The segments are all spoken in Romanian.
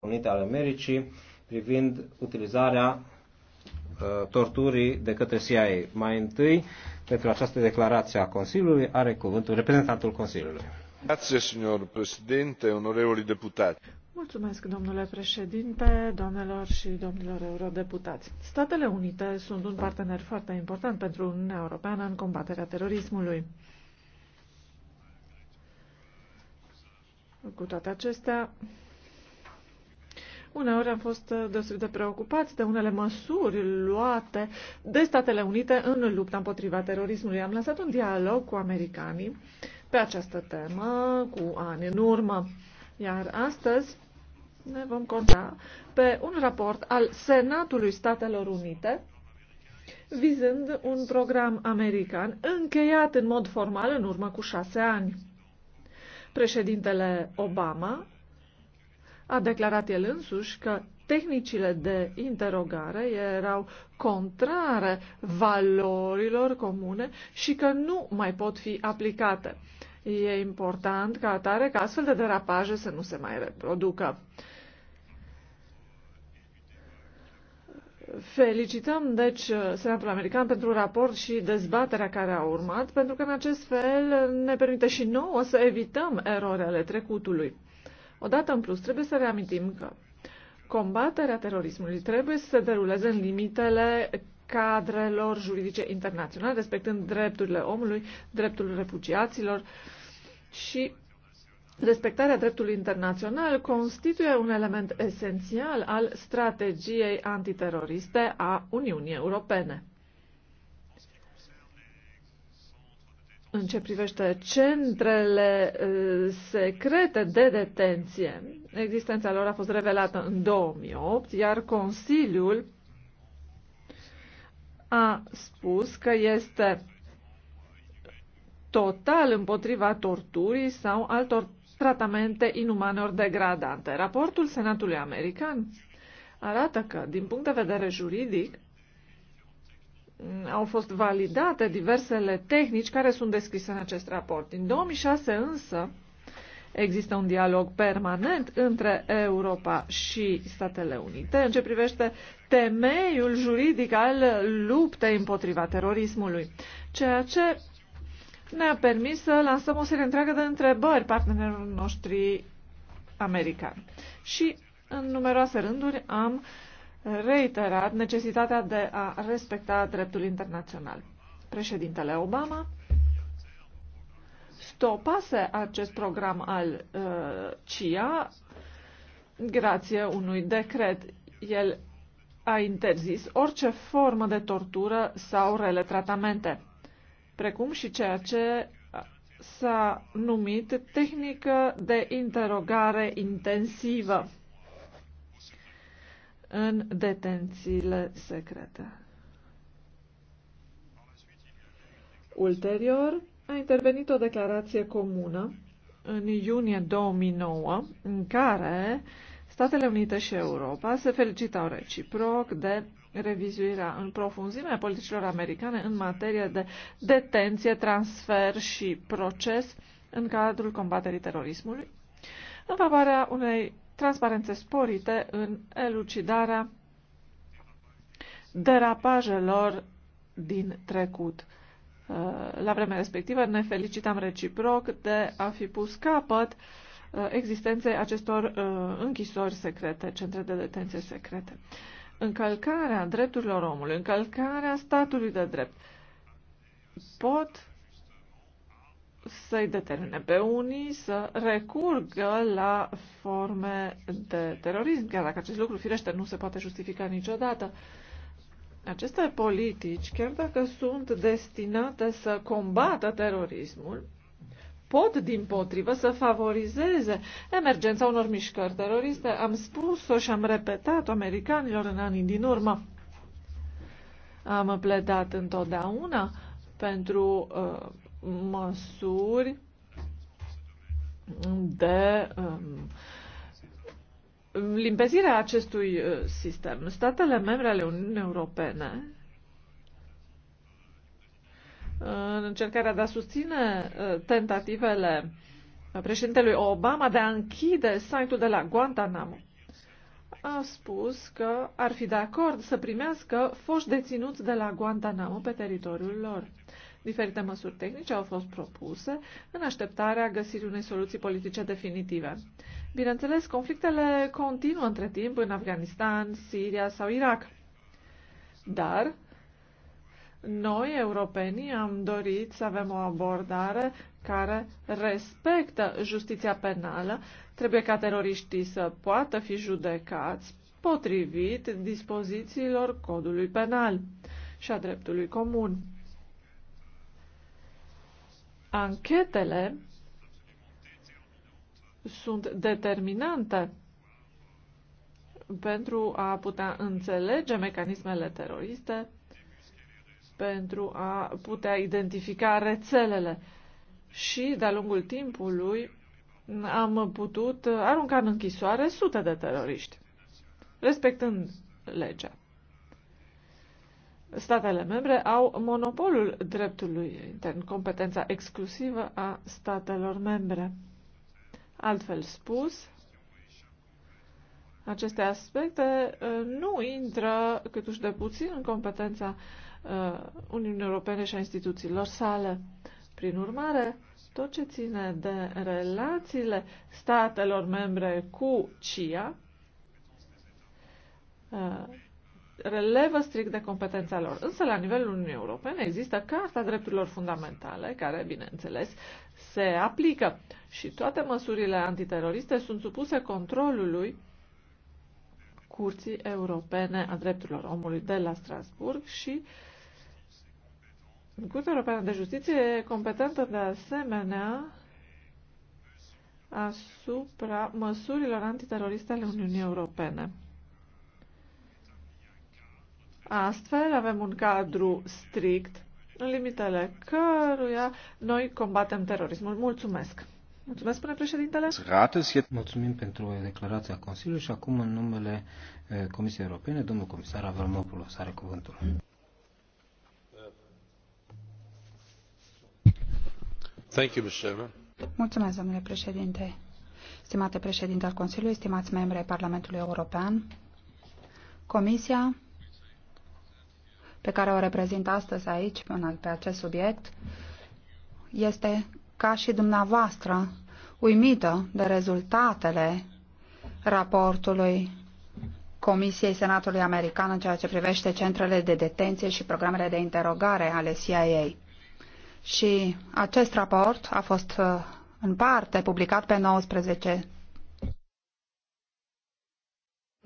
Unite ale Americii privind utilizarea uh, torturii de către CIA. Mai întâi, pentru această declarație a Consiliului, are cuvântul reprezentantul Consiliului. Grazie, signor președinte, onorevoli deputați. Mulțumesc, domnule președinte, domnilor și domnilor eurodeputați. Statele Unite sunt un partener foarte important pentru Uniunea Europeană în combaterea terorismului. Cu toate acestea, Uneori am fost uh, deosebit de preocupați de unele măsuri luate de Statele Unite în lupta împotriva terorismului. Am lansat un dialog cu americanii pe această temă cu ani în urmă. Iar astăzi ne vom conta pe un raport al Senatului Statelor Unite vizând un program american încheiat în mod formal în urmă cu șase ani. Președintele Obama a declarat el însuși că tehnicile de interogare erau contrare valorilor comune și că nu mai pot fi aplicate. E important ca atare ca astfel de derapaje să nu se mai reproducă. Felicităm, deci, Senatul American pentru raport și dezbaterea care a urmat, pentru că în acest fel ne permite și nouă să evităm erori ale trecutului. Odată în plus, trebuie să reamintim că combaterea terorismului trebuie să se deruleze în limitele cadrelor juridice internaționale, respectând drepturile omului, dreptul refugiaților și respectarea dreptului internațional constituie un element esențial al strategiei antiteroriste a Uniunii Europene. în ce privește centrele secrete de detenție, existența lor a fost revelată în 2008, iar Consiliul a spus că este total împotriva torturii sau altor tratamente inumane ori degradante. Raportul Senatului American arată că, din punct de vedere juridic, au fost validate diversele tehnici care sunt descrise în acest raport. În 2006 însă există un dialog permanent între Europa și Statele Unite în ce privește temeiul juridic al luptei împotriva terorismului, ceea ce ne-a permis să lansăm o serie întreagă de întrebări partenerilor noștri americani. Și în numeroase rânduri am uh, reiterat necesitatea de a respecta dreptul internațional. Președintele Obama stopase acest program al uh, CIA grație unui decret. El a interzis orice formă de tortură sau rele tratamente, precum și ceea ce s-a numit tehnică de interogare intensivă în detențiile secrete. Ulterior, a intervenit o declarație comună în iunie 2009, în care Statele Unite și Europa se felicitau reciproc de revizuirea în profunzime a politicilor americane în materie de detenție, transfer și proces în cadrul combaterii terorismului, în favoarea unei transparențe sporite în elucidarea derapajelor din trecut. Uh, la vremea respectivă ne felicitam reciproc de a fi pus capăt uh, existenței acestor uh, închisori secrete, centre de detenție secrete. Încălcarea drepturilor omului, încălcarea statului de drept pot să-i determine pe unii să recurgă la forme de terorism, chiar dacă acest lucru, firește, nu se poate justifica niciodată. Aceste politici, chiar dacă sunt destinate să combată terorismul, pot, din potrivă, să favorizeze emergența unor mișcări teroriste. Am spus-o și am repetat-o americanilor în anii din urmă. Am pledat întotdeauna pentru uh, măsuri de um, limpezirea acestui uh, sistem. Statele membre ale Uniunii Europene în încercarea de a susține uh, tentativele președintelui Obama de a închide site-ul de la Guantanamo, a spus că ar fi de acord să primească foști deținuți de la Guantanamo pe teritoriul lor. Diferite măsuri tehnice au fost propuse în așteptarea găsirii unei soluții politice definitive. Bineînțeles, conflictele continuă între timp în Afganistan, Siria sau Irak. Dar noi, europenii, am dorit să avem o abordare care respectă justiția penală. Trebuie ca teroriștii să poată fi judecați potrivit dispozițiilor codului penal și a dreptului comun. Anchetele sunt determinante pentru a putea înțelege mecanismele teroriste, pentru a putea identifica rețelele. Și de-a lungul timpului am putut arunca în închisoare sute de teroriști, respectând legea statele membre au monopolul dreptului intern, competența exclusivă a statelor membre. Altfel spus, aceste aspecte uh, nu intră cât uși de puțin în competența uh, Uniunii Europene și a instituțiilor sale. Prin urmare, tot ce ține de relațiile statelor membre cu CIA uh, relevă strict de competența lor. Însă, la nivelul Uniunii Europene există Carta Drepturilor Fundamentale, care, bineînțeles, se aplică și toate măsurile antiteroriste sunt supuse controlului Curții Europene a Drepturilor Omului de la Strasburg și Curtea Europeană de Justiție e competentă de asemenea asupra măsurilor antiteroriste ale Uniunii Europene. Astfel avem un cadru strict în limitele căruia noi combatem terorismul. Mulțumesc! Mulțumesc, spune președintele. Mulțumim pentru declarația Consiliului și acum în numele Comisiei Europene, domnul comisar Avramopoulos are cuvântul. Thank you, Mulțumesc, domnule președinte. Stimate președinte al Consiliului, stimați membri ai Parlamentului European, Comisia pe care o reprezint astăzi aici pe acest subiect este ca și dumneavoastră uimită de rezultatele raportului Comisiei Senatului American în ceea ce privește centrele de detenție și programele de interogare ale CIA. Și acest raport a fost uh, în parte publicat pe 19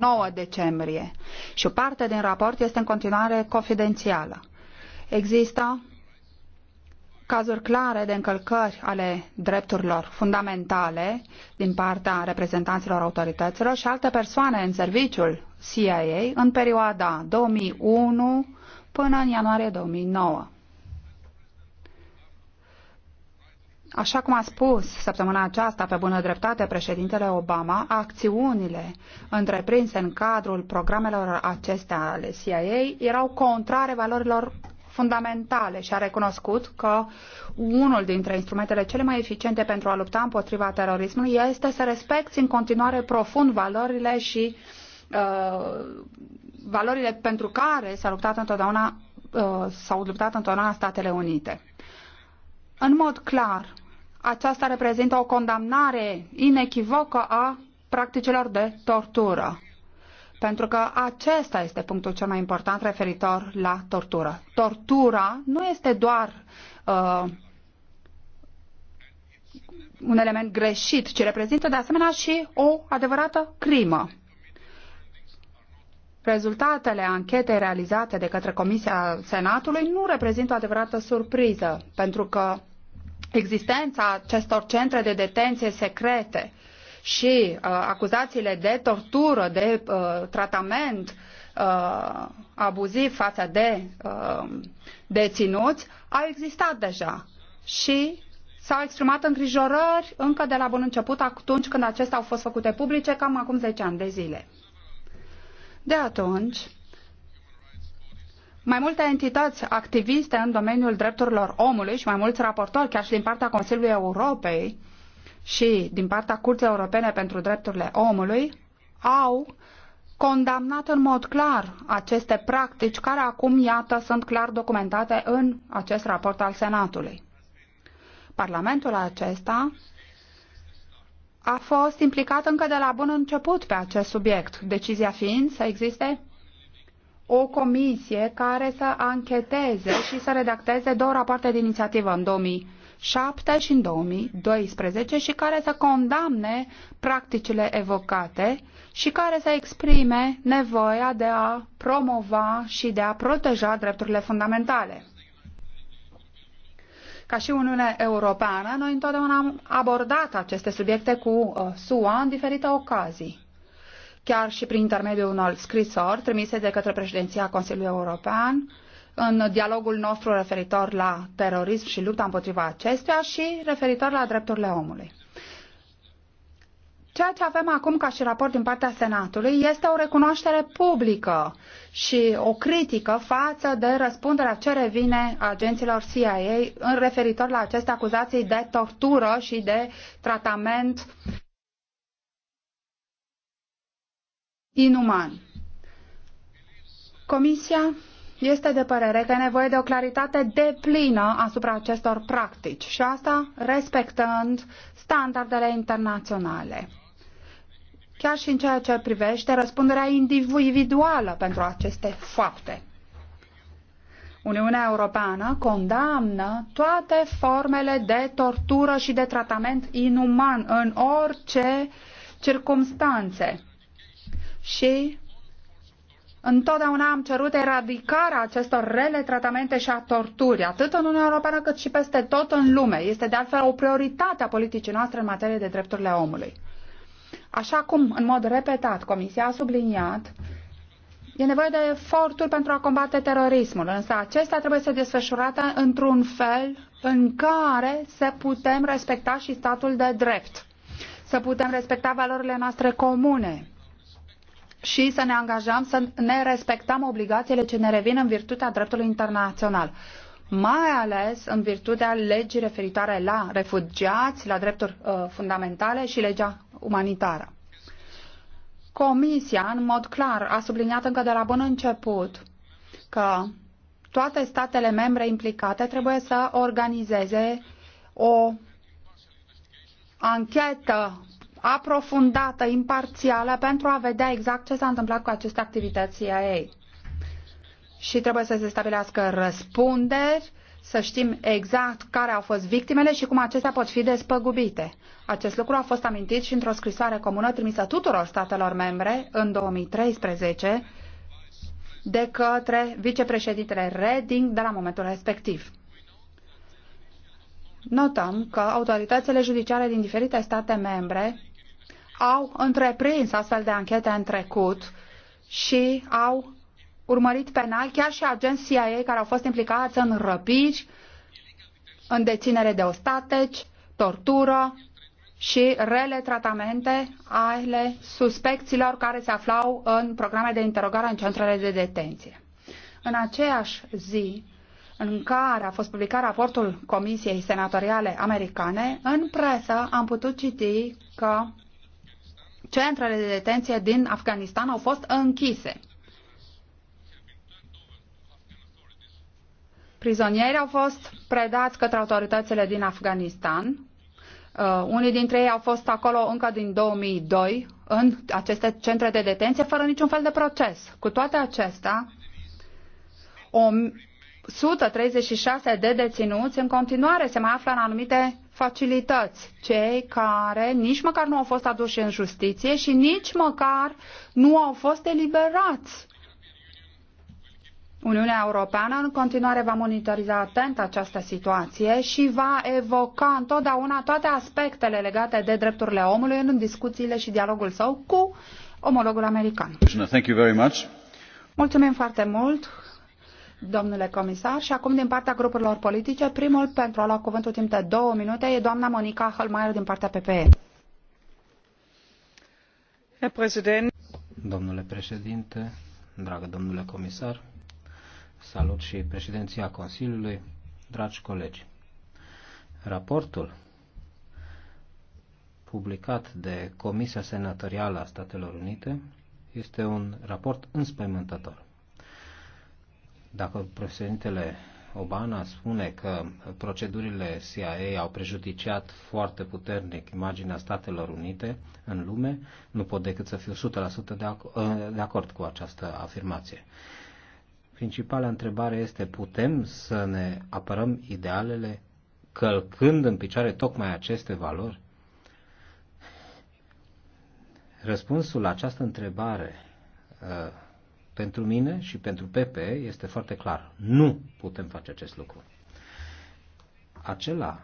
9 decembrie și o parte din raport este în continuare confidențială. Există cazuri clare de încălcări ale drepturilor fundamentale din partea reprezentanților autorităților și alte persoane în serviciul CIA în perioada 2001 până în ianuarie 2009. Așa cum a spus săptămâna aceasta pe bună dreptate președintele Obama, acțiunile întreprinse în cadrul programelor acestea ale CIA erau contrare valorilor fundamentale și a recunoscut că unul dintre instrumentele cele mai eficiente pentru a lupta împotriva terorismului este să respecti în continuare profund valorile și uh, valorile pentru care s-a luptat întotdeauna uh, s-au luptat întotdeauna Statele Unite. În mod clar, aceasta reprezintă o condamnare inechivocă a practicilor de tortură. Pentru că acesta este punctul cel mai important referitor la tortură. Tortura nu este doar uh, un element greșit, ci reprezintă de asemenea și o adevărată crimă. Rezultatele anchetei realizate de către Comisia Senatului nu reprezintă o adevărată surpriză, pentru că existența acestor centre de detenție secrete și uh, acuzațiile de tortură, de uh, tratament uh, abuziv față de uh, deținuți au existat deja și s-au exprimat îngrijorări încă de la bun început atunci când acestea au fost făcute publice, cam acum 10 ani de zile. De atunci, mai multe entități activiste în domeniul drepturilor omului și mai mulți raportori, chiar și din partea Consiliului Europei și din partea Curții Europene pentru Drepturile Omului, au condamnat în mod clar aceste practici care acum, iată, sunt clar documentate în acest raport al Senatului. Parlamentul acesta a fost implicat încă de la bun început pe acest subiect, decizia fiind să existe o comisie care să ancheteze și să redacteze două rapoarte de inițiativă în 2007 și în 2012 și care să condamne practicile evocate și care să exprime nevoia de a promova și de a proteja drepturile fundamentale. Ca și Uniunea Europeană, noi întotdeauna am abordat aceste subiecte cu uh, SUA în diferite ocazii chiar și prin intermediul unor scrisori trimise de către președinția Consiliului European în dialogul nostru referitor la terorism și lupta împotriva acestuia și referitor la drepturile omului. Ceea ce avem acum ca și raport din partea Senatului este o recunoaștere publică și o critică față de răspunderea ce revine agenților CIA în referitor la aceste acuzații de tortură și de tratament uh, inuman. Comisia este de părere că e nevoie de o claritate deplină asupra acestor practici și asta respectând standardele internaționale. Chiar și în ceea ce privește răspunderea individuală pentru aceste fapte. Uniunea Europeană condamnă toate formele de tortură și de tratament inuman în orice circumstanțe și întotdeauna am cerut eradicarea acestor rele tratamente și a torturii, atât în Uniunea Europeană cât și peste tot în lume. Este de altfel o prioritate a politicii noastre în materie de drepturile omului. Așa cum, în mod repetat, Comisia a subliniat, e nevoie de eforturi pentru a combate terorismul, însă acestea trebuie să desfășurate într-un fel în care să putem respecta și statul de drept, să putem respecta valorile noastre comune, și să ne angajăm să ne respectăm obligațiile ce ne revin în virtutea dreptului internațional mai ales în virtutea legii referitoare la refugiați, la drepturi uh, fundamentale și legea umanitară. Comisia, în mod clar, a subliniat încă de la bun început că toate statele membre implicate trebuie să organizeze o anchetă aprofundată, imparțială, pentru a vedea exact ce s-a întâmplat cu aceste activități CIA. Și trebuie să se stabilească răspunderi, să știm exact care au fost victimele și cum acestea pot fi despăgubite. Acest lucru a fost amintit și într-o scrisoare comună trimisă tuturor statelor membre în 2013 de către vicepreședintele Reding de la momentul respectiv. Notăm că autoritățile judiciare din diferite state membre au întreprins astfel de anchete în trecut și au urmărit penal chiar și agenții CIA care au fost implicați în răpici, în deținere de ostateci, tortură și rele tratamente ale suspecților care se aflau în programe de interogare în centrele de detenție. În aceeași zi în care a fost publicat raportul Comisiei Senatoriale Americane, în presă am putut citi că centrele de detenție din Afganistan au fost închise. Prizonieri au fost predați către autoritățile din Afganistan. Uh, unii dintre ei au fost acolo încă din 2002 în aceste centre de detenție fără niciun fel de proces. Cu toate acestea, 136 de deținuți în continuare se mai află în anumite facilități cei care nici măcar nu au fost aduși în justiție și nici măcar nu au fost eliberați. Uniunea Europeană în continuare va monitoriza atent această situație și va evoca întotdeauna toate aspectele legate de drepturile omului în discuțiile și dialogul său cu omologul american. Mulțumim foarte mult domnule comisar. Și acum, din partea grupurilor politice, primul pentru a lua cuvântul timp de două minute e doamna Monica hohlmeier din partea PPE. Domnule președinte, dragă domnule comisar, salut și președinția Consiliului, dragi colegi. Raportul publicat de Comisia Senatorială a Statelor Unite este un raport înspăimântător. Dacă președintele Obama spune că procedurile CIA au prejudiciat foarte puternic imaginea Statelor Unite în lume, nu pot decât să fiu 100% de, ac- ă, de acord cu această afirmație. Principala întrebare este, putem să ne apărăm idealele călcând în picioare tocmai aceste valori? Răspunsul la această întrebare ă, pentru mine și pentru PP este foarte clar. Nu putem face acest lucru. Acela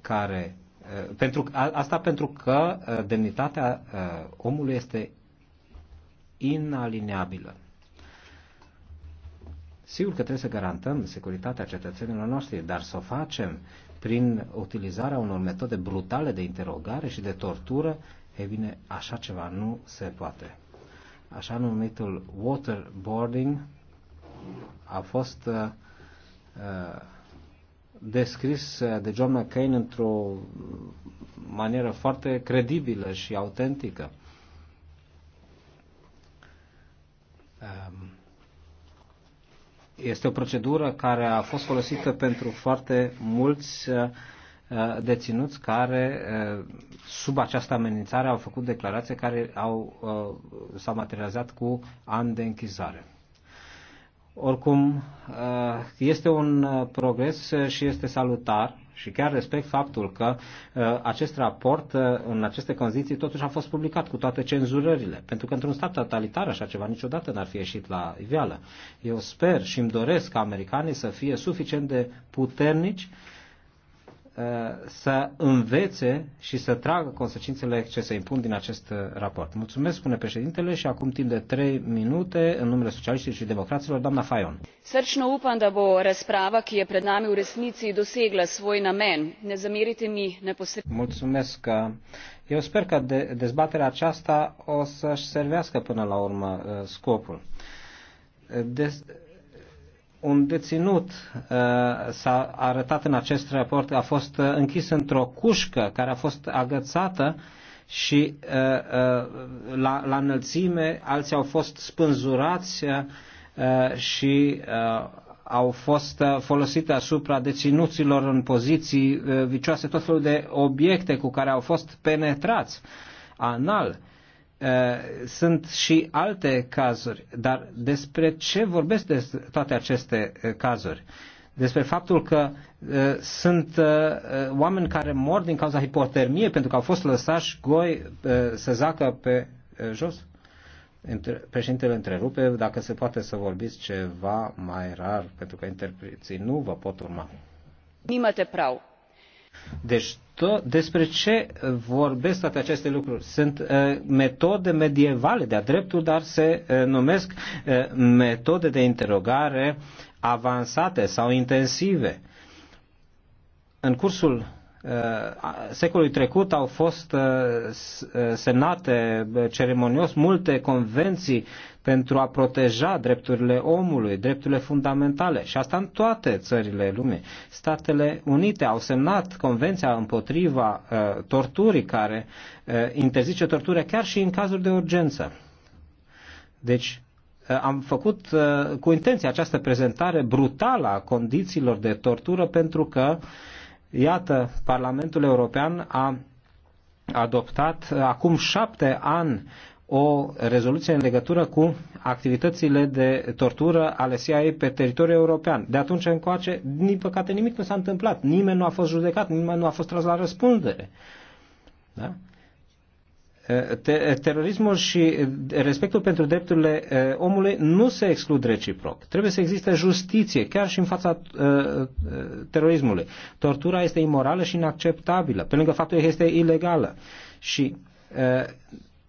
care. Uh, pentru, asta pentru că uh, demnitatea uh, omului este inalineabilă. Sigur că trebuie să garantăm securitatea cetățenilor noștri, dar să o facem prin utilizarea unor metode brutale de interogare și de tortură, e bine, așa ceva nu se poate așa numitul waterboarding, a fost uh, uh descris uh, de John McCain într-o manieră foarte credibilă și autentică. Um, este o procedură care a fost folosită pentru foarte mulți uh, Uh, deținuți care uh, sub această amenințare au făcut declarații care au, uh, s-au materializat cu ani de închizare. Oricum, este un progres și este salutar și chiar respect faptul că acest raport în aceste condiții totuși a fost publicat cu toate cenzurările, pentru că într-un stat totalitar așa ceva niciodată n-ar fi ieșit la iveală. Eu sper și îmi doresc ca americanii să fie suficient de puternici Uh, să învețe și să tragă consecințele ce se impun din acest uh, raport. Mulțumesc, spune președintele, și acum timp de trei minute, în numele socialiștilor și democraților, doamna Fajon. Srčno upam, da bo razprava, ki je pred nami v resnici dosegla svoj namen. Ne zamerite mi neposredno. Mulțumesc. Eu sper că de, dezbaterea aceasta o să-și servească până la urmă uh, scopul. De un deținut uh, s-a arătat în acest raport, a fost uh, închis într-o cușcă care a fost agățată și uh, la, la înălțime, alții au fost spânzurați și au fost folosite asupra deținuților în poziții vicioase tot felul de obiecte cu care au fost penetrați anal Eh, sunt și alte cazuri, dar despre ce vorbesc de toate aceste eh, cazuri? Despre faptul că eh, sunt oameni care mor din cauza hipotermie pentru că au fost lăsași goi să zacă pe jos? Președintele întrerupe dacă se poate să vorbiți ceva mai rar, pentru că interpreții nu vă pot urma. te prau. Deci despre ce vorbesc toate aceste lucruri. Sunt uh, metode medievale de-a dreptul, dar se uh, numesc uh, metode de interogare avansate sau intensive. În cursul uh, secolului trecut au fost uh, uh semnate uh, ceremonios multe convenții pentru a proteja drepturile omului, drepturile fundamentale și asta în toate țările lumii. Statele Unite au semnat Convenția împotriva uh, torturii care uh, interzice tortura chiar și în cazuri de urgență. Deci uh, am făcut uh, cu intenție această prezentare brutală a condițiilor de tortură pentru că, iată, Parlamentul European a adoptat uh, acum șapte ani o rezoluție în legătură cu activitățile de tortură ale CIA pe teritoriul european. De atunci încoace, din păcate, nimic nu s-a întâmplat. Nimeni nu a fost judecat, nimeni nu a fost tras la răspundere. Da? Terorismul și respectul pentru drepturile omului nu se exclud reciproc. Trebuie să existe justiție, chiar și în fața terorismului. Tortura este imorală și inacceptabilă, pe lângă faptul că este ilegală. Și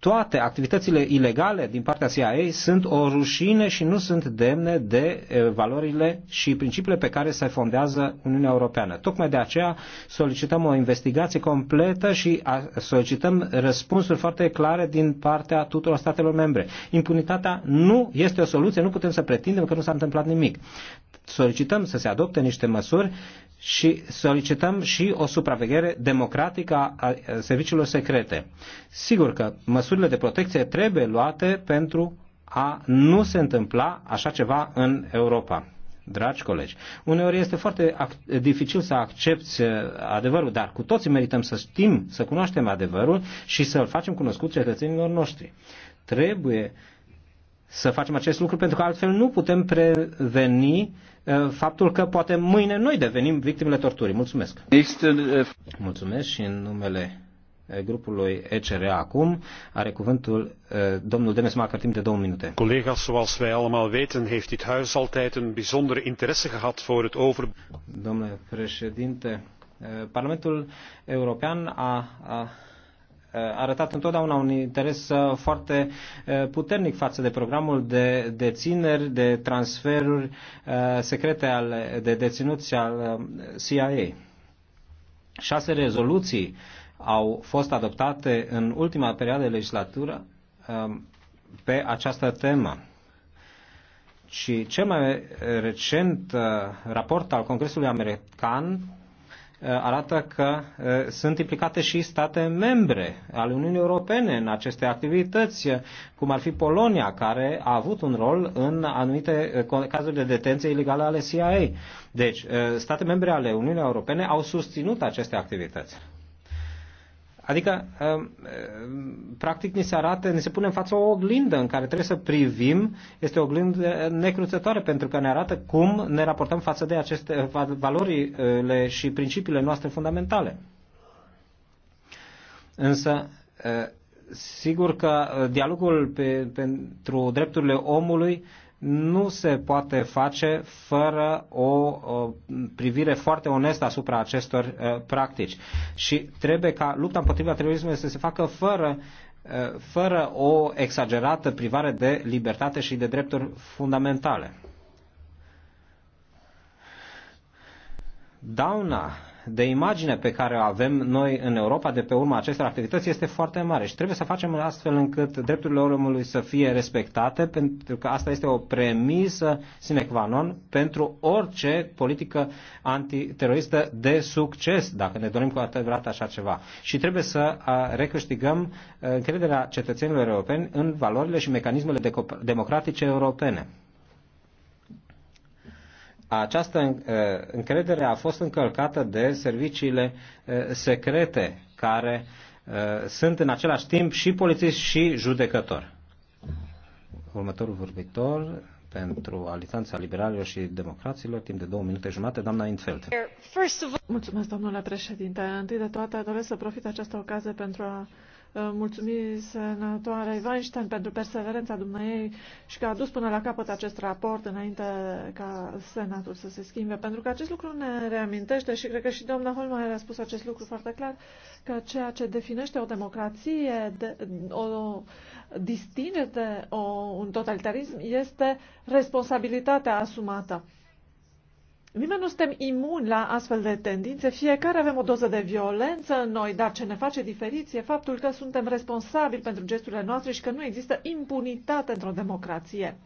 toate activitățile ilegale din partea CIA sunt o rușine și nu sunt demne de valorile și principiile pe care se fondează Uniunea Europeană. Tocmai de aceea solicităm o investigație completă și solicităm răspunsuri foarte clare din partea tuturor statelor membre. Impunitatea nu este o soluție, nu putem să pretindem că nu s-a întâmplat nimic. Solicităm să se adopte niște măsuri și solicităm și o supraveghere democratică a serviciilor secrete. Sigur că măsurile de protecție trebuie luate pentru a nu se întâmpla așa ceva în Europa. Dragi colegi, uneori este foarte dificil să accepti uh, adevărul, dar cu toții merităm să știm, să cunoaștem adevărul și să-l facem cunoscut cetățenilor noștri. Trebuie să facem acest lucru, pentru că altfel nu putem preveni uh, faptul că poate mâine noi devenim victimele torturii. Mulțumesc! Uh, Mulțumesc și în numele uh, grupului ECR acum are cuvântul domnul Macar timp de două minute. Collega's, zoals wij allemaal weten, heeft dit huis altijd een bijzonder interesse gehad voor het over... Domnule președinte, Parlamentul European a, a arătat întotdeauna un interes uh, foarte uh, puternic față de programul de dețineri, de transferuri uh, secrete ale, de deținuți al CIA. Șase rezoluții au fost adoptate în ultima perioadă de legislatură um, pe această temă. Și cel mai recent raport al Congresului American Uh, arată că uh, sunt implicate și state membre ale Uniunii Europene în aceste activități, uh, cum ar fi Polonia, care a avut un rol în anumite cazuri de detenție ilegală ale CIA. Deci, state membre ale Uniunii Europene au susținut aceste activități. Adică, um, um, practic, ni se arată, ni se pune în față o oglindă în care trebuie să privim, este o oglindă necruțătoare, pentru că ne arată cum ne raportăm față de aceste uh, valorile și principiile noastre fundamentale. Însă, uh, sigur că uh, dialogul pe, pentru drepturile omului nu se poate face fără o privire foarte onestă asupra acestor uh, practici. Și trebuie ca lupta împotriva terorismului să se facă fără uh, fără o exagerată privare de libertate și de drepturi fundamentale. Dauna de imagine pe care o avem noi în Europa de pe urma acestor activități este foarte mare și trebuie să facem astfel încât drepturile omului să fie respectate, pentru că asta este o premisă sine qua non pentru orice politică antiteroristă de succes, dacă ne dorim cu adevărat așa ceva. Și trebuie să recâștigăm încrederea cetățenilor europeni în valorile și mecanismele democratice europene. Această uh, încredere a fost încălcată de serviciile uh, secrete care uh, sunt în același timp și polițiști și judecători. Următorul vorbitor pentru Alianța Liberalilor și Democraților, timp de două minute jumate, doamna Infeld. Mulțumesc, domnule președinte. Întâi de toate, doresc să profit această ocazie pentru a Mulțumim senatoare Weinstein pentru perseverența dumneiei și că a dus până la capăt acest raport înainte ca Senatul să se schimbe, pentru că acest lucru ne reamintește și cred că și doamna Holmeier a spus acest lucru foarte clar, că ceea ce definește o democrație, de, o distinge de o, un totalitarism, este responsabilitatea asumată. Nimeni nu suntem imuni la astfel de tendințe, fiecare avem o doză de violență în noi, dar ce ne face diferiți e faptul că suntem responsabili pentru gesturile noastre și că nu există impunitate într-o democrație.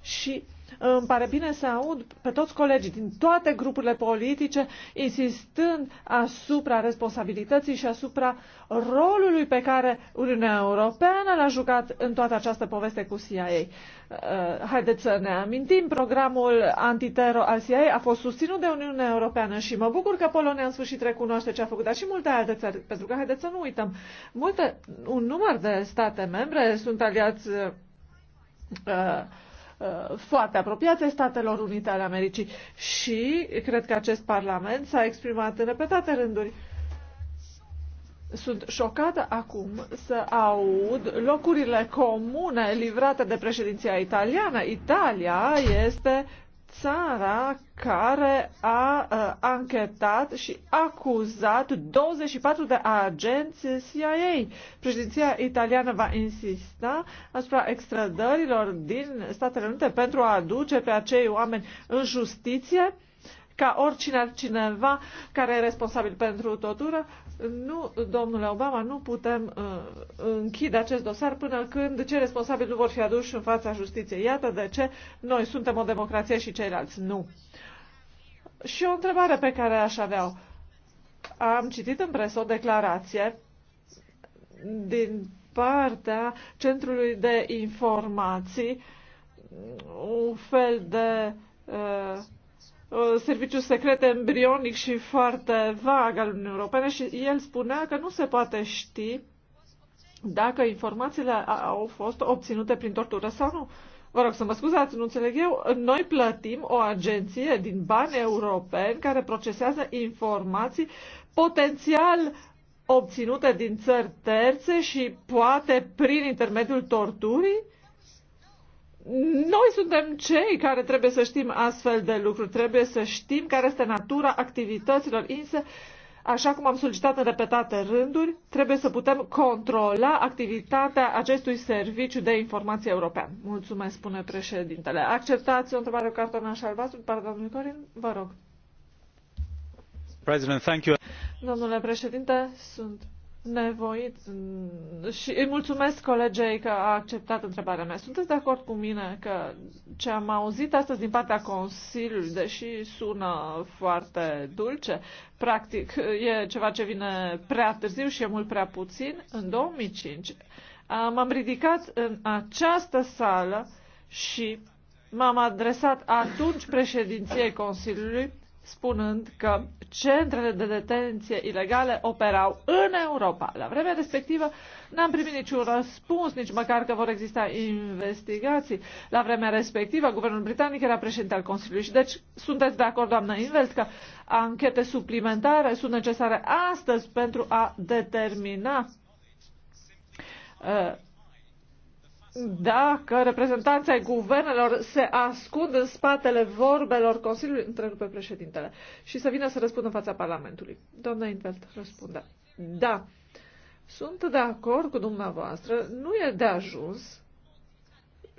Și îmi pare bine să aud pe toți colegii din toate grupurile politice insistând asupra responsabilității și asupra rolului pe care Uniunea Europeană l-a jucat în toată această poveste cu CIA. Uh, haideți să ne amintim, programul antitero al CIA a fost susținut de Uniunea Europeană și mă bucur că Polonia în sfârșit recunoaște ce a făcut, dar și multe alte țări, pentru că haideți să nu uităm, multe, un număr de state membre sunt aliați uh, uh Uh, foarte apropiate Statelor Unite ale Americii și cred că acest Parlament s-a exprimat în repetate rânduri. Sunt șocată acum să aud locurile comune livrate de președinția italiană. Italia este țara care a uh, anchetat și acuzat 24 de agenți CIA. Președinția italiană va insista asupra extrădărilor din Statele Unite pentru a aduce pe acei oameni în justiție ca oricine cineva care e responsabil pentru totură, nu, domnule Obama, nu putem uh, închide acest dosar până când cei responsabili nu vor fi aduși în fața justiției. Iată de ce noi suntem o democrație și ceilalți nu. Și o întrebare pe care aș avea-o. Am citit în presă o declarație din partea Centrului de Informații, un fel de uh, Uh, serviciu secret embrionic și foarte vag al Uniunii Europene și el spunea că nu se poate ști dacă informațiile au fost obținute prin tortură sau nu. Vă rog să mă scuzați, nu înțeleg eu. Noi plătim o agenție din bani europeni care procesează informații potențial obținute din țări terțe și poate prin intermediul torturii? noi suntem cei care trebuie să știm astfel de lucruri, trebuie să știm care este natura activităților, însă, așa cum am solicitat în repetate rânduri, trebuie să putem controla activitatea acestui serviciu de informație european. Mulțumesc, spune președintele. Acceptați o întrebare cu și albastru, pardon, Corin, vă rog. President, thank you. Domnule președinte, sunt nevoit și îi mulțumesc colegei că a acceptat întrebarea mea. Sunteți de acord cu mine că ce am auzit astăzi din partea Consiliului, deși sună foarte dulce, practic e ceva ce vine prea târziu și e mult prea puțin, în 2005 m-am ridicat în această sală și m-am adresat atunci președinției Consiliului spunând că centrele de detenție ilegale operau în Europa. La vremea respectivă n-am primit niciun răspuns, nici măcar că vor exista investigații. La vremea respectivă, guvernul britanic era președinte al Consiliului și deci sunteți de acord, doamnă Invelt, că anchete suplimentare sunt necesare astăzi pentru a determina uh, dacă reprezentanții ai guvernelor se ascund în spatele vorbelor Consiliului, întrerupe președintele, și să vină să răspundă în fața Parlamentului. Doamna Invelt răspunde. Da, sunt de acord cu dumneavoastră, nu e de ajuns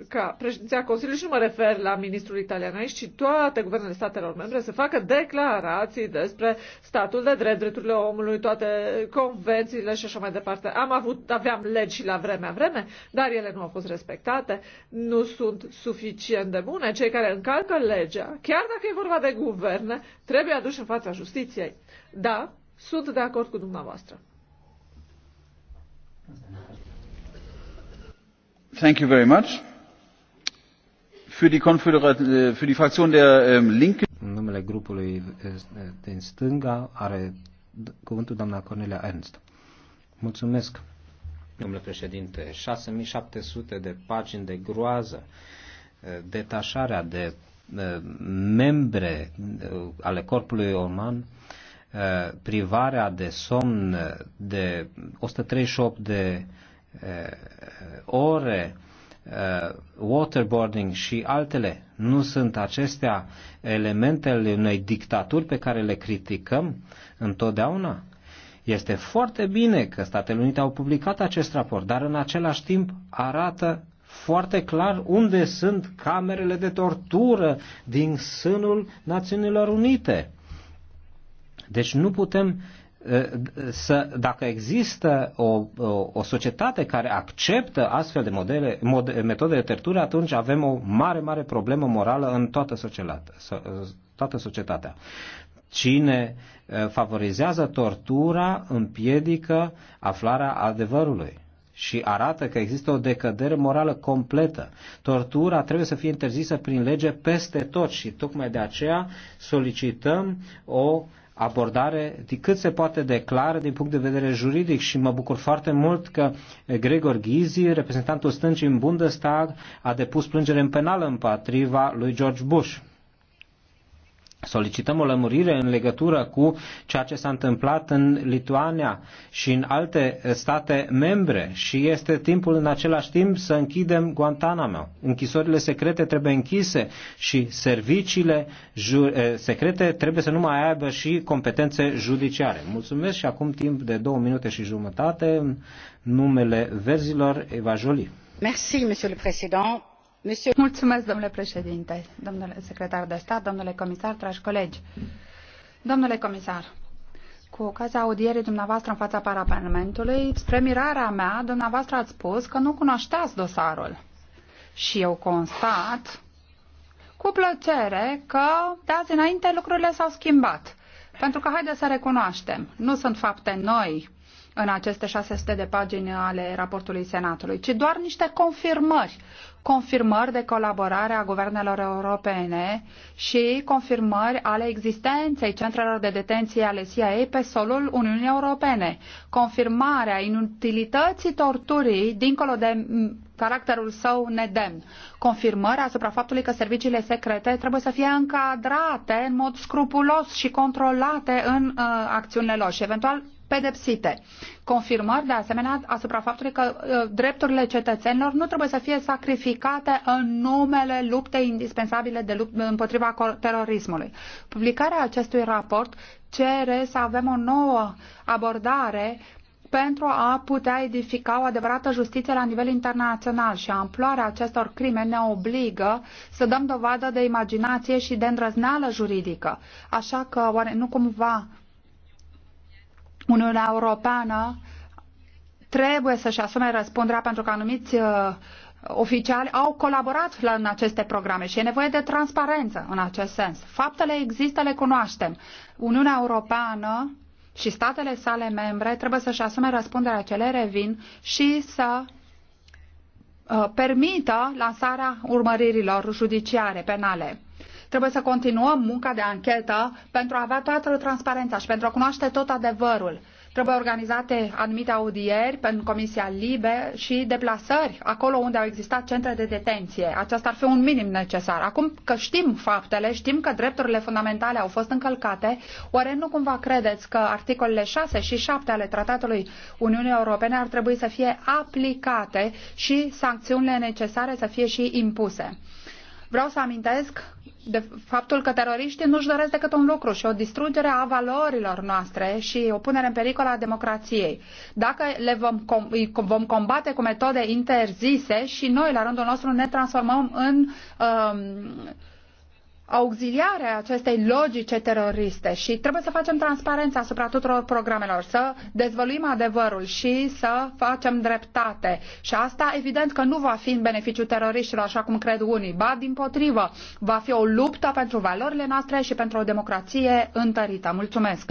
ca președinția Consiliului, și nu mă refer la ministrul italian aici, ci toate guvernele statelor membre să facă declarații despre statul de drept, drepturile omului, toate convențiile și așa mai departe. Am avut, aveam legi și la vremea vreme, dar ele nu au fost respectate, nu sunt suficient de bune. Cei care încalcă legea, chiar dacă e vorba de guverne, trebuie aduși în fața justiției. Da, sunt de acord cu dumneavoastră. Thank you very much. Äh, ähm, numele grupului din stânga are cuvântul doamna Cornelia Ernst. Mulțumesc, domnule președinte. 6700 de pagini de groază, eh, detașarea de eh, membre eh, ale corpului uman, privarea de somn de 138 de ore, Uh, waterboarding și altele, nu sunt acestea elementele unei dictaturi pe care le criticăm întotdeauna? Este foarte bine că Statele Unite au publicat acest raport, dar în același timp arată foarte clar unde sunt camerele de tortură din sânul Națiunilor Unite. Deci nu putem să, dacă există o, o, o societate care acceptă astfel de modele, mod, metode de tertură, atunci avem o mare, mare problemă morală în toată societatea. Toată societatea. Cine favorizează tortura împiedică aflarea adevărului și arată că există o decădere morală completă. Tortura trebuie să fie interzisă prin lege peste tot și tocmai de aceea solicităm o abordare de cât se poate de clară din punct de vedere juridic și mă bucur foarte mult că Gregor Ghizi, reprezentantul stâncii în Bundestag, a depus plângere în penală împotriva lui George Bush. Solicităm o lămurire în legătură cu ceea ce s-a întâmplat în Lituania și în alte state membre și este timpul în același timp să închidem Guantanamo. Închisorile secrete trebuie închise și serviciile eh, secrete trebuie să nu mai aibă și competențe judiciare. Mulțumesc și acum timp de două minute și jumătate în numele verzilor Eva Jolie. Merci, monsieur le président. Mulțumesc, domnule președinte, domnule secretar de stat, domnule comisar, dragi colegi. Domnule comisar, cu ocazia audierii dumneavoastră în fața Parlamentului, spre mirarea mea, dumneavoastră ați spus că nu cunoșteați dosarul. Și eu constat cu plăcere că de azi înainte lucrurile s-au schimbat. Pentru că, haideți să recunoaștem, nu sunt fapte noi în aceste 600 de pagini ale raportului Senatului, ci doar niște confirmări confirmări de colaborare a guvernelor europene și confirmări ale existenței centrelor de detenție ale CIA pe solul Uniunii Europene, confirmarea inutilității torturii dincolo de caracterul său nedemn, confirmări asupra faptului că serviciile secrete trebuie să fie încadrate în mod scrupulos și controlate în uh, acțiunile lor și eventual pedepsite. Confirmări, de asemenea, asupra faptului că uh, drepturile cetățenilor nu trebuie să fie sacrificate în numele luptei indispensabile de lupt împotriva terorismului. Publicarea acestui raport cere să avem o nouă abordare pentru a putea edifica o adevărată justiție la nivel internațional și amploarea acestor crime ne obligă să dăm dovadă de imaginație și de îndrăzneală juridică. Așa că oare nu cumva Uniunea Europeană trebuie să-și asume răspunderea pentru că anumiți uh, oficiali au colaborat la, în aceste programe și e nevoie de transparență în acest sens. Faptele există, le cunoaștem. Uniunea Europeană și statele sale membre trebuie să-și asume răspunderea ce le revin și să uh, permită lansarea urmăririlor judiciare penale. Trebuie să continuăm munca de anchetă pentru a avea toată transparența și pentru a cunoaște tot adevărul. Trebuie organizate anumite audieri pentru Comisia Libe și deplasări acolo unde au existat centre de detenție. Aceasta ar fi un minim necesar. Acum că știm faptele, știm că drepturile fundamentale au fost încălcate, oare nu cumva credeți că articolele 6 și 7 ale Tratatului Uniunii Europene ar trebui să fie aplicate și sancțiunile necesare să fie și impuse? Vreau să amintesc de faptul că teroriștii nu-și doresc decât un lucru și o distrugere a valorilor noastre și o punere în pericol a democrației. Dacă le vom, com- vom combate cu metode interzise și noi, la rândul nostru, ne transformăm în um, auxiliare a acestei logice teroriste și trebuie să facem transparență asupra tuturor programelor, să dezvăluim adevărul și să facem dreptate. Și asta evident că nu va fi în beneficiu teroriștilor, așa cum cred unii, ba din potrivă, va fi o luptă pentru valorile noastre și pentru o democrație întărită. Mulțumesc!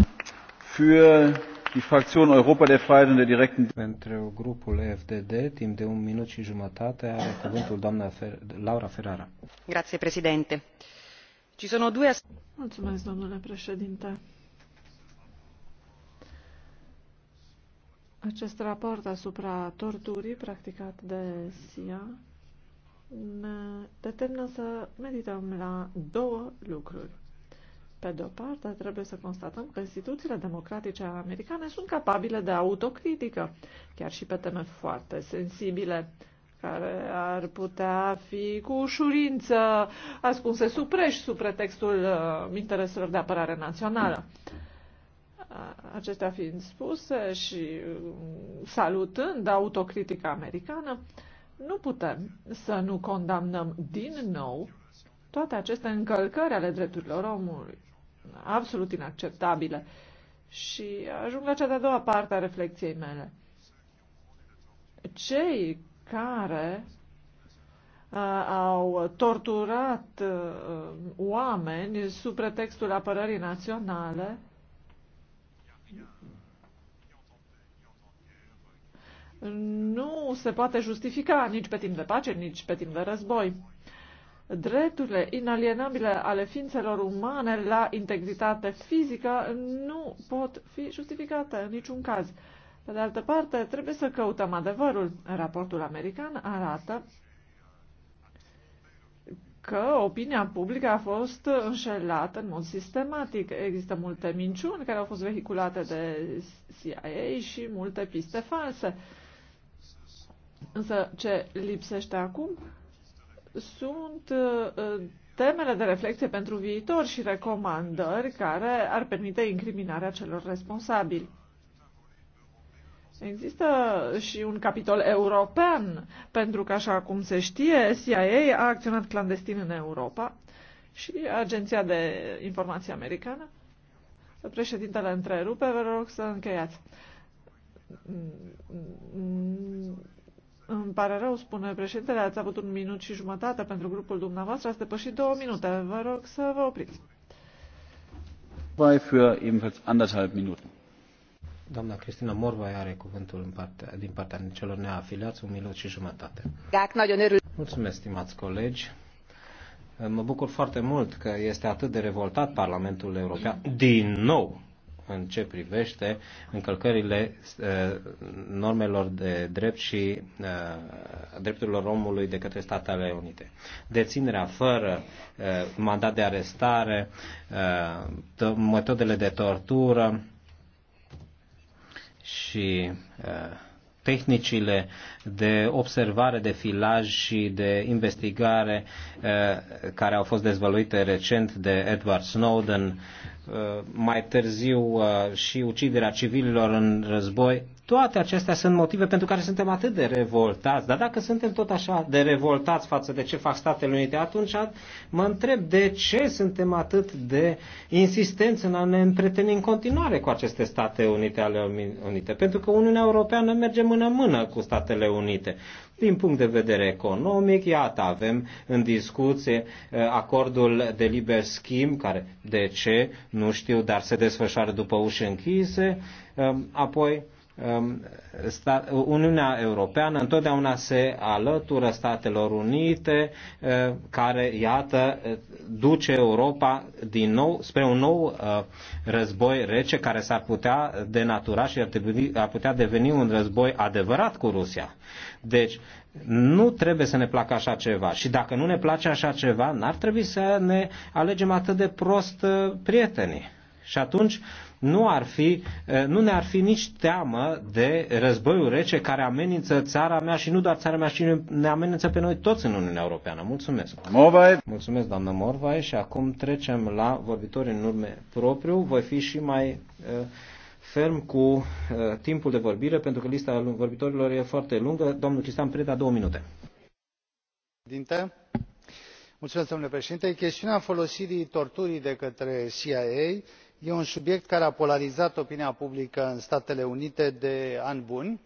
Für die Fraktion Europa der Freiheit und der direkten Pentru grupul EFDD, timp de un minut și jumătate, are cuvântul doamna Fer Laura Ferrara. Grazie, Presidente. Ci sono due Mulțumesc, domnule președinte. Acest raport asupra torturii practicat de SIA ne determină să medităm la două lucruri. Pe de-o parte, trebuie să constatăm că instituțiile democratice americane sunt capabile de autocritică, chiar și pe teme foarte sensibile care ar putea fi cu ușurință ascunse sub preș, sub pretextul uh, intereselor de apărare națională. Uh, acestea fiind spuse și uh, salutând autocritica americană, nu putem să nu condamnăm din nou toate aceste încălcări ale drepturilor omului, absolut inacceptabile. Și ajung la cea de-a doua parte a reflexiei mele. Cei care uh, au torturat uh, oameni sub pretextul apărării naționale. Nu se poate justifica nici pe timp de pace, nici pe timp de război. Drepturile inalienabile ale ființelor umane la integritate fizică nu pot fi justificate în niciun caz. Pe de altă parte, trebuie să căutăm adevărul. Raportul american arată că opinia publică a fost înșelată în mod sistematic. Există multe minciuni care au fost vehiculate de CIA și multe piste false. Însă ce lipsește acum sunt uh, temele de reflexie pentru viitor și recomandări care ar permite incriminarea celor responsabili. Există și un capitol european, pentru că, așa cum se știe, CIA a acționat clandestin în Europa și Agenția de Informații Americană. Președintele întrerupe, vă rog să încheiați. Îmi pare rău, spune președintele, ați avut un minut și jumătate pentru grupul dumneavoastră, ați depășit două minute. Vă rog să vă opriți. rog să vă opriți. Doamna Cristina Morvai are cuvântul în parte, din partea celor neafiliați, un minut și jumătate. Mulțumesc, stimați colegi. Mă bucur foarte mult că este atât de revoltat Parlamentul European din nou în ce privește încălcările eh, normelor de drept și eh, drepturilor omului de către Statele Unite. Deținerea fără eh, mandat de arestare, metodele de tortură, și uh, tehnicile de observare, de filaj și de investigare uh, care au fost dezvăluite recent de Edward Snowden, uh, mai târziu și uciderea civililor în război, toate acestea sunt motive pentru care suntem atât de revoltați. Dar dacă suntem tot așa de revoltați față de ce fac Statele Unite, atunci mă întreb de ce suntem atât de insistenți în a ne împreteni în continuare cu aceste State Unite ale Unite. Pentru că Uniunea Europeană merge mână-mână cu Statele Unite. Din punct de vedere economic, iată, avem în discuție eh, acordul de liber schimb, care de ce, nu știu, dar se desfășoară după uși închise. Eh, apoi, Um, Uniunea Europeană întotdeauna se alătură Statelor Unite, uh, care, iată, duce Europa din nou spre un nou uh, război rece care s-ar putea denatura și ar, ar putea deveni un război adevărat cu Rusia. Deci, nu trebuie să ne placă așa ceva. Și dacă nu ne place așa ceva, n-ar trebui să ne alegem atât de prost uh, prietenii. Și atunci, uh, nu, ar fi, nu ne-ar fi nici teamă de războiul rece care amenință țara mea și nu doar țara mea, ci ne amenință pe noi toți în Uniunea Europeană. Mulțumesc! Morvai. Mulțumesc, doamnă Morvai, și acum trecem la vorbitorii în urme propriu. Voi fi și mai ferm cu uh, timpul de vorbire, pentru că lista vorbitorilor e foarte lungă. Domnul Cristian Preda, două minute. Dinte. Mulțumesc, domnule președinte chestiunea folosirii torturii de către cia e un subiect care a polarizat opinia publică în statele unite de ani buni.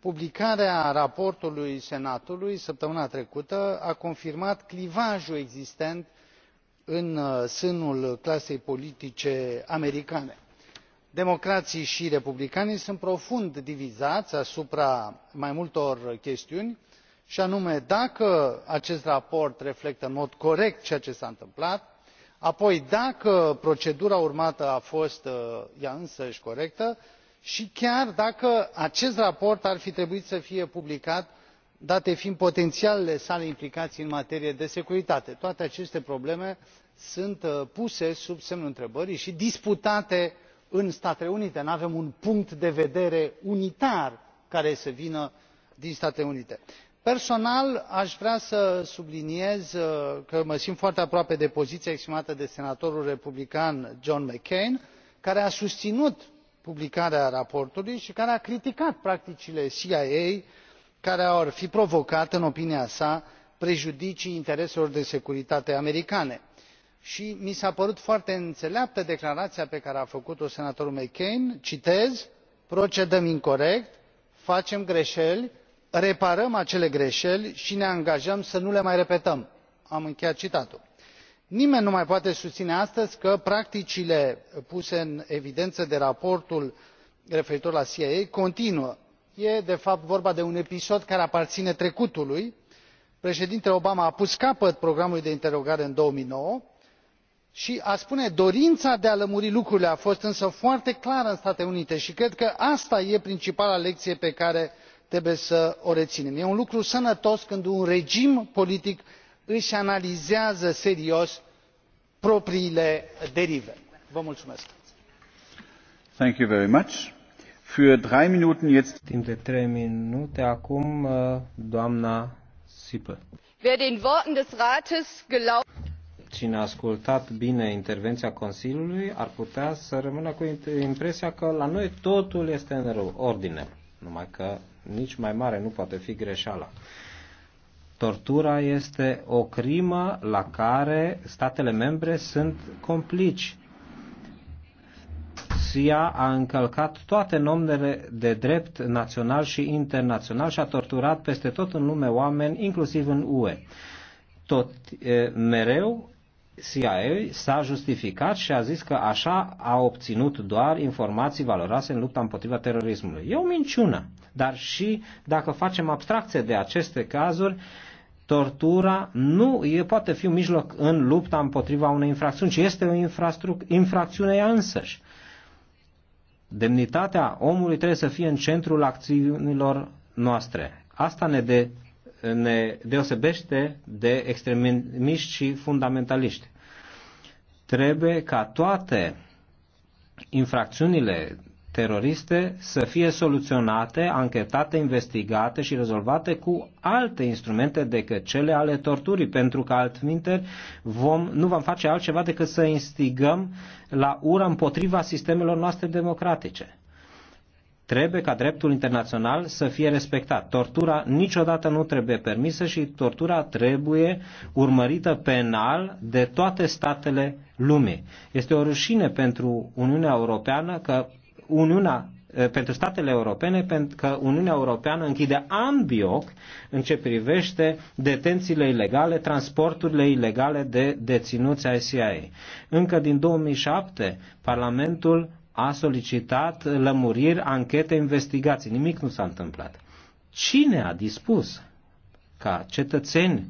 publicarea raportului senatului săptămâna trecută a confirmat clivajul existent în uh, sânul clasei politice americane. democrații și republicanii sunt profund divizați asupra mai multor chestiuni și anume dacă acest raport reflectă în mod corect ceea ce s a întâmplat apoi dacă procedura urmată a fost uh, ea însăși corectă și chiar dacă acest raport ar fi trebuit să fie publicat date fiind potențialele sale implicații în materie de securitate. toate aceste probleme sunt uh, puse sub semnul întrebării și disputate în statele unite nu avem un punct de vedere unitar care să vină din statele unite personal aș vrea să subliniez uh, că mă simt foarte aproape de poziția exprimată de senatorul republican john mccain care a susținut publicarea raportului și care a criticat practicile cia care ar fi provocat în opinia sa prejudicii intereselor de securitate americane. și mi s a părut foarte înțeleaptă declarația pe care a făcut o senatorul mccain citez procedăm incorect facem greșeli reparăm acele greșeli și ne angajăm să nu le mai repetăm. am încheiat citatul. nimeni nu mai poate susține astăzi că practicile puse în evidență de raportul referitor la cia continuă. e de fapt vorba de un episod care aparține trecutului. președintele obama a pus capăt programului de interogare în două mii nouă și a spune dorința de a lămuri lucrurile a fost însă foarte clară în statele unite și cred că asta e principala lecție pe care trebuie să o reținem. Este un lucru sănătos când un regim politic își analizează serios propriile derive. vă mulțumesc. trei minute acum uh, Cine a ascultat bine intervenția Consiliului ar putea să rămână cu impresia că la noi totul este în ordine, numai că nici mai mare nu poate fi greșeala. Tortura este o crimă la care statele membre sunt complici. CIA a încălcat toate normele de drept național și internațional și a torturat peste tot în lume oameni, inclusiv în UE. Tot e, mereu CIA s-a justificat și a zis că așa a obținut doar informații valoroase în lupta împotriva terorismului. E o minciună. Dar și dacă facem abstracție de aceste cazuri, tortura nu e, poate fi un mijloc în lupta împotriva unei infracțiuni, ci este o infracțiune ea însăși. Demnitatea omului trebuie să fie în centrul acțiunilor noastre. Asta ne, de, ne deosebește de extremiști și fundamentaliști. Trebuie ca toate infracțiunile teroriste să fie soluționate, anchetate, investigate și rezolvate cu alte instrumente decât cele ale torturii, pentru că altminteri vom, nu vom face altceva decât să instigăm la ură împotriva sistemelor noastre democratice. Trebuie ca dreptul internațional să fie respectat. Tortura niciodată nu trebuie permisă și tortura trebuie urmărită penal de toate statele lumii. Este o rușine pentru Uniunea Europeană că Uniunea eh, pentru statele europene, pentru că Uniunea Europeană închide ambii ochi în ce privește detențiile ilegale, transporturile ilegale de deținuți ai CIA. Încă din 2007, Parlamentul a solicitat lămuriri, anchete, investigații. Nimic nu s-a întâmplat. Cine a dispus ca cetățeni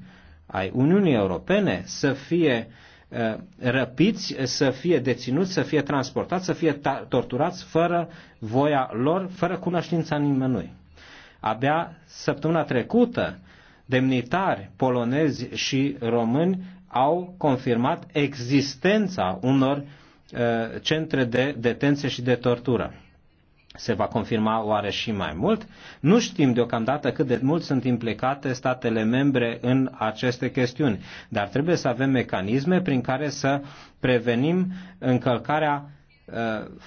ai Uniunii Europene să fie uh, Uh, răpiți, să fie deținuți, să fie transportați, să fie torturați fără voia lor, fără cunoștința nimănui. Abia săptămâna trecută, demnitari polonezi și români au confirmat existența unor uh, centre de detenție și de tortură se va confirma oare și mai mult. Nu știm deocamdată cât de mult sunt implicate statele membre în aceste chestiuni, dar trebuie să avem mecanisme prin care să prevenim încălcarea uh,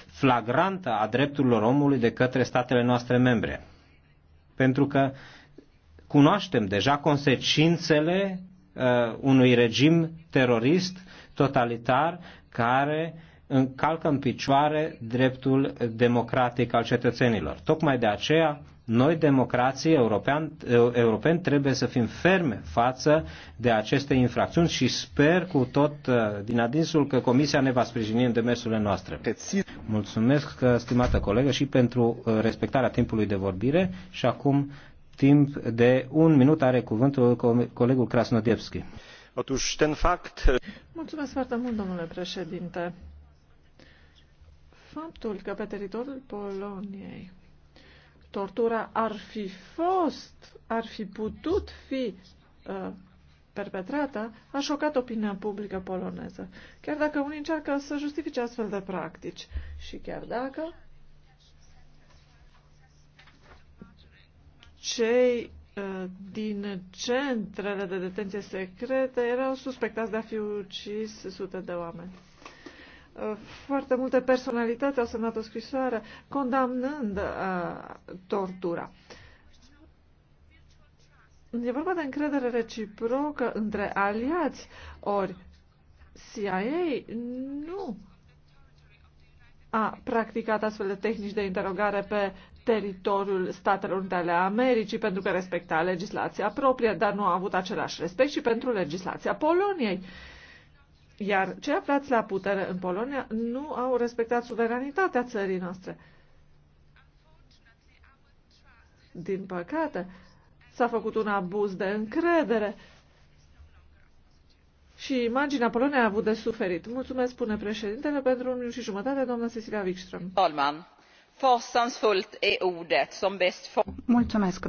flagrantă a drepturilor omului de către statele noastre membre. Pentru că cunoaștem deja consecințele uh, unui regim terorist totalitar care uh, încalcă în picioare dreptul democratic al cetățenilor. Tocmai de aceea, noi, democrații europeni, trebuie să fim ferme față de aceste infracțiuni și sper cu tot uh, din adinsul că Comisia ne va sprijini în demersurile noastre. Mulțumesc, uh, stimată colegă, și pentru uh, respectarea timpului de vorbire și acum timp de un minut are cuvântul colegul Krasnodiepski. Mulțumesc foarte mult, domnule președinte faptul că pe teritoriul Poloniei tortura ar fi fost, ar fi putut fi uh, perpetrată, a șocat opinia publică poloneză, chiar dacă unii încearcă să justifice astfel de practici și chiar dacă cei uh, din centrele de detenție secrete erau suspectați de a fi ucis sute de oameni. Foarte multe personalități au semnat o scrisoare condamnând uh, tortura. E vorba de încredere reciprocă între aliați, ori CIA nu a practicat astfel de tehnici de interogare pe teritoriul Statelor Unite ale Americii pentru că respecta legislația proprie, dar nu a avut același respect și pentru legislația Poloniei. Uh, iar cei aflați la putere în Polonia nu au respectat suveranitatea țării noastre. Din păcate, s-a făcut un abuz de încredere și imaginea Poloniei a avut de suferit. Mulțumesc, spune președintele, pentru un și jumătate, doamna Cecilia Wikström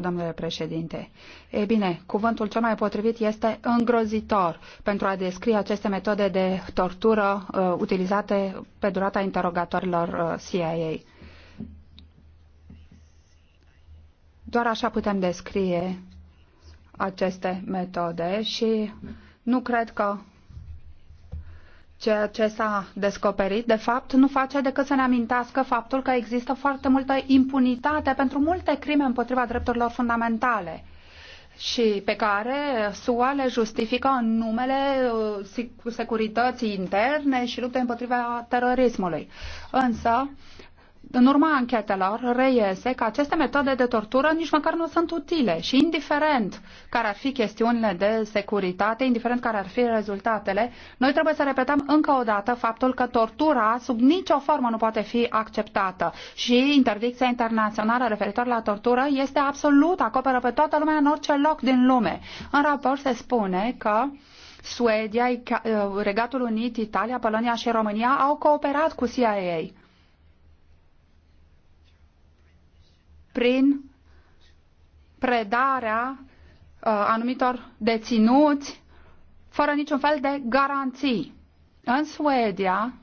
domnule președinte. Ei bine, cuvântul cel mai potrivit este îngrozitor pentru a descrie aceste metode de tortură uh, utilizate pe durata interogatorilor uh, CIA. Doar așa putem descrie aceste metode și nu cred că Ceea ce s-a descoperit, de fapt, nu face decât să ne amintească faptul că există foarte multă impunitate pentru multe crime împotriva drepturilor fundamentale și pe care SUA le justifică în numele uh, securității interne și luptei împotriva terorismului. Însă, în urma anchetelor reiese că aceste metode de tortură nici măcar nu sunt utile și indiferent care ar fi chestiunile de securitate, indiferent care ar fi rezultatele, noi trebuie să repetăm încă o dată faptul că tortura sub nicio formă nu poate fi acceptată și interdicția internațională referitoare la tortură este absolut, acoperă pe toată lumea în orice loc din lume. În raport se spune că Suedia, Regatul Unit, Italia, Polonia și România au cooperat cu CIA prin predarea uh, anumitor deținuți fără niciun fel de garanții. În Suedia,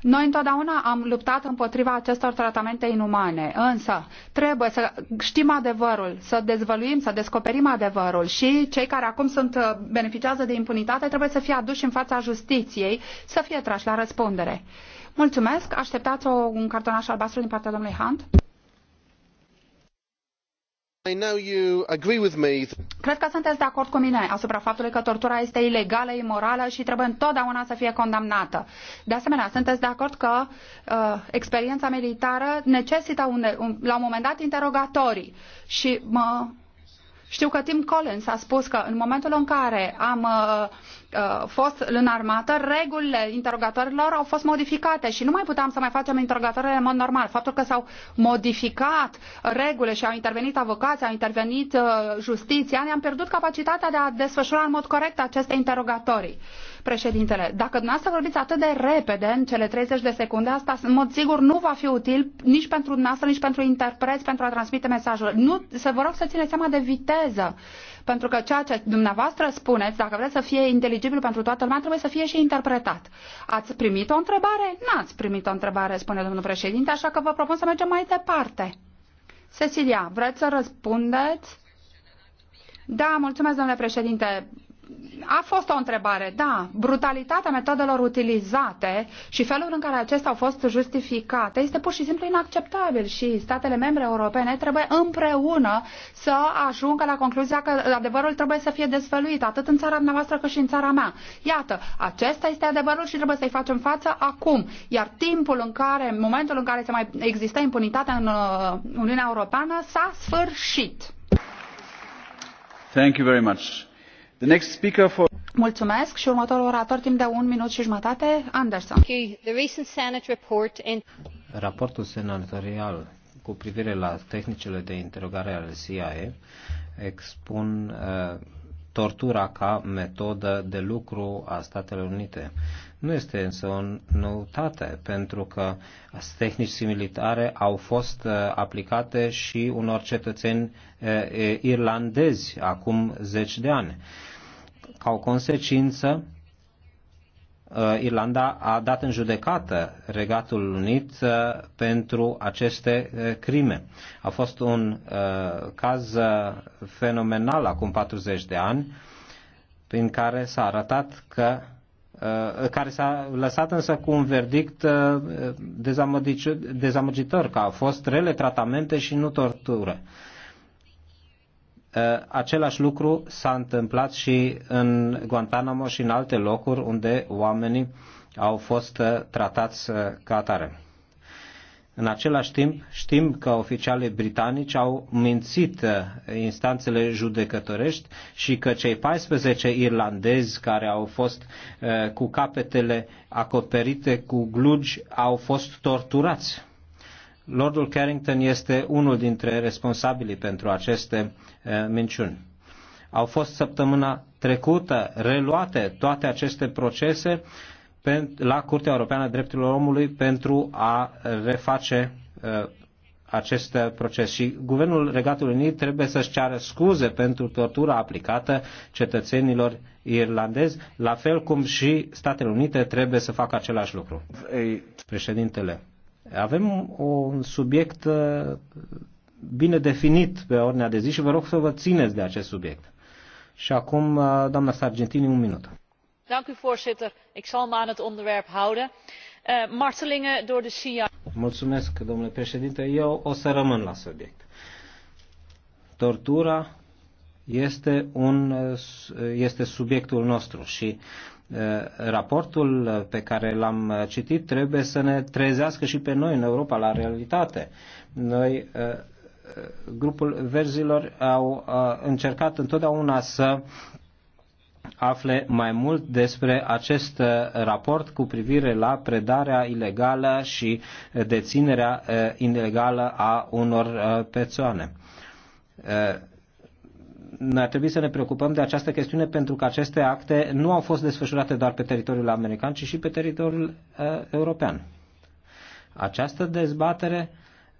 Noi întotdeauna am luptat împotriva acestor tratamente inumane, însă trebuie să știm adevărul, să dezvăluim, să descoperim adevărul și cei care acum sunt, uh, beneficiază de impunitate trebuie să fie aduși în fața justiției, să fie trași la răspundere. Mulțumesc. Așteptați o, un cartonaș albastru din partea domnului Hunt. I know you agree with me. Cred că sunteți de acord cu mine asupra faptului că tortura este ilegală, imorală și trebuie întotdeauna să fie condamnată. De asemenea, sunteți de acord că uh, experiența militară necesită un, un, la un moment dat interogatorii și mă știu că Tim Collins a spus că în momentul în care am uh, uh, fost în armată, regulile interogatorilor au fost modificate și nu mai puteam să mai facem interogatorile în mod normal. Faptul că s-au modificat regulile și au intervenit avocații, au intervenit uh, justiția, ne-am pierdut capacitatea de a desfășura în mod corect aceste interogatorii. Președintele, dacă dumneavoastră vorbiți atât de repede în cele 30 de secunde, asta în mod sigur nu va fi util nici pentru dumneavoastră, nici pentru interpreți, pentru a transmite mesajul. Nu, să vă rog să țineți seama de viteză pentru că ceea ce dumneavoastră spuneți, dacă vreți să fie inteligibil pentru toată lumea, trebuie să fie și interpretat. Ați primit o întrebare? N-ați primit o întrebare, spune domnul președinte, așa că vă propun să mergem mai departe. Cecilia, vreți să răspundeți? Da, mulțumesc, domnule președinte a fost o întrebare, da. Brutalitatea metodelor utilizate și felul în care acestea au fost justificate este pur și simplu inacceptabil și statele membre europene trebuie împreună să ajungă la concluzia că adevărul trebuie să fie dezvăluit, atât în țara noastră cât și în țara mea. Iată, acesta este adevărul și trebuie să-i facem față acum. Iar timpul în care, în momentul în care se mai există impunitate în uh, Uniunea Europeană s-a sfârșit. Thank you very much. Mulțumesc și următorul orator timp de un minut și jumătate, Anderson. Raportul senatorial cu privire la tehnicile de interogare ale CIA expun uh, tortura ca metodă de lucru a Statelor Unite. Nu este însă o noutate, pentru că tehnici similare au fost uh, aplicate și unor cetățeni uh, irlandezi acum zeci de ani. Ca o consecință, uh, Irlanda a dat în judecată Regatul Unit uh, pentru aceste uh, crime. A fost un caz fenomenal acum 40 de ani, prin care s-a arătat că care s-a lăsat însă cu un verdict dezamăgitor, că au fost rele tratamente și nu tortură. Uh, același lucru s-a întâmplat și în Guantanamo și în alte locuri unde oamenii au fost uh, tratați uh, ca atare. În același timp, știm că oficialii britanici au mințit instanțele judecătorești și că cei 14 irlandezi care au fost cu capetele acoperite cu glugi au fost torturați Lordul Carrington este unul dintre responsabilii pentru aceste eh, minciuni. Au fost săptămâna trecută reluate toate aceste procese la Curtea Europeană a Drepturilor Omului pentru a reface eh, acest proces și guvernul Regatului Unit trebuie să-și ceară scuze pentru tortura aplicată cetățenilor irlandezi, la fel cum și Statele Unite trebuie să facă același lucru. Președintele, avem un subiect uh, bine definit pe ordinea de zi și vă rog să vă țineți de acest subiect. Și acum, uh, doamna Sargentini, un minut. Dank u, voorzitter. Ik zal me aan het onderwerp houden. Uh, martelingen door de CIA. Mulțumesc, domnule președinte. Eu o să rămân la subiect. Tortura este, un, uh, este subiectul nostru și Eh, raportul eh, pe care l-am eh, citit trebuie să ne trezească și pe noi în Europa la realitate. Noi, grupul verzilor, au încercat întotdeauna să afle mai mult despre acest raport cu privire la predarea ilegală și deținerea ilegală a unor persoane ne ar trebui să ne preocupăm de această chestiune pentru că aceste acte nu au fost desfășurate doar pe teritoriul american, ci și pe teritoriul uh, european. Această dezbatere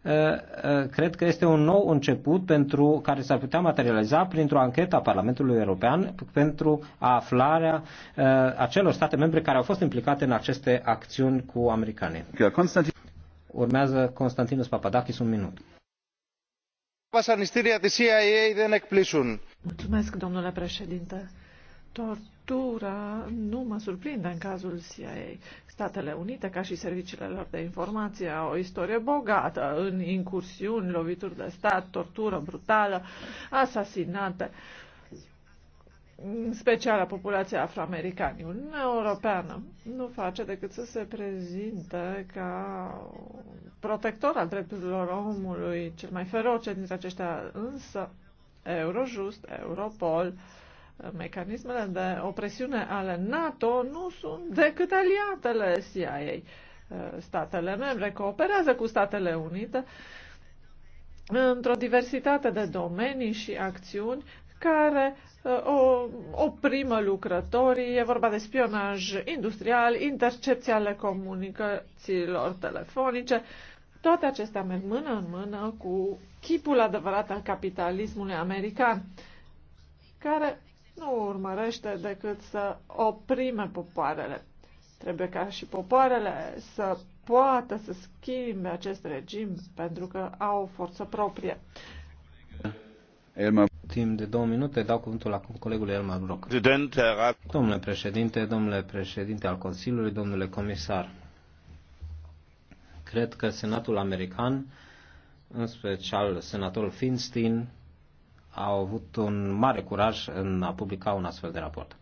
uh, uh, cred că este un nou început pentru care s-ar putea materializa printr-o anchetă a Parlamentului European pentru aflarea uh, acelor state membre care au fost implicate în aceste acțiuni cu americanii. Urmează Constantinus Papadakis un minut βασανιστήρια της CIA δεν εκπλήσουν. Mulțumesc, domnule președinte. Tortura nu mă surprinde în cazul CIA. Statele Unite, ca și serviciile lor de informație, au o istorie bogată în incursiuni, lovituri de stat, tortură brutală, asasinate în special a populației afroamericane. Uniunea Europeană nu face decât să se prezinte ca protector al drepturilor omului, cel mai feroce dintre aceștia, însă Eurojust, Europol, mecanismele de opresiune ale NATO nu sunt decât aliatele CIA. Statele membre cooperează cu Statele Unite într-o diversitate de domenii și acțiuni care uh, o, oprimă lucrătorii. E vorba de spionaj industrial, intercepție ale comunicațiilor telefonice, toate acestea merg mână în mână cu chipul adevărat al capitalismului american, care nu urmărește decât să oprime popoarele. Trebuie ca și popoarele să poată să schimbe acest regim pentru că au o forță proprie. Elmar. Timp de două minute dau cuvântul acum colegului Elmar Brock. Domnule președinte, domnule președinte al Consiliului, domnule comisar, Cred că Senatul american, în special senatorul Finstein, a avut un mare curaj în a publica un astfel de raport.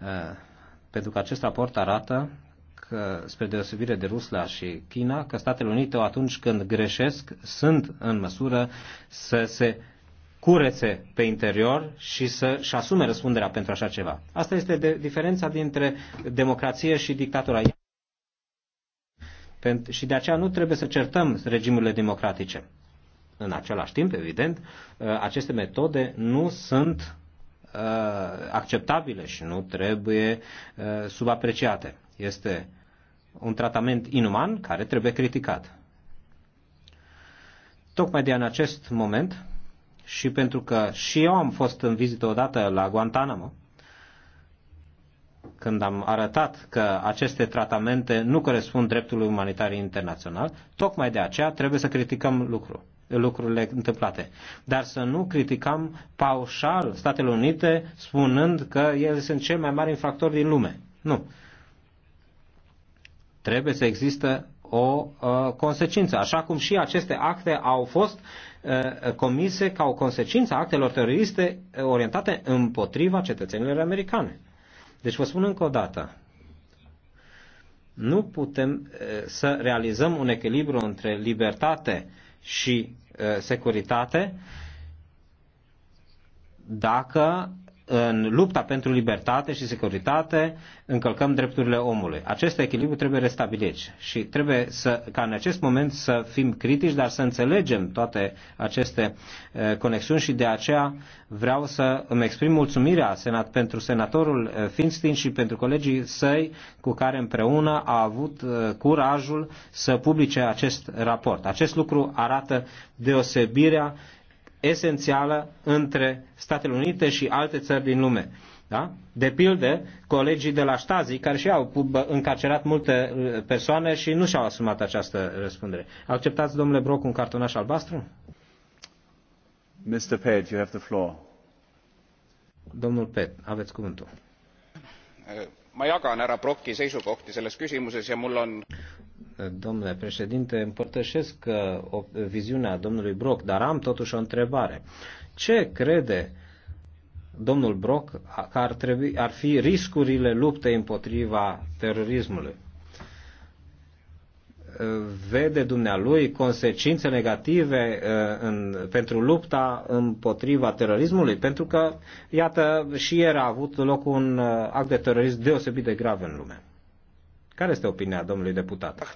Uh, pentru că acest raport arată că, spre deosebire de Rusia și China, că Statele Unite, atunci când greșesc, sunt în măsură să se curețe pe interior și să-și asume răspunderea pentru așa ceva. Asta este de, diferența dintre democrație și dictatura. Și de aceea nu trebuie să certăm regimurile democratice. În același timp, evident, uh, aceste metode nu sunt uh, acceptabile și nu trebuie uh, subapreciate. Este un tratament inuman care trebuie criticat. Tocmai de în acest moment și pentru că și eu am fost în vizită odată la Guantanamo, când am arătat că aceste tratamente nu corespund dreptului umanitar internațional, tocmai de aceea trebuie să criticăm lucrul lucrurile întâmplate. Dar să nu criticăm paușal Statele Unite spunând că ele sunt cel mai mari infractori din lume. Nu. Trebuie să există o uh, consecință, așa cum și aceste acte au fost uh, comise ca o consecință a actelor teroriste orientate împotriva cetățenilor americane. Deci vă spun încă o dată, nu putem să realizăm un echilibru între libertate și securitate dacă în lupta pentru libertate și securitate încălcăm drepturile omului. Acest echilibru trebuie restabilit și trebuie să, ca în acest moment să fim critici, dar să înțelegem toate aceste conexiuni și de aceea vreau să îmi exprim mulțumirea senat, pentru senatorul Finstin și pentru colegii săi cu care împreună a avut curajul să publice acest raport. Acest lucru arată deosebirea esențială între Statele Unite și alte țări din lume. Da? De pildă, colegii de la Stasi, care și au încarcerat multe uh, persoane și nu și-au asumat această răspundere. Acceptați, domnule Broc, un cartonaș albastru? Mr. Pet, you have the floor. Domnul Pet, aveți cuvântul. Uh ma jagan härra brokki seisukohti selles küsimuses ja mul on. domnule președinte împărtășesc uh, o, viziunea domnului brok dar am totuși o întrebare ce crede domnul brok că ar, trebui, ar fi riscurile luptei împotriva terorismului? vede dumnealui consecințe negative uh, în, pentru lupta împotriva terorismului, pentru că, iată, și ieri a avut loc un uh, act de terorism deosebit de grav în lume. Care este opinia domnului deputat?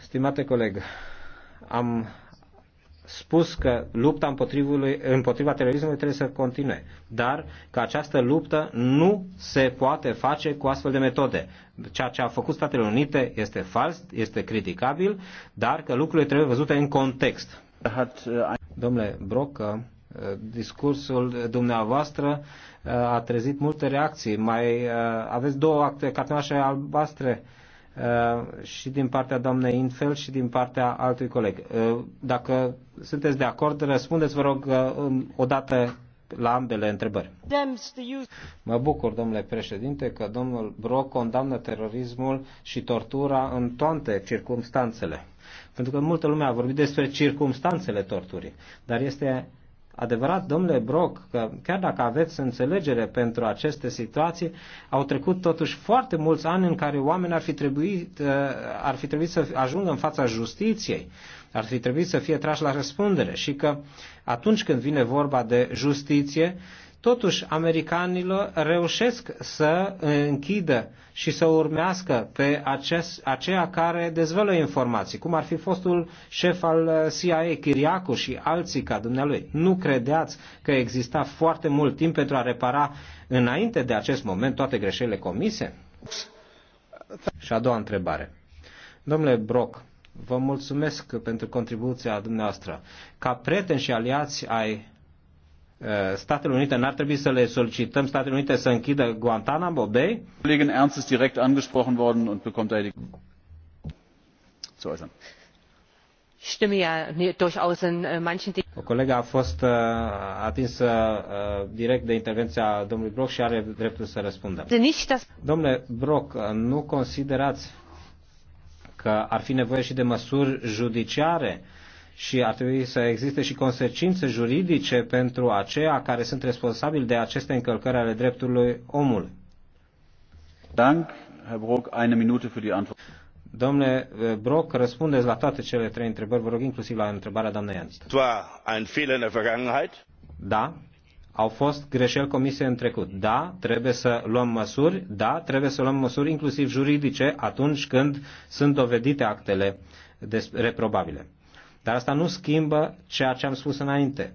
Stimate coleg, am spus că lupta împotriva terorismului trebuie să continue, dar că această luptă nu se poate face cu astfel de metode ceea ce a făcut Statele Unite este fals, este criticabil, dar că lucrurile trebuie văzute în context. Uh, Domnule Brocă, uh, discursul dumneavoastră uh, a trezit multe reacții. Mai aveți două acte catenașe albastre și din partea doamnei Infel și din partea altui coleg. Dacă sunteți de acord, răspundeți, vă rog, odată la ambele întrebări. Mă bucur, domnule președinte, că domnul Brok condamnă terorismul și tortura în toate circumstanțele. Pentru că multă lume a vorbit despre circumstanțele torturii. Dar este adevărat, domnule Brock, că chiar dacă aveți înțelegere pentru aceste situații, au trecut totuși foarte mulți ani în care oamenii ar fi trebuit, uh, ar fi trebuit să ajungă în fața justiției, ar fi trebuit să fie trași la răspundere și că atunci când vine vorba de justiție, totuși americanilor reușesc să închidă și să urmească pe acest, aceea care dezvăluie informații, cum ar fi fostul șef al CIA, Chiriacu și alții ca dumnealui. Nu credeați că exista foarte mult timp pentru a repara înainte de acest moment toate greșelile comise? Și a doua întrebare. Domnule Brock, Vă mulțumesc pentru contribuția dumneavoastră. Ca prieteni și aliați ai uh, Statele Unite, n-ar trebui să le solicităm Statele Unite să închidă Guantanamo Bay? Kollegin Ernst este direct angesprochen worden und bekommt er die zu äußern. stimme ja durchaus in äh, manchen Dingen. O colegă a fost uh, atinsă uh, direct de intervenția domnului Brock și are dreptul să răspundă. Domnule Brock, nu considerați că ar fi nevoie și de măsuri judiciare și ar trebui să existe și consecințe juridice pentru aceia care sunt responsabili de aceste încălcări ale drepturilor omului. Dank, Herr Brock, eine Minute für die Antwort. Domnule eh, Brock, răspundeți la toate cele trei întrebări, vă rog inclusiv la întrebarea doamnei Ernst. Da, au fost greșeli comise în trecut. Da, trebuie să luăm măsuri, da, trebuie să luăm măsuri inclusiv juridice atunci când sunt dovedite actele reprobabile. Dar asta nu schimbă ceea ce am spus înainte,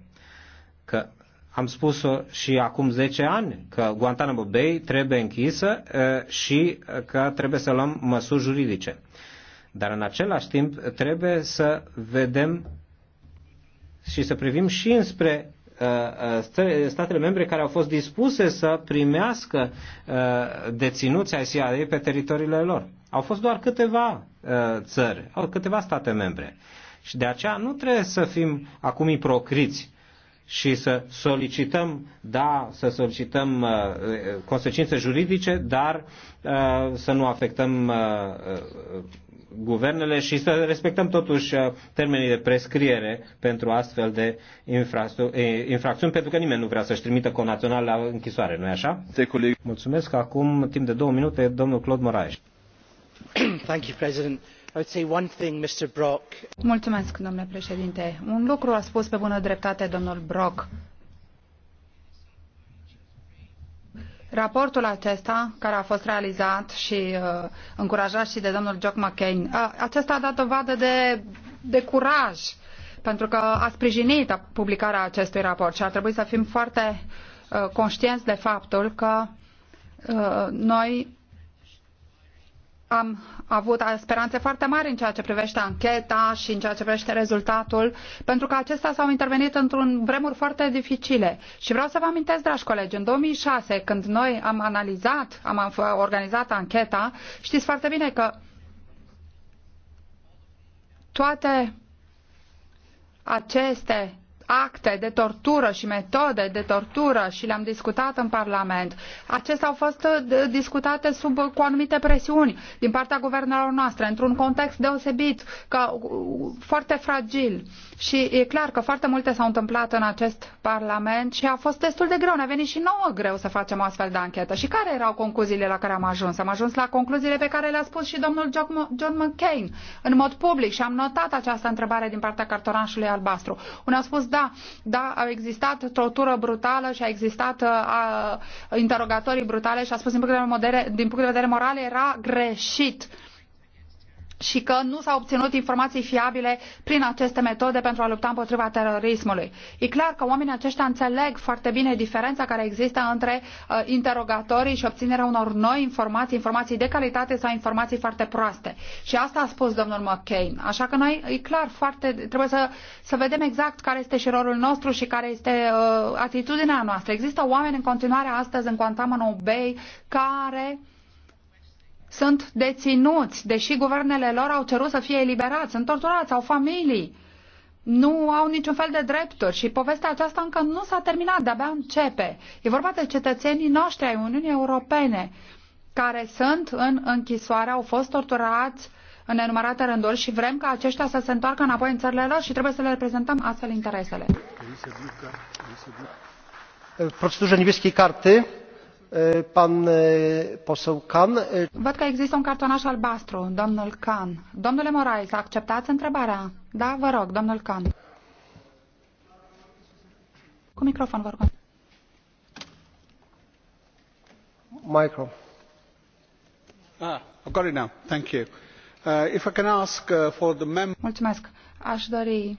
că am spus-o și acum 10 ani, că Guantanamo Bay trebuie închisă și că trebuie să luăm măsuri juridice. Dar în același timp trebuie să vedem și să privim și înspre Uh, uh, statele membre care au fost dispuse să primească uh, deținuți ai CIA pe teritoriile lor. Au fost doar câteva țări, câteva state membre. Și de aceea nu trebuie să fim acum iprocriți și să solicităm, da, să solicităm uh, consecințe juridice, dar uh, să nu afectăm uh, guvernele și să respectăm totuși uh, termenii de prescriere pentru astfel de infracțiuni, pentru că nimeni nu vrea să-și trimită conațional la închisoare, nu-i așa? De coleg. Mulțumesc. Acum, timp de două minute, domnul Claude Moraes. Thank you, President. I would say one thing, Mr. Brock. Mulțumesc, domnule președinte. Un lucru a spus pe bună dreptate domnul Brock Raportul acesta, care a fost realizat și uh, încurajat și de domnul Jock McCain, uh, acesta a dat dovadă de, de curaj, pentru că a sprijinit publicarea acestui raport și ar trebui să fim foarte uh, conștienți de faptul că uh, noi am avut speranțe foarte mari în ceea ce privește ancheta și în ceea ce privește rezultatul, pentru că acestea s-au intervenit într-un vremuri foarte dificile. Și vreau să vă amintesc, dragi colegi, în 2006, când noi am analizat, am organizat ancheta, știți foarte bine că toate aceste acte de tortură și metode de tortură și le-am discutat în Parlament. Acestea au fost uh, discutate sub, cu anumite presiuni din partea guvernelor noastre, într-un context deosebit, ca, uh, foarte fragil. Și e clar că foarte multe s-au întâmplat în acest Parlament și a fost destul de greu. Ne-a venit și nouă greu să facem o astfel de anchetă. Și care erau concluziile la care am ajuns? Am ajuns la concluziile pe care le-a spus și domnul John McCain în mod public și am notat această întrebare din partea cartonașului albastru. Unde au spus, da, da, au existat tortură brutală și a existat uh, interogatorii brutale și a spus din punct de vedere, din punct de vedere moral era greșit. Uh, și că nu s-au obținut informații fiabile prin aceste metode pentru a lupta împotriva terorismului. E clar că oamenii aceștia înțeleg foarte bine diferența care există între uh, interogatorii și obținerea unor noi informații, informații de calitate sau informații foarte proaste. Și asta a spus domnul McCain. Așa că noi, e clar, foarte, trebuie să, să vedem exact care este și rolul nostru și care este uh, atitudinea noastră. Există oameni în continuare astăzi în Guantanamo Bay care uh, sunt deținuți, deși guvernele lor au cerut să fie eliberați, sunt torturați, au familii, nu au niciun fel de drepturi și povestea aceasta încă nu s-a terminat, de-abia începe. E vorba de cetățenii noștri ai Uniunii Europene care sunt în închisoare, au fost torturați în enumărate rânduri și vrem ca aceștia să se întoarcă înapoi în țările lor și trebuie să le reprezentăm astfel interesele. Procedurile niebieskiej karty Văd că există un cartonaș albastru, domnul Khan. Domnule Moraes, acceptați întrebarea? Da, vă rog, domnul Khan. Cu microfon, vă rog. Micro. Ah, I've got it now. Thank you. Uh, if I can ask uh, for the mem- Mulțumesc. Aș dori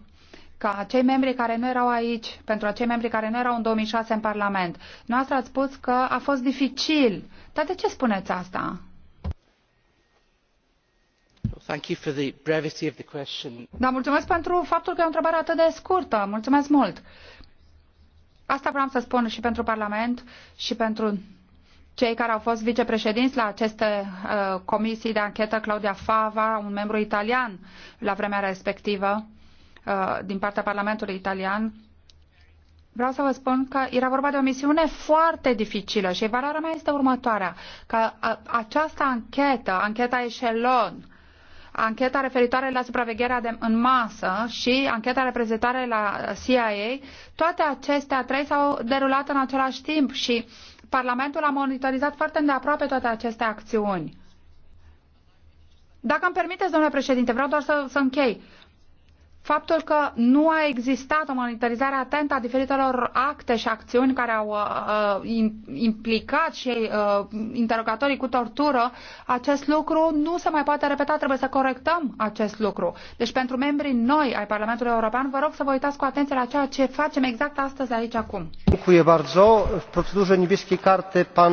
ca cei membri care nu erau aici, pentru cei membri care nu erau în 2006 în Parlament. Noastră ați spus că a fost dificil. Dar de ce spuneți asta? Thank you for the brevity of the question. Da, mulțumesc pentru faptul că e o întrebare atât de scurtă. Mulțumesc mult. Asta vreau să spun și pentru Parlament și pentru cei care au fost vicepreședinți la aceste uh, comisii de anchetă, Claudia Fava, un membru italian la vremea respectivă Uh, din partea Parlamentului Italian, vreau să vă spun că era vorba de o misiune foarte dificilă și evaluarea mea este următoarea, că uh, această anchetă, ancheta Echelon, ancheta referitoare la supravegherea de, în masă și ancheta reprezentare la CIA, toate acestea trei s-au derulat în același timp și Parlamentul a monitorizat foarte îndeaproape toate aceste acțiuni. Dacă îmi permiteți, domnule președinte, vreau doar să, să închei faptul că nu a existat o monitorizare atentă a diferitelor acte și acțiuni care au uh, uh implicat și uh, interogatorii cu tortură, acest lucru nu se mai poate repeta, trebuie să corectăm acest lucru. Deci pentru membrii noi ai Parlamentului European, vă rog să vă uitați cu atenție la ceea ce facem exact astăzi aici acum.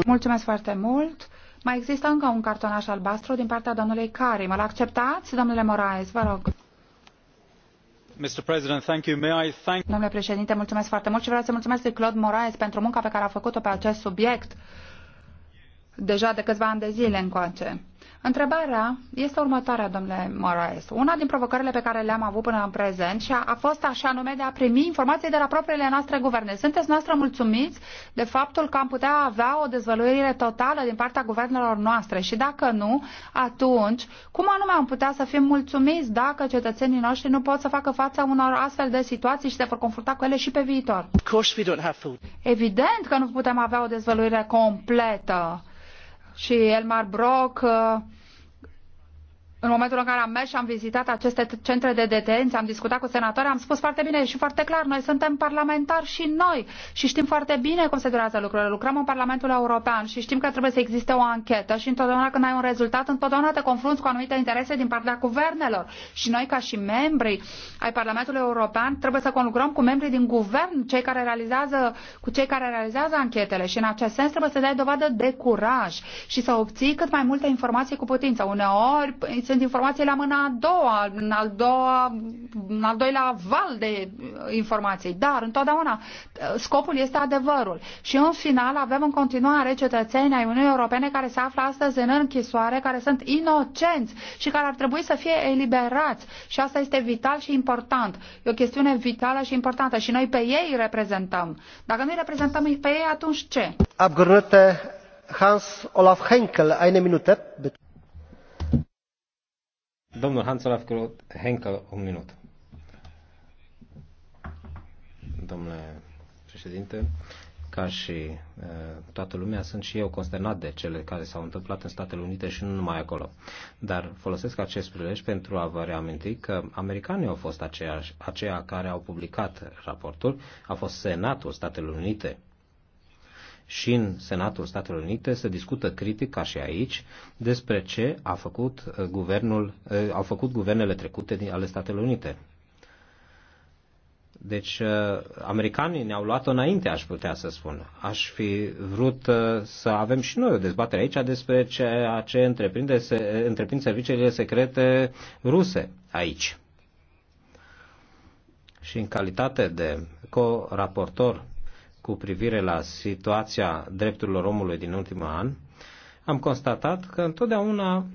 Mulțumesc foarte mult. Mai există încă un cartonaș albastru din partea domnului Karim. Îl acceptați, domnule Moraes? Vă rog domnule președinte mulțumesc foarte mult și vreau să mulțumesc lui claude moraes pentru munca pe care a făcut o pe acest subiect deja de câțiva ani de zile încoace. Întrebarea este următoarea, domnule Moraes. Una din provocările pe care le-am avut până în prezent și a, a fost așa nume de a primi informații de la propriile noastre guverne. Sunteți noastră mulțumiți de faptul că am putea avea o dezvăluire totală din partea guvernelor noastre și dacă nu, atunci cum anume am putea să fim mulțumiți dacă cetățenii noștri nu pot să facă față unor astfel de situații și se vor confrunta cu ele și pe viitor? Evident că nu putem avea o dezvăluire completă și Elmar Brock uh, în momentul în care am mers și am vizitat aceste centre de detenție, am discutat cu senatori, am spus foarte bine și foarte clar, noi suntem parlamentari și noi și știm foarte bine cum se durează lucrurile. Lucrăm în Parlamentul European și știm că trebuie să existe o anchetă și întotdeauna când ai un rezultat, întotdeauna te confrunți cu anumite interese din partea guvernelor. Și noi, ca și membri ai Parlamentului European, trebuie să conlucrăm cu membrii din guvern, cei care realizează, cu cei care realizează anchetele și în acest sens trebuie să dai dovadă de curaj și să obții cât mai multe informații cu putință. Uneori sunt informații la mâna a doua, în al, doua, în al doilea val de uh, informații, dar întotdeauna uh, scopul este adevărul. Și în final avem în continuare cetățenii ai Uniunii Europene care se află astăzi în închisoare, care sunt inocenți și care ar trebui să fie eliberați. Și asta este vital și important. E o chestiune vitală și importantă și noi pe ei îi reprezentăm. Dacă nu îi reprezentăm pe ei, atunci ce? Abgerunete Hans Olaf Henkel, eine Minute. Domnul Hans-Olaf Henkel, un minut. Domnule președinte, ca și uh, toată lumea, sunt și eu consternat de cele care s-au întâmplat în Statele Unite și nu numai acolo. Dar folosesc acest prilej pentru a vă reaminti că americanii au fost aceia, aceia care au publicat raportul, a fost Senatul Statelor Unite și în Senatul Statelor Unite se discută critic, ca și aici, despre ce a făcut uh, guvernul, uh, au făcut guvernele trecute din, ale Statelor Unite. Deci, uh, americanii ne-au luat-o înainte, aș putea să spun. Aș fi vrut să avem și noi o dezbatere aici despre ceea ce întreprinde, se, întreprind serviciile secrete ruse aici. Și în calitate de co-raportor cu privire la situația drepturilor omului din ultimul an, am constatat că întotdeauna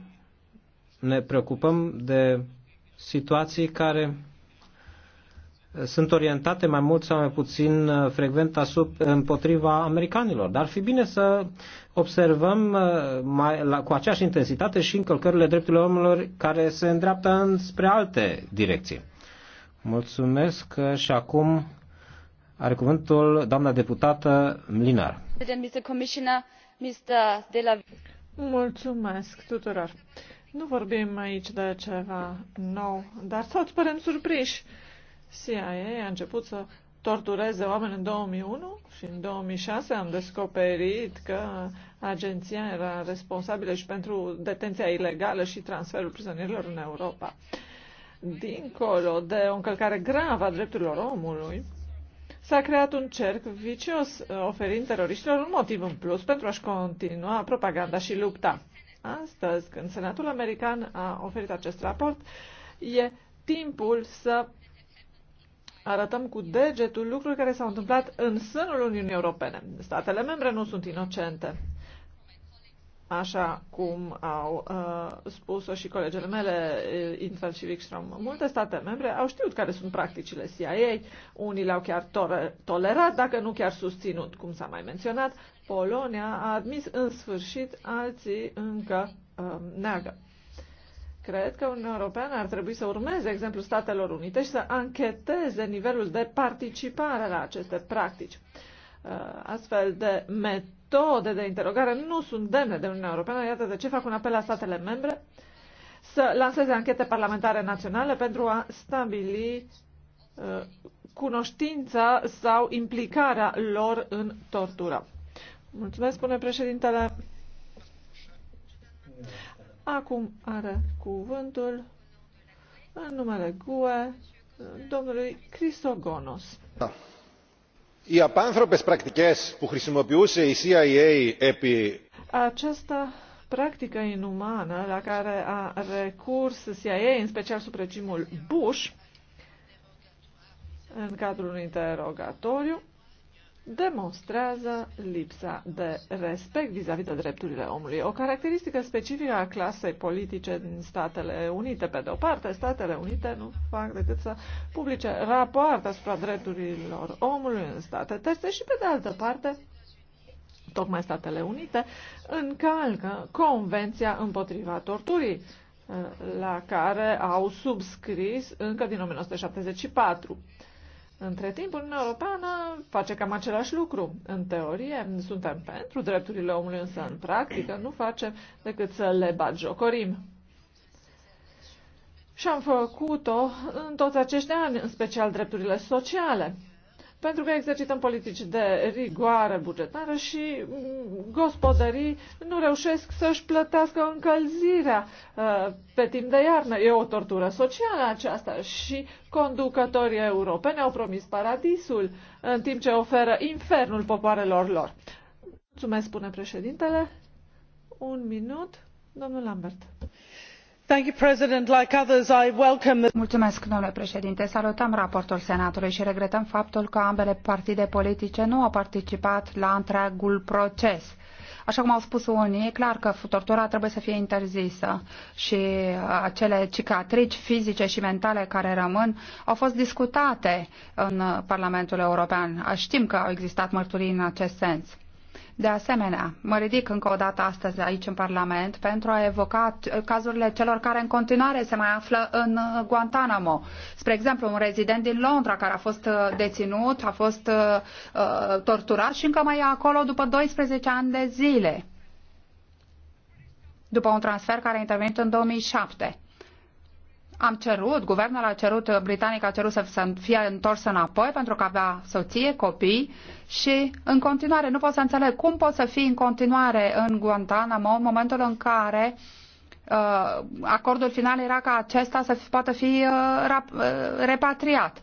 ne preocupăm de situații care sunt orientate mai mult sau mai puțin uh, frecvent asup, împotriva americanilor. Dar ar fi bine să observăm uh, mai, la, cu aceeași intensitate și încălcările drepturilor omului care se îndreaptă înspre alte direcții. Mulțumesc uh, și acum are cuvântul doamna deputată Mlinar. Mulțumesc tuturor. Nu vorbim aici de ceva nou, dar toți părem surprinși. CIA a început să tortureze oameni în 2001 și în 2006 am descoperit că agenția era responsabilă și pentru detenția ilegală și transferul prizonierilor în Europa. Dincolo de o încălcare gravă a drepturilor omului, S-a creat un cerc vicios uh, oferind teroriștilor un motiv în plus pentru a-și continua propaganda și lupta. Astăzi, când Senatul American a oferit acest raport, e timpul să arătăm cu degetul lucruri care s-au întâmplat în sânul Uniunii Europene. Statele membre nu sunt inocente așa cum au uh, spus-o și colegele mele, uh, Intel și Wikström. Multe state membre au știut care sunt practicile CIA, unii le-au chiar to- tolerat, dacă nu chiar susținut, cum s-a mai menționat. Polonia a admis în sfârșit, alții încă uh, neagă. Cred că Uniunea Europeană ar trebui să urmeze exemplul Statelor Unite și să ancheteze nivelul de participare la aceste practici. Uh, astfel de metode metode de interogare nu sunt demne de Uniunea Europeană, iată de ce fac un apel la statele membre să lanseze anchete parlamentare naționale pentru a stabili uh, cunoștința sau implicarea lor în tortură. Mulțumesc, spune președintele. Acum are cuvântul în numele GUE domnului Crisogonos. Da οι απάνθρωπες πρακτικές που χρησιμοποιούσε η CIA επί... Această practică inumană la care a recurs CIA, în special sub regimul Bush, în cadrul unui interogatoriu, demonstrează lipsa de respect vis-a-vis -vis de drepturile omului. O caracteristică specifică a clasei politice din Statele Unite. Pe de o parte, Statele Unite nu fac decât să publice rapoarte asupra drepturilor omului în state terțe și, pe de altă parte, tocmai Statele Unite încalcă Convenția împotriva torturii eh, la care au subscris încă din 1974. Între timp, Uniunea Europeană face cam același lucru. În teorie, suntem pentru drepturile omului, însă în practică nu facem decât să le jocorim. Și am făcut-o în toți acești ani, în special drepturile sociale pentru că exercităm politici de rigoare bugetară și mm, gospodării nu reușesc să-și plătească încălzirea uh, pe timp de iarnă. E o tortură socială aceasta și conducătorii europeni au promis paradisul în timp ce oferă infernul popoarelor lor. Mulțumesc, spune președintele. Un minut, domnul Lambert domnule președinte salutăm raportul senatului și regretăm faptul că ambele partide politice nu au participat la întregul proces. Așa cum au spus unii, e clar că tortura trebuie să fie interzisă și uh, acele cicatrici fizice și mentale care rămân au fost discutate în Parlamentul European. Știm că au existat mărturii în acest sens. De asemenea, mă ridic încă o dată astăzi aici în Parlament pentru a evoca cazurile celor care în continuare se mai află în uh, Guantanamo. Spre exemplu, un rezident din Londra care a fost uh, deținut, a fost uh, uh, torturat și încă mai e acolo după 12 ani de zile, după un transfer care a intervenit în 2007 am cerut, guvernul a cerut, britanic a cerut să, fie întors înapoi pentru că avea soție, copii și în continuare nu pot să înțeleg cum poți să fii în continuare în Guantanamo în momentul în care uh, acordul final era ca acesta să poată fi uh, rap, uh, repatriat. Uh,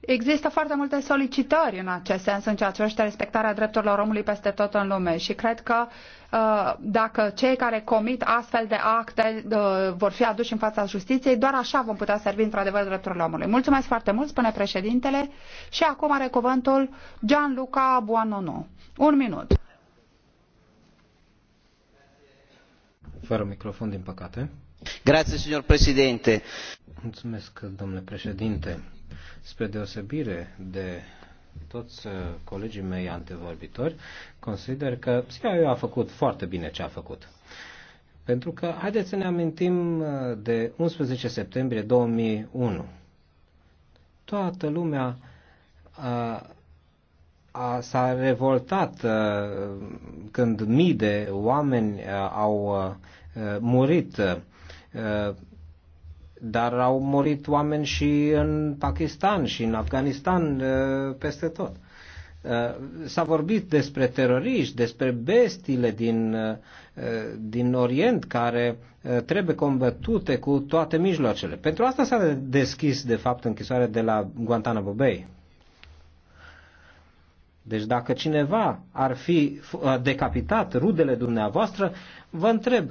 Există foarte multe solicitări în acest sens în ceea ce privește respectarea drepturilor omului peste tot în lume și cred că uh, dacă cei care comit astfel de acte uh, vor fi aduși în fața justiției, doar așa vom putea servi într-adevăr drepturile omului. Mulțumesc foarte mult, spune președintele, și acum are cuvântul Gianluca Buonono. Un minut. Fără microfon, din păcate. Grazie, signor președinte. Mulțumesc, domnule președinte Spre deosebire de toți uh, colegii mei antevorbitori, consider că CIA a făcut foarte bine ce a făcut. Pentru că, haideți să ne amintim uh, de 11 septembrie 2001. Toată lumea a, uh, a, s-a revoltat a, când mii de oameni a, au a, murit. A, dar au murit oameni și în Pakistan și în Afganistan, uh, peste tot. Uh, s-a vorbit despre teroriști, despre bestile din, uh, din Orient care trebuie combătute cu toate mijloacele. Pentru asta s-a deschis, de fapt, închisoarea de la Guantanamo Bay. Deci dacă cineva ar fi decapitat rudele dumneavoastră, vă întreb,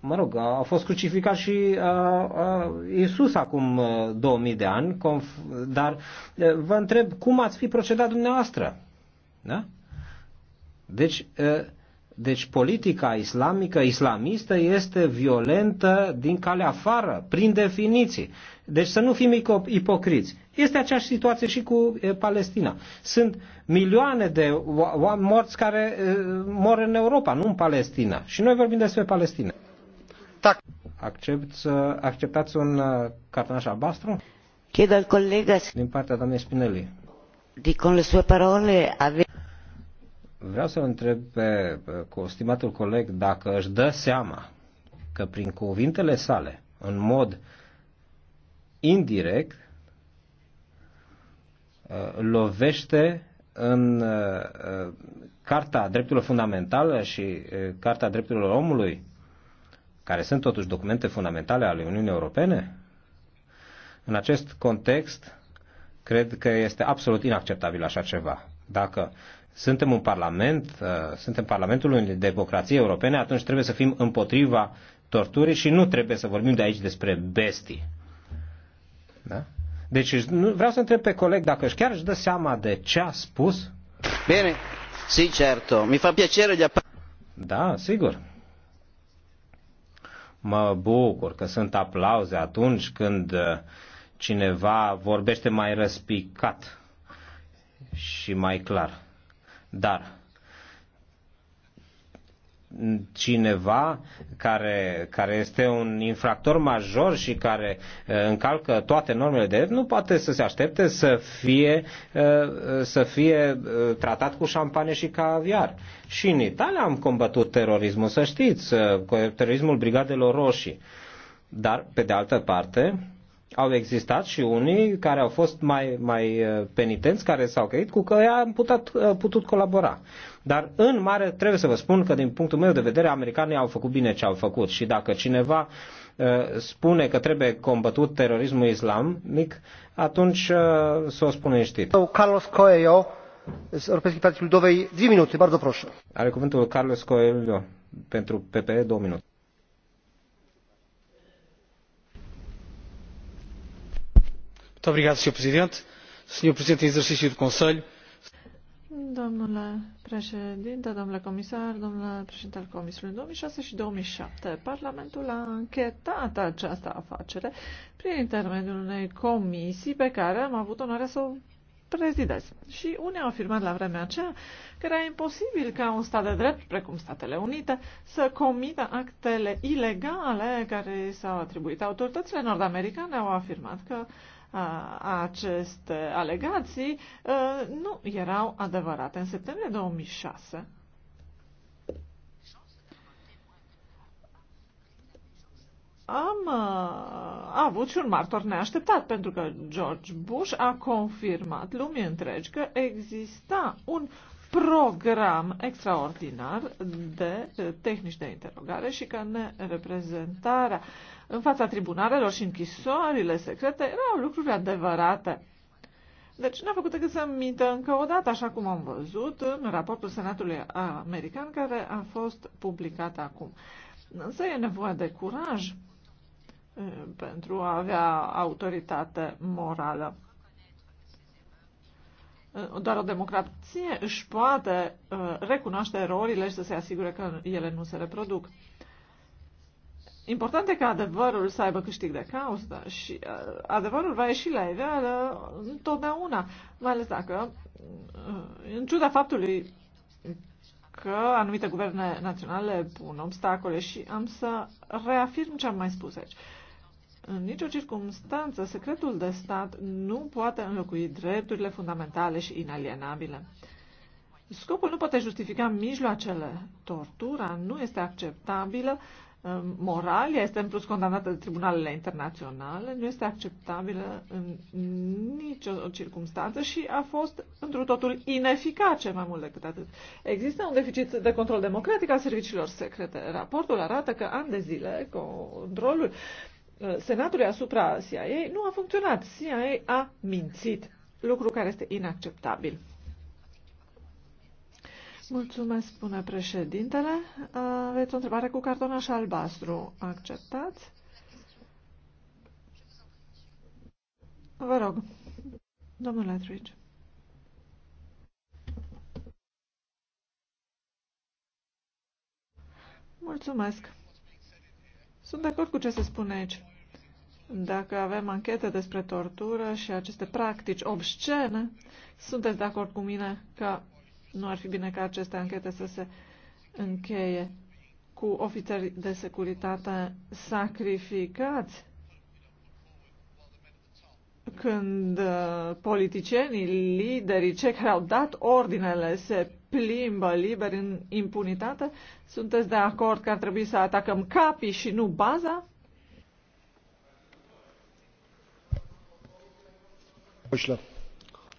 mă rog, a fost crucificat și a, a, Iisus acum 2000 de ani, conf- dar vă întreb cum ați fi procedat dumneavoastră. Da? Deci, deci politica islamică, islamistă, este violentă din calea afară, prin definiție. Deci să nu fim ipocriți. Este aceeași situație și cu Palestina. Sunt milioane de morți care mor în Europa, nu în Palestina. Și noi vorbim despre Palestina. Accepți, uh, acceptați un uh, cartonaș albastru? Chiedo al colega din partea doamnei Spinelli. con le sue parole ave... Vreau să întreb pe cu stimatul coleg dacă își dă seama că prin cuvintele sale, în mod indirect, uh, lovește în Carta Drepturilor Fundamentale și Carta Drepturilor Omului care sunt totuși documente fundamentale ale Uniunii Europene? În acest context, cred că este absolut inacceptabil așa ceva. Dacă suntem un parlament, uh, suntem parlamentul unei democrație europene, atunci trebuie să fim împotriva torturii și nu trebuie să vorbim de aici despre bestii. Da? Deci vreau să întreb pe coleg dacă își chiar își dă seama de ce a spus. Bine, sì, certo. Mi fa piacere a... Da, sigur. Mă bucur că sunt aplauze atunci când uh, cineva vorbește mai răspicat și mai clar. Dar cineva care, care este un infractor major și care uh, încalcă toate normele de drept nu poate să se aștepte să fie, uh, să fie uh, tratat cu șampane și caviar. Și în Italia am combătut terorismul, să știți, terorismul Brigadelor Roșii. Dar, pe de altă parte, au existat și unii care au fost mai, mai uh, penitenți, care s-au creit cu că am putut, uh, putut colabora. Dar în mare trebuie să vă spun că din punctul meu de vedere americanii au făcut bine ce au făcut și dacă cineva uh, spune că trebuie combătut terorismul islamic, atunci uh, să o spune știt. Carlos Coelho, Europejskiej Partii Ludowej, 10 minute, bardzo proszę. Are cuvântul Carlos Coelho pentru PPE, 2 minute. Sr. Presidente. Sr. Presidente em Domnule președinte, domnule comisar, domnule președinte al Comisiei 2006 și 2007, Parlamentul a anchetat această afacere prin intermediul unei comisii pe care am avut onoarea să o prezidez. Și unii au afirmat la vremea aceea că era imposibil ca un stat de drept, precum Statele Unite, să comită actele ilegale care s-au atribuit. Autoritățile nord-americane au afirmat că aceste alegații nu erau adevărate. În septembrie 2006, am uh, avut și un martor neașteptat, pentru că George Bush a confirmat lumii întregi că exista un program extraordinar de tehnici de interogare și că reprezentarea în fața tribunalelor și închisorile secrete erau lucruri adevărate. Deci n-a făcut decât să mită încă o dată, așa cum am văzut în raportul Senatului American care a fost publicat acum. Însă e nevoie de curaj pentru a avea autoritate morală. Doar o democrație își poate recunoaște erorile și să se asigure că ele nu se reproduc. Important e ca adevărul să aibă câștig de cauză și uh, adevărul va ieși la iveală întotdeauna, mai ales dacă, uh, în ciuda faptului că anumite guverne naționale pun obstacole și am să reafirm ce am mai spus aici. În nicio circunstanță, secretul de stat nu poate înlocui drepturile fundamentale și inalienabile. Scopul nu poate justifica mijloacele. Tortura nu este acceptabilă Um, moral, ea este în plus condamnată de tribunalele internaționale, nu este acceptabilă în nicio circunstanță și a fost într-un totul ineficace mai mult decât atât. Există un deficit de control democratic al serviciilor secrete. Raportul arată că ani de zile controlul uh, Senatului asupra CIA nu a funcționat. CIA a mințit, lucru care este inacceptabil. Mulțumesc, spune președintele. Aveți o întrebare cu cartonaș albastru. Acceptați? Vă rog, domnule Atrici. Mulțumesc. Sunt de acord cu ce se spune aici. Dacă avem anchete despre tortură și aceste practici obscene, sunteți de acord cu mine că nu ar fi bine ca aceste anchete să se încheie cu ofițeri de securitate sacrificați când uh, politicienii, liderii, cei care au dat ordinele se plimbă liber în impunitate, sunteți de acord că ar trebui să atacăm capii și nu baza?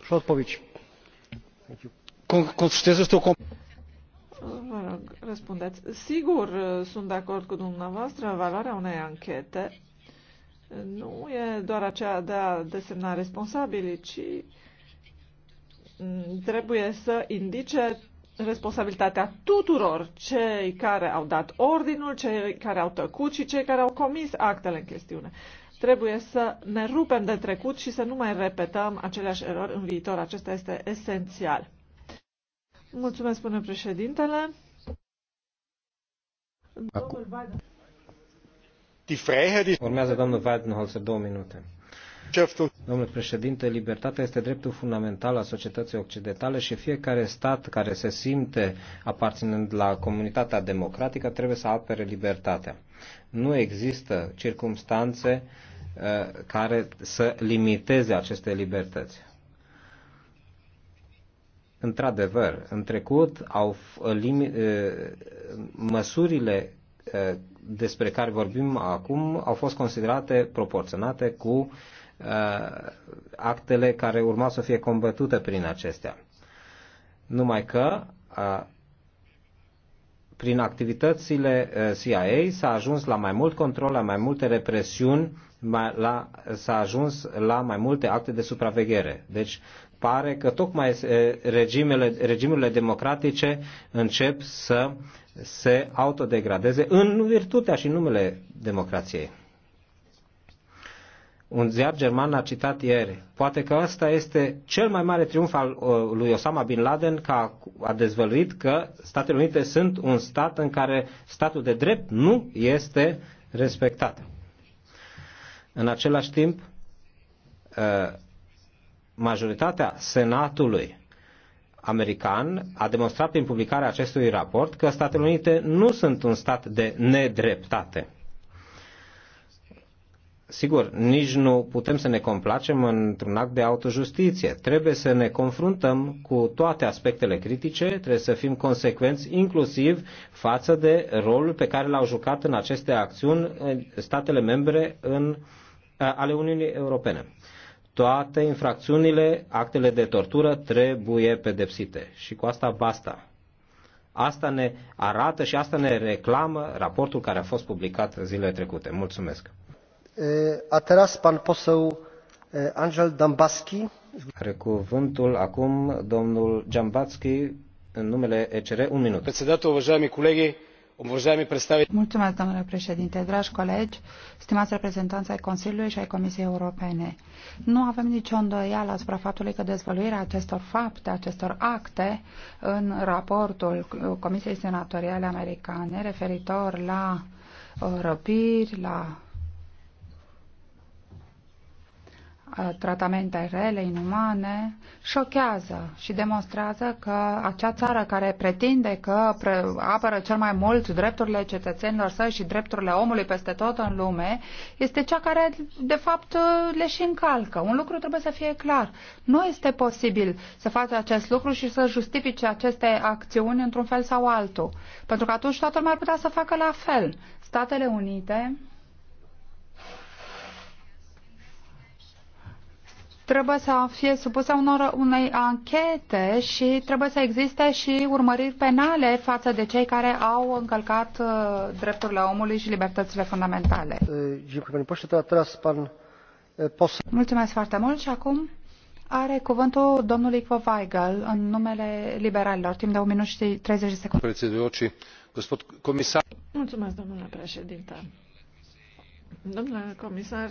Șotpovici. Thank you cu certeza Vă rog, răspundeți. Sigur, uh, sunt de acord cu dumneavoastră, valoarea unei anchete nu e doar aceea de a desemna responsabili, ci mm, trebuie să indice responsabilitatea tuturor cei care au dat ordinul, cei care au tăcut și cei care au comis actele în chestiune. Trebuie să ne rupem de trecut și să nu mai repetăm aceleași erori în viitor. Acesta este esențial. Mulțumesc, spune președintele. Urmează domnul Weidenholzer două minute. Domnule președinte, libertatea este dreptul fundamental al societății occidentale și fiecare stat care se simte aparținând la comunitatea democratică trebuie să apere libertatea. Nu există circumstanțe uh, care să limiteze aceste libertăți. Într-adevăr, în trecut au ă, limi, ă, măsurile ă, despre care vorbim acum au fost considerate proporționate cu actele care urmau să fie combătute prin acestea. Numai că prin activitățile CIA s-a ajuns la mai mult control, la mai multe represiuni, s-a ajuns la mai multe acte de supraveghere. Deci pare că tocmai eh, regimele, regimurile democratice încep să se autodegradeze în virtutea și numele democrației. Un ziar german a citat ieri, poate că ăsta este cel mai mare triumf al eh, lui Osama Bin Laden că a, a dezvăluit că Statele Unite sunt un stat în care statul de drept nu este respectat. În același timp, eh, majoritatea Senatului american a demonstrat prin publicarea acestui raport că Statele Unite nu sunt un stat de nedreptate. Sigur, nici nu putem să ne complacem într-un act de autojustiție. Trebuie să ne confruntăm cu toate aspectele critice, trebuie să fim consecvenți inclusiv față de rolul pe care l-au jucat în aceste acțiuni eh, statele membre în, eh, ale Uniunii Europene toate infracțiunile, actele de tortură trebuie pedepsite. Și cu asta basta. Asta ne arată și asta ne reclamă raportul care a fost publicat zilele trecute. Mulțumesc. A teraz pan poseł Angel Dambaski. Are cuvântul acum domnul Dambaski, în numele ECR. Un minut. Председател, uvăjami colegii, Mulțumesc, domnule președinte, dragi colegi, stimați reprezentanți ai Consiliului și ai Comisiei Europene. Nu avem nicio îndoială asupra faptului că dezvăluirea acestor fapte, acestor acte, în raportul Comisiei Senatoriale Americane referitor la uh, răpiri, la Uh, tratamente rele, inumane, șochează și demonstrează că acea țară care pretinde că apără cel mai mult drepturile cetățenilor săi și drepturile omului peste tot în lume, este cea care, de fapt, uh, le și încalcă. Un lucru trebuie să fie clar. Nu este posibil să faci acest lucru și să justifice aceste acțiuni într-un fel sau altul. Pentru că atunci toată lumea ar putea să facă la fel. Statele Unite trebuie să fie supusă unor, unei anchete și trebuie să existe și urmăriri penale față de cei care au încălcat uh, drepturile omului și libertățile fundamentale. Mulțumesc foarte mult și acum are cuvântul domnul Ivo Weigel în numele liberalilor, timp de 1 minut și 30 de secunde. Mulțumesc, domnule președinte. Domnule comisar,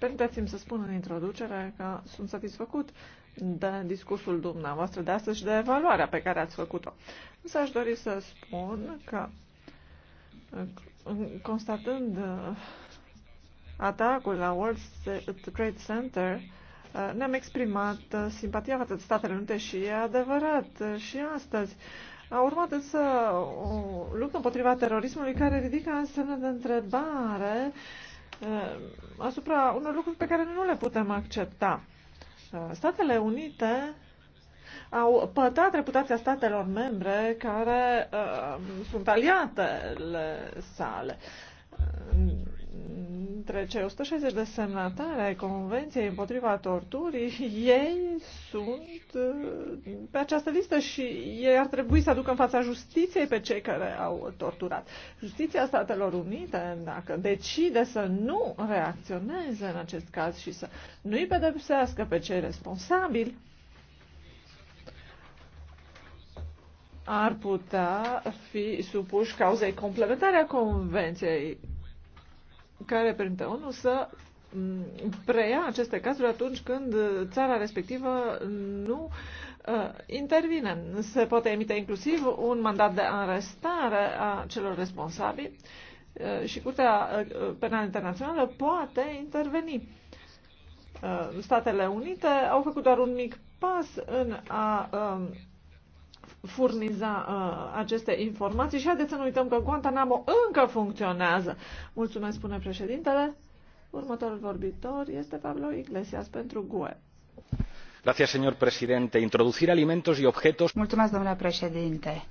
Permiteți-mi să spun în introducere că sunt satisfăcut de discursul dumneavoastră de astăzi și de evaluarea pe care ați făcut-o. Însă aș dori să spun că constatând uh, atacul la World Trade Center, uh, ne-am exprimat uh, simpatia față de Statele Unite și e adevărat și astăzi. A urmat însă o luptă împotriva terorismului care ridică semne de întrebare uh, Eh, asupra unor lucruri pe care nu le putem accepta. Eh, Statele Unite au pătat reputația statelor membre care uh, sunt aliatele sale dintre cei 160 de semnatari ai Convenției împotriva torturii, ei sunt uh, pe această listă și ei ar trebui să aducă în fața justiției pe cei care au torturat. Justiția Statelor Unite, dacă decide să nu reacționeze în acest caz și să nu îi pedepsească pe cei responsabili, ar putea fi supuși cauzei complementare a Convenției care reprezintă ONU să mm, preia aceste cazuri atunci când țara respectivă nu uh, intervine. Se poate emite inclusiv un mandat de arestare a celor responsabili uh, și Curtea uh, Penală Internațională poate interveni. Uh, Statele Unite au făcut doar un mic pas în a uh, furniza uh, aceste informații și haideți să nu uităm că Guantanamo încă funcționează. Mulțumesc, spune președintele. Următorul vorbitor este Pablo Iglesias pentru GUE. Gracias, señor presidente. Introducir alimentos y objetos. Mulțumesc, domnule președinte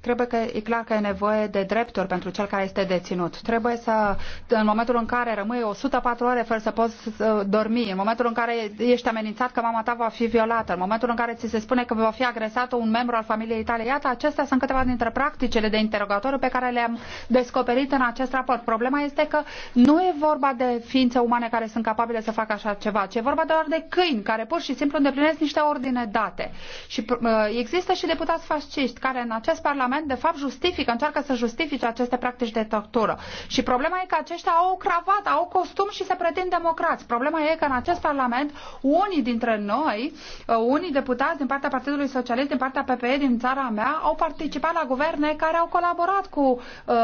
Trebuie că e clar că e nevoie de drepturi pentru cel care este deținut. Trebuie să, în momentul în care rămâi 104 ore fără să poți uh, dormi, în momentul în care ești amenințat că mama ta va fi violată, în momentul în care ți se spune că va fi agresat un membru al familiei tale, iată, acestea sunt câteva dintre practicile de interogatoriu pe care le-am descoperit în acest raport. Problema este că nu e vorba de ființe umane care sunt capabile să facă așa ceva, ci e vorba doar de câini care pur și simplu îndeplinesc niște ordine date. Și uh, există și deputați fasciști care în acest parlament Parlament, de fapt, justifică, încearcă să justifice aceste practici de tortură. Și problema e că aceștia au o cravată, au costum și se pretind democrați. Problema e că în acest Parlament, unii dintre noi, uh, unii deputați din partea Partidului Socialist, din partea PPE din țara mea, au participat la guverne care au colaborat cu uh,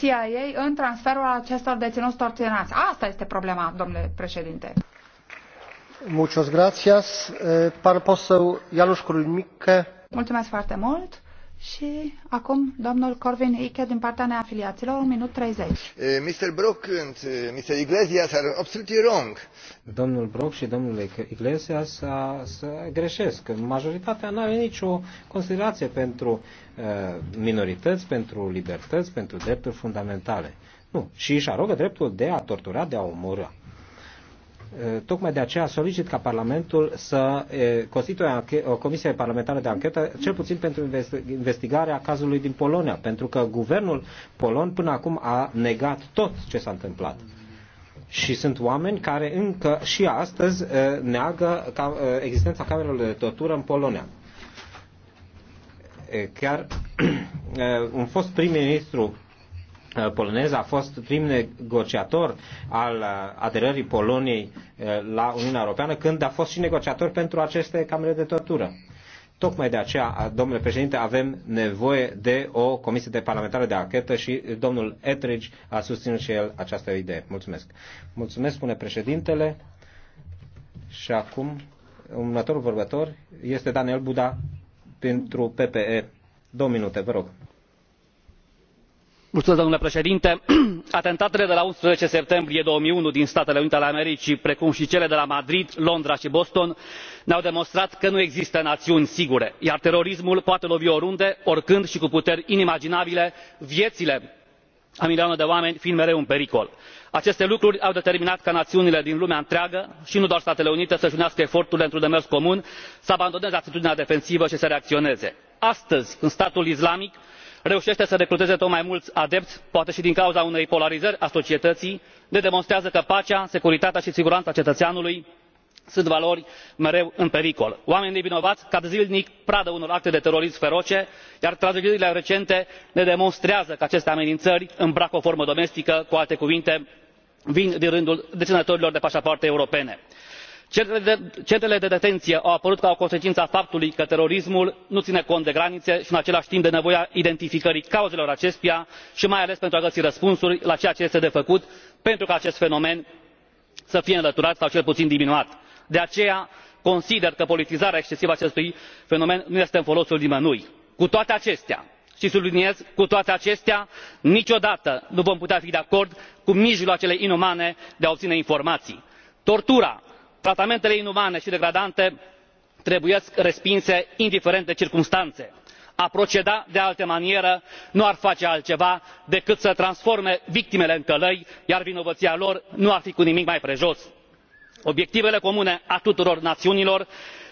CIA în transferul acestor deținuți torționați. Asta este problema, domnule președinte. Eh, Mulțumesc foarte mult. Și acum domnul Corvin Ike din partea neafiliaților, un minut 30. Eh, Mr. Brock and eh, Mr. Iglesias are absolutely wrong. Domnul Brock și domnul Iglesias a, să greșesc. Majoritatea nu are nicio considerație pentru uh, minorități, pentru libertăți, pentru drepturi fundamentale. Nu. Și își arogă dreptul de a tortura, de a omorâ. Tocmai de aceea solicit ca Parlamentul să constituie o comisie parlamentară de anchetă, cel puțin pentru investigarea cazului din Polonia, pentru că guvernul polon până acum a negat tot ce s-a întâmplat. Și sunt oameni care încă și astăzi neagă existența camerelor de tortură în Polonia. Chiar un fost prim-ministru Uh, polonez a fost prim negociator al uh, aderării Poloniei uh, la Uniunea Europeană, când a fost și negociator pentru aceste camere de tortură. Tocmai de aceea, domnule președinte, avem nevoie de o comisie de parlamentară de achetă și domnul Etridge a susținut și el această idee. Mulțumesc. Mulțumesc, spune președintele. Și acum, următorul vorbător este Daniel Buda pentru PPE. Două minute, vă rog domnule președinte atentatele de la unsprezece septembrie două mii unu din statele unite ale americii precum și cele de la madrid londra și boston ne au demonstrat că nu există națiuni sigure iar terorismul poate lovi oriunde oricând și cu puteri inimaginabile viețile a milioane de oameni fiind mereu în pericol. aceste lucruri au determinat ca națiunile din lumea întreagă și nu doar statele unite să își unească eforturile într un demers comun să abandoneze atitudinea defensivă și să reacționeze. astăzi în statul islamic reușește să recruteze tot mai mulți adepți poate și din cauza unei polarizări a societății ne demonstrează că pacea securitatea și siguranța cetățeanului sunt valori mereu în pericol. oameni nevinovați cad zilnic pradă unor acte de terorism feroce iar tragediile recente ne demonstrează că aceste amenințări îmbracă o formă domestică cu alte cuvinte vin din rândul deținătorilor de pașapoarte europene centrele de detenție au apărut ca o consecință a faptului că terorismul nu ține cont de granițe și în același timp de nevoia identificării cauzelor acestuia și mai ales pentru a găsi răspunsuri la ceea ce este de făcut pentru ca acest fenomen să fie înlăturat sau cel puțin diminuat. de aceea consider că politizarea excesivă a acestui fenomen nu este în folosul nimănui. cu toate acestea și subliniez cu toate acestea niciodată nu vom putea fi de acord cu mijloacele inumane de a obține informații. tortura tratamentele inumane și degradante trebuie respinse indiferent de circumstanțe. a proceda de altă manieră nu ar face altceva decât să transforme victimele în călări iar vinovăția lor nu ar fi cu nimic mai prejos. obiectivele comune ale tuturor națiunilor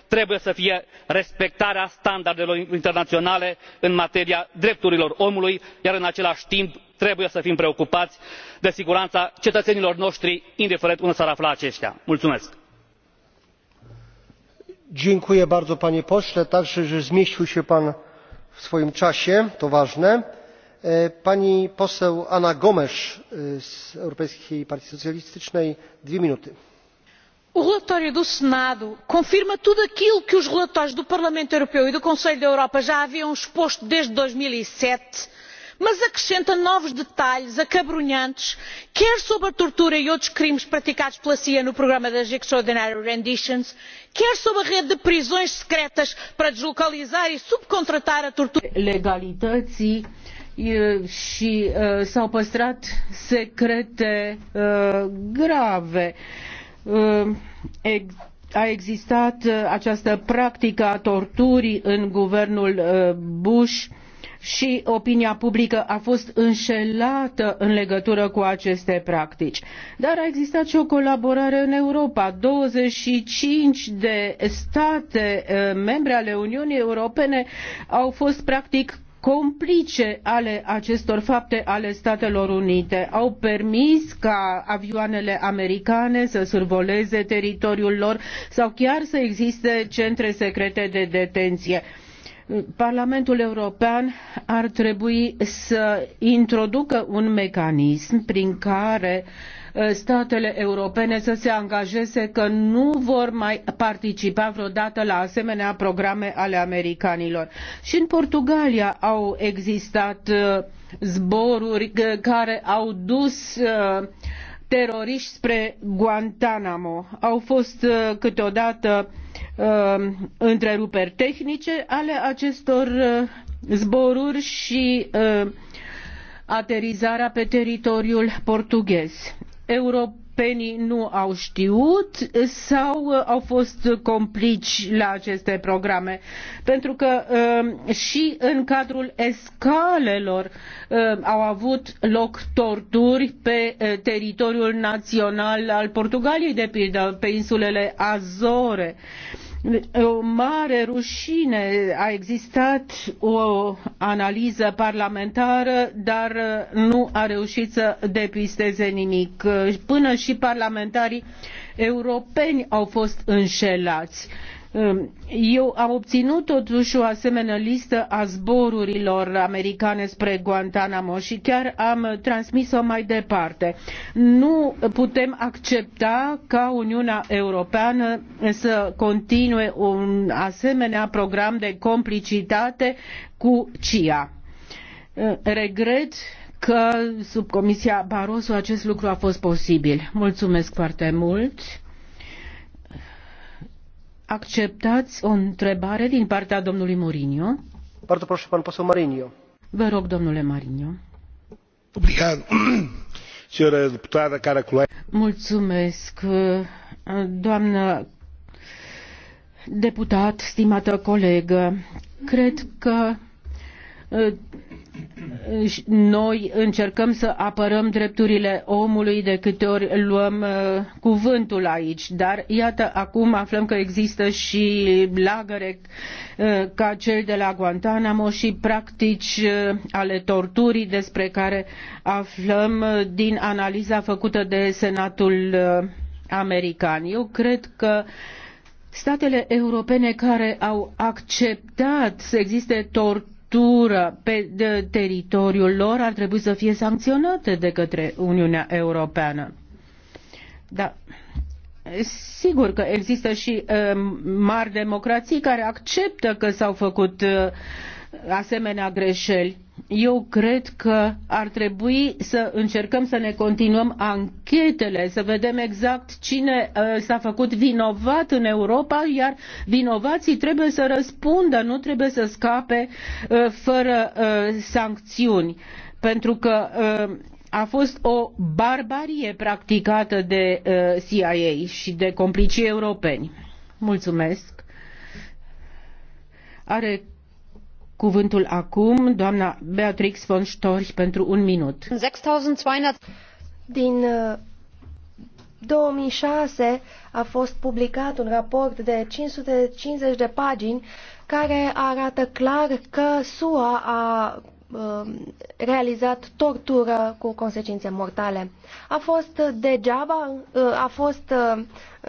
trebuie să fie respectarea standardelor internaționale în materia drepturilor omului iar în același timp trebuie să fim preocupați de siguranța cetățenilor noștri indiferent unde s ar afla aceștia. mulțumesc dziękuję bardzo panie pośle także że zmieścił się pan w swoim czasie to ważne. pani poseł anna gomes z europejskiej partii socjalistycznej dwie minuty. o relatório do senado confirma tudo aquilo que os relatórios do parlamento europeu e do conselho da europa já haviam exposto desde dois mil e sete mas acrescenta novos detalhes acabrunhantes quer sobre a tortura e outros crimes praticados pela cia no programa das extraordinary renditions quer sobre a rede de prisões secretas para deslocalizar e subcontratar a tortura. legalității și s-au păstrat secrete uh, grave. Uh, ex a existat această practică a torturii în guvernul Bush și opinia publică a fost înșelată în legătură cu aceste practici. Dar a existat și o colaborare în Europa. 25 de state eh, membre ale Uniunii Europene au fost practic complice ale acestor fapte ale Statelor Unite. Au permis ca avioanele americane să survoleze teritoriul lor sau chiar să existe centre secrete de detenție. Parlamentul European ar trebui să introducă un mecanism prin care uh, statele europene să se angajeze că nu vor mai participa vreodată la asemenea programe ale americanilor. Și în Portugalia au existat uh, zboruri uh, care au dus teroriști spre Guantanamo. Au fost uh, câteodată uh, întreruperi tehnice ale acestor uh, zboruri și aterizarea pe teritoriul portughez. Europa europenii nu au știut sau uh, au fost complici la aceste programe. Pentru că uh, și în cadrul escalelor uh, au avut loc torturi pe teritoriul național al Portugaliei, de pildă, pe insulele Azore o mare rușine. A existat o analiză parlamentară, dar nu a reușit să depisteze nimic. Până și parlamentarii europeni au fost înșelați. Um, eu am obținut totuși o asemenea listă a zborurilor americane spre Guantanamo și chiar am transmis-o mai departe. Nu putem accepta ca Uniunea Europeană să continue un asemenea program de complicitate cu CIA. Uh, regret că sub Comisia Barroso acest lucru a fost posibil. Mulțumesc foarte mult. Acceptați o întrebare din partea domnului Mourinho? Bardzo proszę, pan poseł Mourinho. Vă rog, domnule Mourinho. Obrigado. Senhora deputada, cara colega. Mulțumesc, doamnă deputat, stimată colegă. Cred că noi încercăm să apărăm drepturile omului de câte ori luăm uh, cuvântul aici, dar iată acum aflăm că există și lagăre uh, ca cel de la Guantanamo și practici uh, ale torturii despre care aflăm din analiza făcută de Senatul American. Eu cred că statele europene care au acceptat să existe torturi tortură pe de, teritoriul lor ar trebui să fie sancționate de către Uniunea Europeană. Da. Sigur că există și uh, mari democrații care acceptă că s-au făcut uh, asemenea greșeli. Eu cred că ar trebui să încercăm să ne continuăm anchetele, să vedem exact cine uh, s-a făcut vinovat în Europa, iar vinovații trebuie să răspundă, nu trebuie să scape uh, fără uh, sancțiuni. Pentru că a fost o barbarie practicată de CIA și de complicii europeni. Mulțumesc. Are cuvântul acum doamna Beatrix von Storch pentru un minut. Din 2006 uh, a fost publicat un raport de 550 de pagini care arată clar că SUA a Um, realizat tortură cu consecințe mortale. A fost degeaba, uh, a fost uh,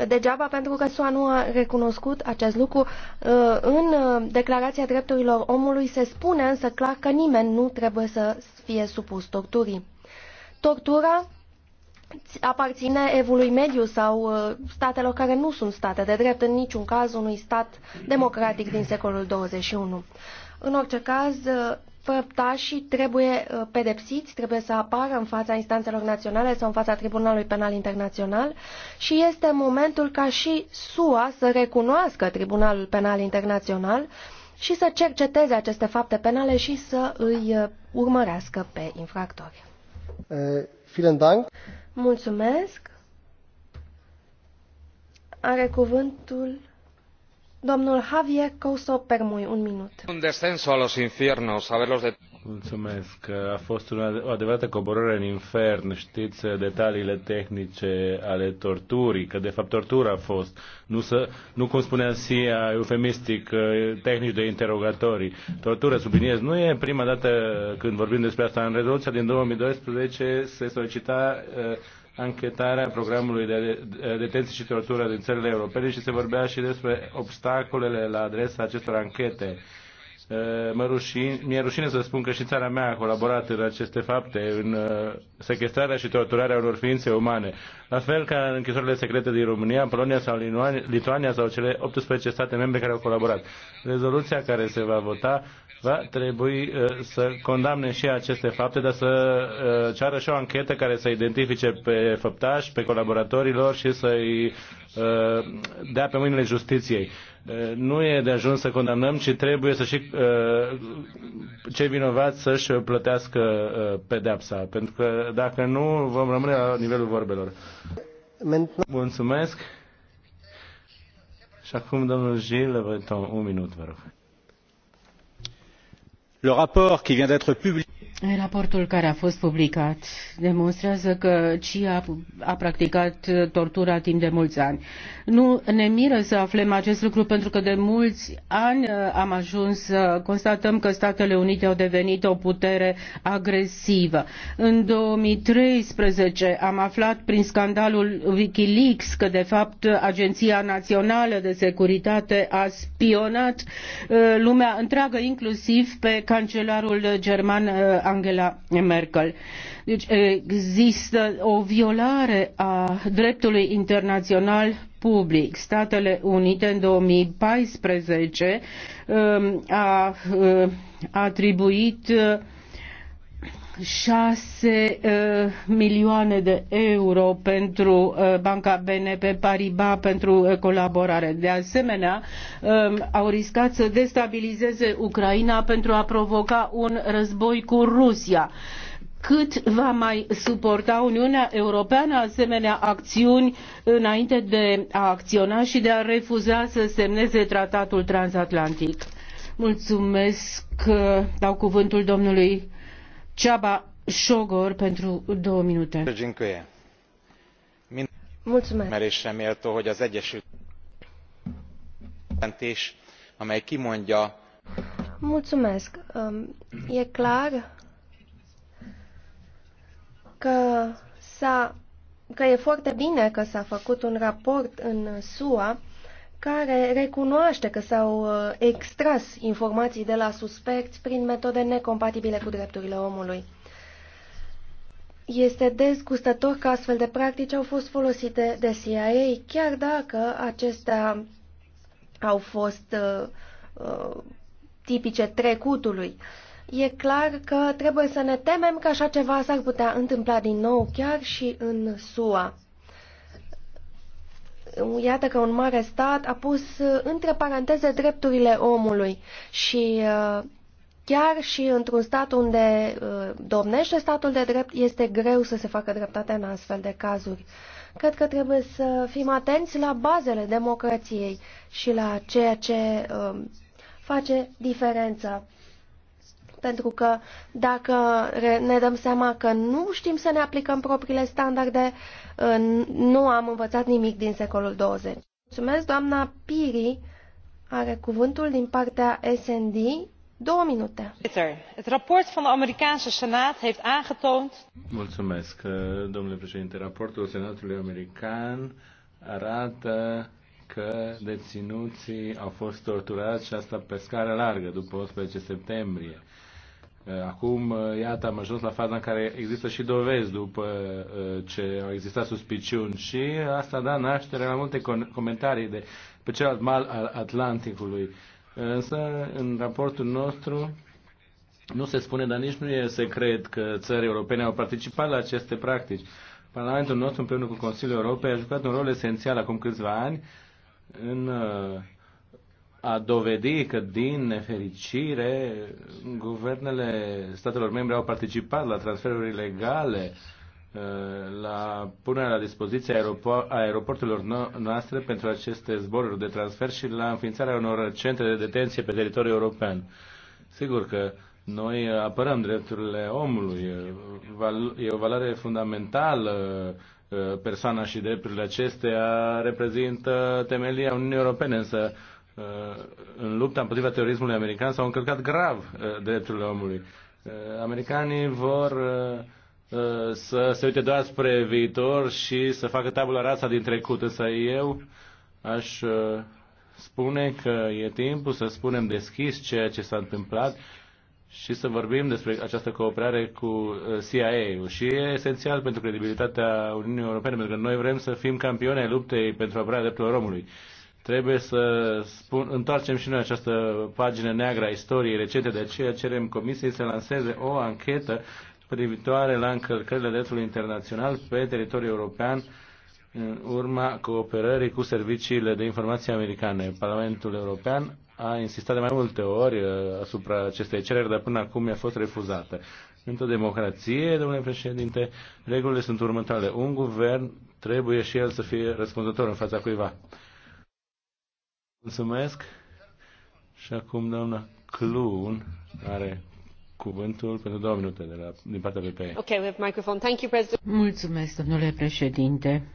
degeaba pentru că SUA nu a recunoscut acest lucru. Uh, în Declarația Drepturilor Omului se spune însă clar că nimeni nu trebuie să fie supus torturii. Tortura aparține evului mediu sau statelor care nu sunt state de drept în niciun caz unui stat democratic din secolul 21. În orice caz, Făptașii trebuie uh, pedepsiți, trebuie să apară în fața instanțelor naționale sau în fața Tribunalului Penal Internațional și este momentul ca și SUA să recunoască Tribunalul Penal Internațional și să cerceteze aceste fapte penale și să îi uh, urmărească pe infractori. Eh, vielen Dank. Mulțumesc. Are cuvântul Domnul Javier Couso Permui, un minut. Un descenso a los infiernos, a verlos de... Mulțumesc. A fost una, o adevărată coborâre în infern. Știți detaliile tehnice ale torturii, că de fapt tortura a fost. Nu, să, nu cum spunea Sia, eufemistic, tehnici de interogatorii. Tortura, subliniez, nu e prima dată când vorbim despre asta. În rezoluția din 2012 se solicita uh, anchetarea programului de detenție și tortură din țările europene și se vorbea și despre obstacolele la adresa acestor anchete Mă mi-e rușine să spun că și țara mea a colaborat în aceste fapte, în sequestrarea și torturarea unor ființe umane. La fel ca în închisorile secrete din România, Polonia sau Lituania sau cele 18 state membre care au colaborat. Rezoluția care se va vota va trebui să condamne și aceste fapte, dar să ceară și o anchetă care să identifice pe făptași, pe colaboratorii lor și să-i dea pe mâinile justiției. Uh, nu e de ajuns să condamnăm, ci trebuie să și uh, cei vinovați să-și plătească uh, pedepsa, pentru că dacă nu, vom rămâne la nivelul vorbelor. Mulțumesc. Și acum, domnul Gil, un minut, vă rog. Le rapport qui vient d'être publié Raportul care a fost publicat demonstrează că CIA a practicat tortura timp de mulți ani. Nu ne miră să aflăm acest lucru pentru că de mulți ani uh, am ajuns să constatăm că Statele Unite au devenit o putere agresivă. În 2013 am aflat prin scandalul Wikileaks că de fapt Agenția Națională de Securitate a spionat uh, lumea întreagă, inclusiv pe cancelarul german uh, Angela Merkel. Deci există o violare a dreptului internațional public. Statele Unite în 2014 um, a uh, atribuit uh, 6 uh, milioane de euro pentru uh, Banca BNP Paribas pentru uh, colaborare. De asemenea, um, au riscat să destabilizeze Ucraina pentru a provoca un război cu Rusia. Cât va mai suporta Uniunea Europeană asemenea acțiuni înainte de a acționa și de a refuza să semneze tratatul transatlantic? Mulțumesc. Uh, dau cuvântul domnului Ceaba Sogor pentru două minute. Mulțumesc. Merésre méltó, hogy az Egyesült jelentés, amely kimondja. Mulțumesc. E clar că s-a că e foarte bine că s-a făcut un raport în SUA care recunoaște că s-au uh, extras informații de la suspecți prin metode necompatibile cu drepturile omului. Este dezgustător că astfel de practici au fost folosite de CIA, chiar dacă acestea au fost uh, uh, tipice trecutului. E clar că trebuie să ne temem că așa ceva s-ar putea întâmpla din nou chiar și în SUA iată că un mare stat a pus uh, între paranteze drepturile omului și uh, chiar și într-un stat unde uh, domnește statul de drept, este greu să se facă dreptate în astfel de cazuri. Cred că trebuie să fim atenți la bazele democrației și la ceea ce face diferența pentru că dacă ne dăm seama că nu știm să ne aplicăm propriile standarde, uh, nu am învățat nimic din secolul 20. Mulțumesc, doamna Piri are cuvântul din partea SND. Două minute. Het rapport van de Amerikaanse Senaat heeft aangetoond. Mulțumesc, uh, domnule președinte. Raportul Senatului American arată că deținuții au fost torturați și asta pe scară largă după 11 septembrie. Eh, acum, eh, iată, am ajuns la faza în care există și dovezi după eh, ce au existat suspiciuni și asta da naștere la multe comentarii de pe celălalt mal al Atlanticului. Însă, în raportul nostru, nu se spune, dar nici nu e secret că țări europene au participat la aceste practici. Parlamentul nostru, împreună cu Consiliul Europei, a jucat un rol esențial acum câțiva ani în uh, a dovedi că, din nefericire, guvernele statelor membre au participat la transferuri ilegale, uh, la punerea la dispoziție aeropor- aeroporturilor noastre pentru aceste zboruri de transfer și la înființarea unor centre de detenție pe teritoriul european. Sigur că noi apărăm drepturile omului, e o valoare fundamentală uh, persoana și drepturile acestea reprezintă temelia Uniunii Europene, însă în lupta împotriva terorismului american s-au încălcat grav uh, drepturile omului. Uh, americanii vor uh, să se uite doar spre viitor și să facă tabula rasa din trecut. Însă eu aș spune că e timpul să spunem deschis ceea ce s-a întâmplat și să vorbim despre această cooperare cu CIA-ul. Și e esențial pentru credibilitatea Uniunii Europene, pentru că noi vrem să fim campioni ai luptei pentru apărarea drepturilor omului. Trebuie să spun, întoarcem și noi această pagină neagră a istoriei recente, de aceea cerem Comisiei să lanseze o anchetă privitoare la încălcările dreptului internațional pe teritoriul european în urma cooperării cu serviciile de informații americane. Parlamentul European a insistat de mai multe ori uh, asupra acestei cereri, dar până acum i-a fost refuzată. Într-o democrație, domnule președinte, regulile sunt următoare. Un guvern trebuie și el să fie răspunzător în fața cuiva. Mulțumesc. Și acum doamna Clun are cuvântul pentru două minute de la, din partea PPE. Okay, we have microphone. Thank you, President. Mulțumesc, domnule președinte.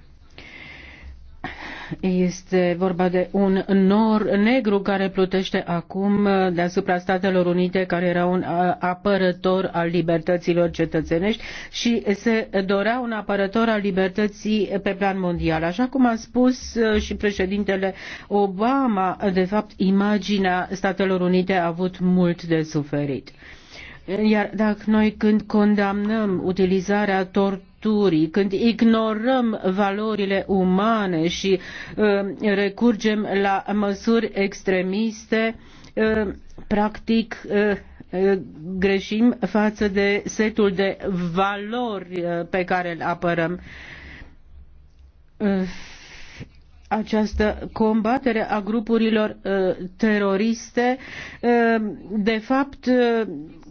Este vorba de un nor negru care plutește acum deasupra Statelor Unite, care era un apărător al libertăților cetățenești și se dorea un apărător al libertății pe plan mondial. Așa cum a spus uh, și președintele Obama, de fapt, imaginea Statelor Unite a avut mult de suferit. Iar dacă noi când condamnăm utilizarea tort naturii, când ignorăm valorile umane și uh, recurgem la măsuri extremiste, uh, practic uh, greșim față de setul de valori pe care îl apărăm. Această combatere a grupurilor teroriste, de fapt,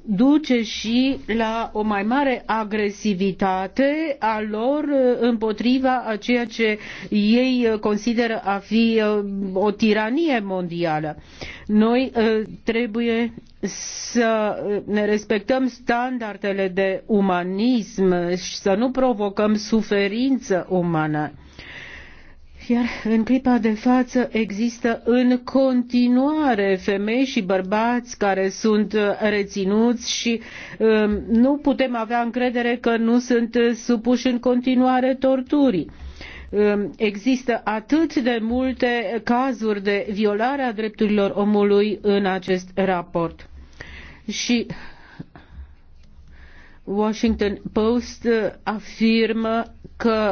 duce și la o mai mare agresivitate a lor uh, împotriva a ceea ce ei uh, consideră a fi uh, o tiranie mondială. Noi trebuie să ne respectăm standardele de umanism și să nu provocăm suferință umană iar în clipa de față există în continuare femei și bărbați care sunt uh, reținuți și um, nu putem avea încredere că nu sunt uh, supuși în continuare torturii um, există atât de multe cazuri de violare a drepturilor omului în acest raport. Și Washington Post uh, afirmă că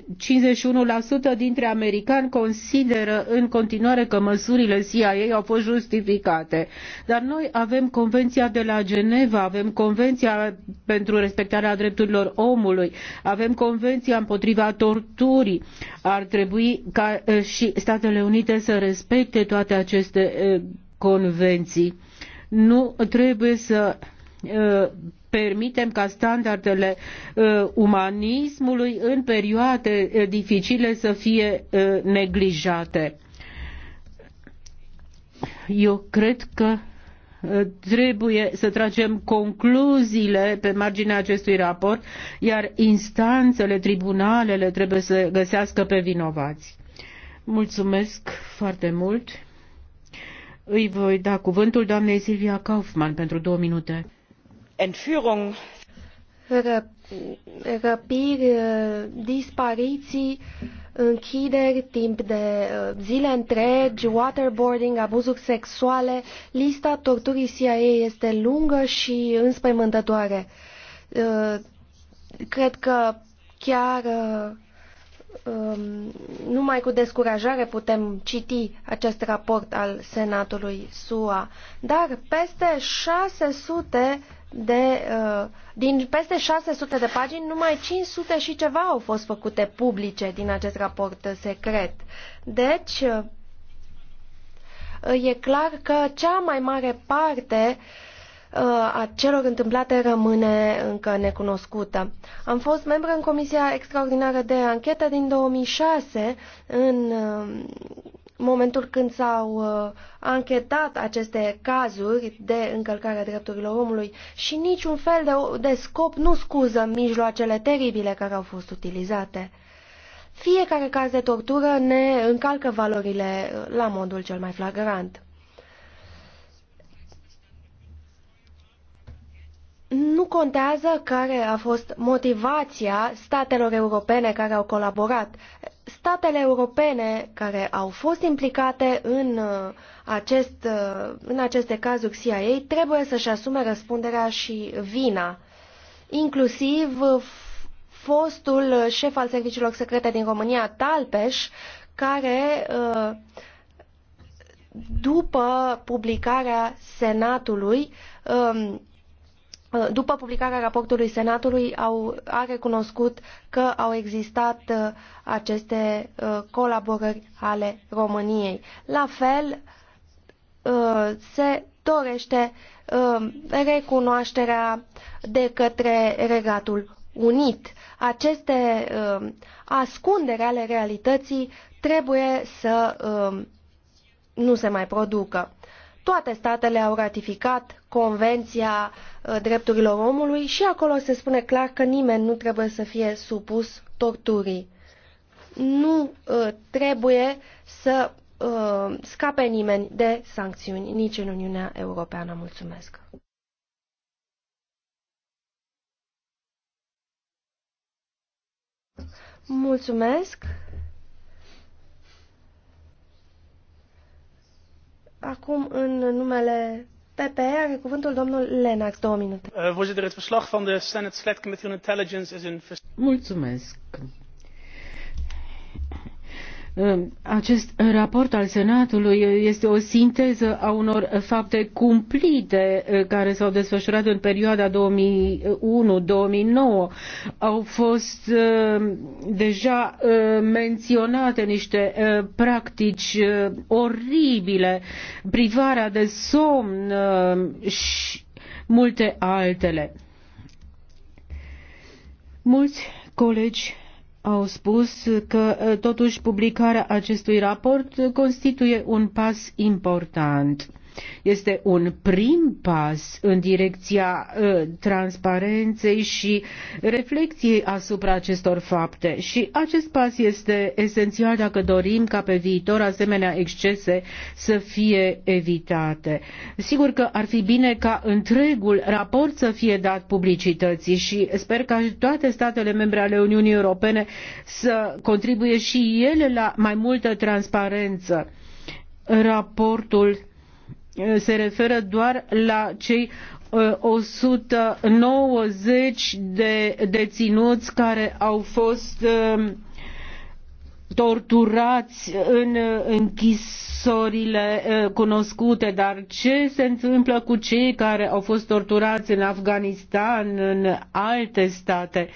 51% dintre americani consideră în continuare că măsurile CIA au fost justificate. Dar noi avem Convenția de la Geneva, avem Convenția pentru respectarea drepturilor omului, avem Convenția împotriva torturii. Ar trebui ca și Statele Unite să respecte toate aceste convenții. Nu trebuie să permitem ca standardele uh, umanismului în perioade uh, dificile să fie uh, neglijate. Eu cred că trebuie să tragem concluziile pe marginea acestui raport, iar instanțele, tribunalele trebuie să găsească pe vinovați. Mulțumesc foarte mult. Îi voi da cuvântul doamnei Silvia Kaufman pentru două minute. Entführungen. răpiri, uh, dispariții, închideri timp de uh, zile întregi, waterboarding, abuzuri sexuale, lista torturii CIA este lungă și înspăimântătoare. Uh, cred că chiar um, numai cu descurajare putem citi acest raport al Senatului SUA, dar peste 600 de, uh, din peste 600 de pagini, numai 500 și ceva au fost făcute publice din acest raport secret. Deci, uh, e clar că cea mai mare parte uh, a celor întâmplate rămâne încă necunoscută. Am fost membru în Comisia Extraordinară de Anchetă din 2006 în momentul când s-au uh, anchetat aceste cazuri de încălcare a drepturilor omului și niciun fel de, de scop nu scuză mijloacele teribile care au fost utilizate. Fiecare caz de tortură ne încalcă valorile uh, la modul cel mai flagrant. Nu contează care a fost motivația statelor europene care au colaborat statele europene care au fost implicate în, uh, acest, uh, în aceste cazuri CIA trebuie să-și asume răspunderea și vina, inclusiv uh, fostul șef al serviciilor secrete din România, Talpeș, care după publicarea Senatului um, Uh, după publicarea raportului Senatului, au, a recunoscut că au existat uh, aceste uh, colaborări ale României. La fel, se dorește recunoașterea de către Regatul Unit. Aceste ascundere ale realității trebuie să nu se mai producă. Toate statele au ratificat Convenția uh, Drepturilor Omului și acolo se spune clar că nimeni nu trebuie să fie supus torturii. Nu uh, trebuie să uh, scape nimeni de sancțiuni, nici în Uniunea Europeană. Mulțumesc! Mulțumesc! Acum, în numele PP, are cuvântul domnul Lenax, două minute. Eh, Mulțumesc. Ehm, acest raport al Senatului este o sinteză a unor fapte cumplite eh, care s-au desfășurat în perioada 2001-2009. Au fost ehm, deja eh, menționate niște eh, practici oribile, privarea de somn și multe altele. Mulți colegi au spus că totuși publicarea acestui raport constituie un pas important este un prim pas în direcția ă, transparenței și reflecției asupra acestor fapte și acest pas este esențial dacă dorim ca pe viitor asemenea excese să fie evitate. Sigur că ar fi bine ca întregul raport să fie dat publicității și sper ca toate statele membre ale Uniunii Europene să contribuie și ele la mai multă transparență. Raportul Eh, se referă doar la cei 190 eh, de deținuți care au fost eh, torturați în închisorile cunoscute, dar ce se întâmplă cu cei care au fost torturați în Afganistan, în alte state?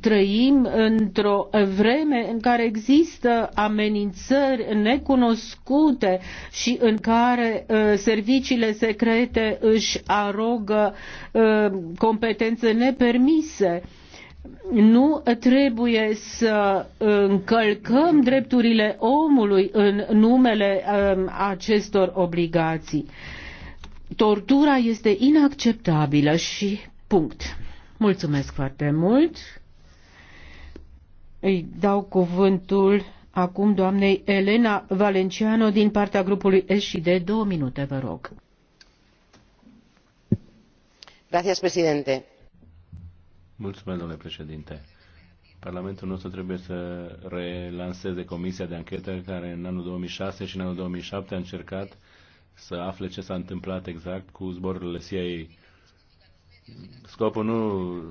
trăim într-o vreme în care există amenințări necunoscute și în care uh, serviciile secrete își arogă uh, competențe nepermise. Nu trebuie să încălcăm drepturile omului în numele um, acestor obligații. Tortura este inacceptabilă și punct. Mulțumesc foarte mult. Îi dau cuvântul acum doamnei Elena Valenciano din partea grupului S și Două minute, vă rog. Gracias, presidente. Mulțumesc, domnule președinte. Parlamentul nostru trebuie să relanseze comisia de anchetă care în anul 2006 și în anul 2007 a încercat să afle ce s-a întâmplat exact cu zborurile CIA. Scopul nu uh,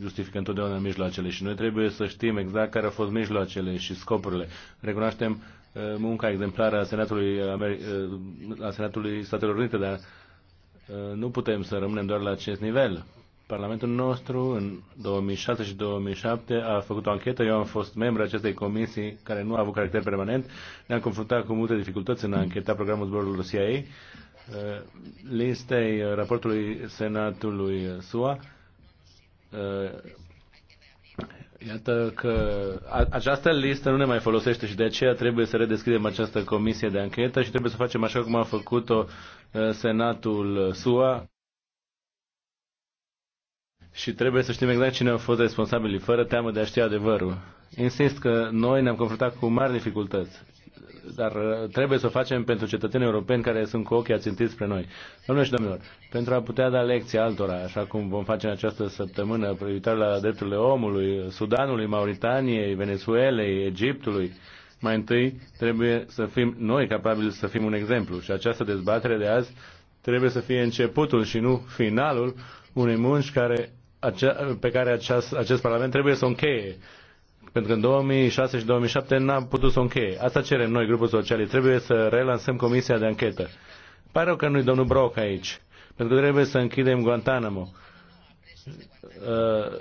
justifică întotdeauna mijloacele și noi trebuie să știm exact care au fost mijloacele și scopurile. Recunoaștem uh, munca exemplară a Senatului, uh, a Senatului Statelor Unite, dar uh, nu putem să rămânem doar la acest nivel. Parlamentul nostru în 2006 și 2007 a făcut o anchetă, eu am fost membru acestei comisii care nu a avut caracter permanent, ne-am confruntat cu multe dificultăți în a încheta programul zborului CIA, listei raportului Senatului SUA, Uh, iată că această listă nu ne mai folosește și de aceea trebuie să redescriem această comisie de anchetă și trebuie să facem așa cum a făcut-o uh, Senatul SUA și trebuie să știm exact cine au fost responsabili, fără teamă de a ști adevărul. Insist că noi ne-am confruntat cu mari dificultăți dar uh, trebuie să o facem pentru cetățenii europeni care sunt cu ochii ațintiți spre noi. Domnule și domnilor, pentru a putea da lecții altora, așa cum vom face în această săptămână, privitoare la drepturile omului, Sudanului, Mauritaniei, Venezuelei, Egiptului, mai întâi trebuie să fim noi capabili să fim un exemplu și această dezbatere de azi trebuie să fie începutul și nu finalul unei munci care, pe care acest, acest Parlament trebuie să o încheie pentru că în 2006 și 2007 n-am putut să o încheie. Asta cerem noi, grupul social. Trebuie să relansăm comisia de anchetă. Pare rău că nu-i domnul Broc aici, pentru că trebuie să închidem Guantanamo. Uh,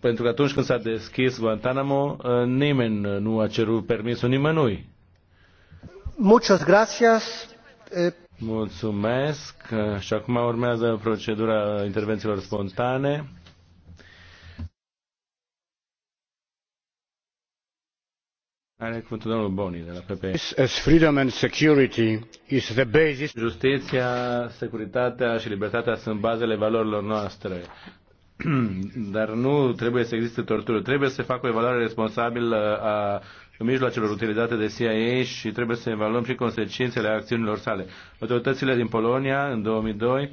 pentru că atunci când s-a deschis Guantanamo, uh, nimeni nu a cerut permisul nimănui. Muchas gracias. Eh, Mulțumesc. Uh, și acum urmează procedura intervențiilor spontane. Are Justiția, securitatea și libertatea sunt bazele valorilor noastre. Dar nu trebuie să existe tortură. Trebuie să facă o evaluare responsabilă a mijloacelor utilizate de CIA și trebuie să evaluăm și consecințele acțiunilor sale. Autoritățile din Polonia, în 2002,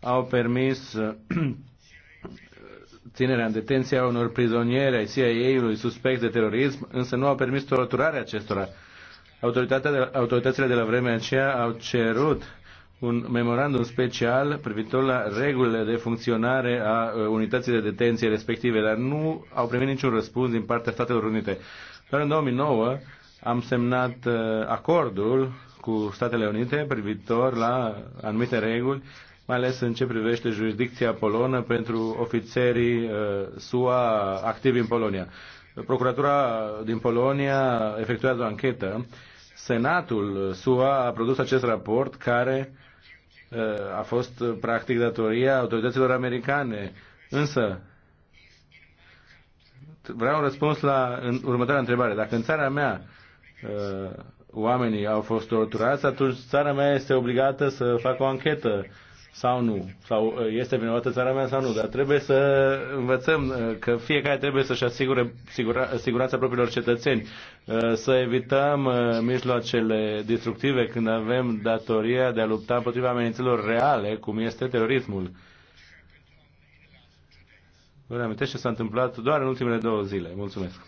au permis ținerea în detenție a unor prizonieri ai CIA-ului suspecți de terorism, însă nu au permis torturarea acestora. Autoritatea autoritățile de la vremea aceea au cerut un memorandum special privitor la regulile de funcționare a uh, unității de detenție respective, dar nu au primit niciun răspuns din partea Statelor Unite. Doar în 2009 am semnat uh, acordul cu Statele Unite privitor la anumite reguli mai ales în ce privește jurisdicția polonă pentru ofițerii uh, SUA activi în Polonia. Procuratura din Polonia efectuează o anchetă. Senatul SUA a produs acest raport care uh, a fost uh, practic datoria autorităților americane. Însă, vreau un răspuns la următoarea întrebare. Dacă în țara mea oamenii au fost torturați, atunci țara mea este obligată să facă o anchetă sau nu, sau ă, este vinovată țara mea sau nu, dar trebuie să învățăm ă, că fiecare trebuie să-și asigure sigura, siguranța propriilor cetățeni, ă, să evităm mijloacele destructive când avem datoria de a lupta împotriva amenințelor reale, cum este terorismul. Vă reamintesc ce s-a întâmplat doar în ultimele două zile. Mulțumesc!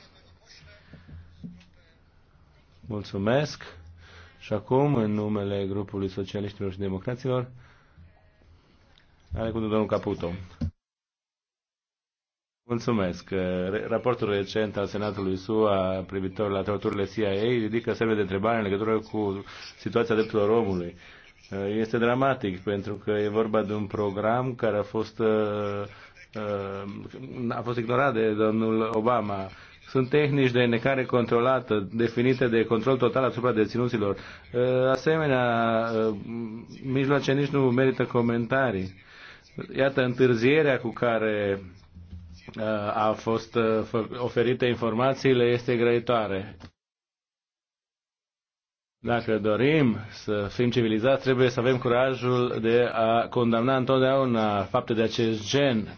Mulțumesc! Și acum, în numele grupului socialiștilor și democraților, are cu domnul Caputo. Mulțumesc. Uh, raportul recent al Senatului SUA privitor la torturile CIA ridică semne de întrebare în legătură cu situația drepturilor omului. Uh, este dramatic pentru că e vorba de un program care a fost, uh, a fost ignorat de domnul Obama. Sunt tehnici de necare controlată, definite de control total asupra deținuților. Asemenea, mijloace nici nu merită comentarii Iată întârzierea cu care uh, a fost uh, oferite informațiile este grăitoare. Dacă dorim să fim civilizați, trebuie să avem curajul de a condamna întotdeauna fapte de acest gen,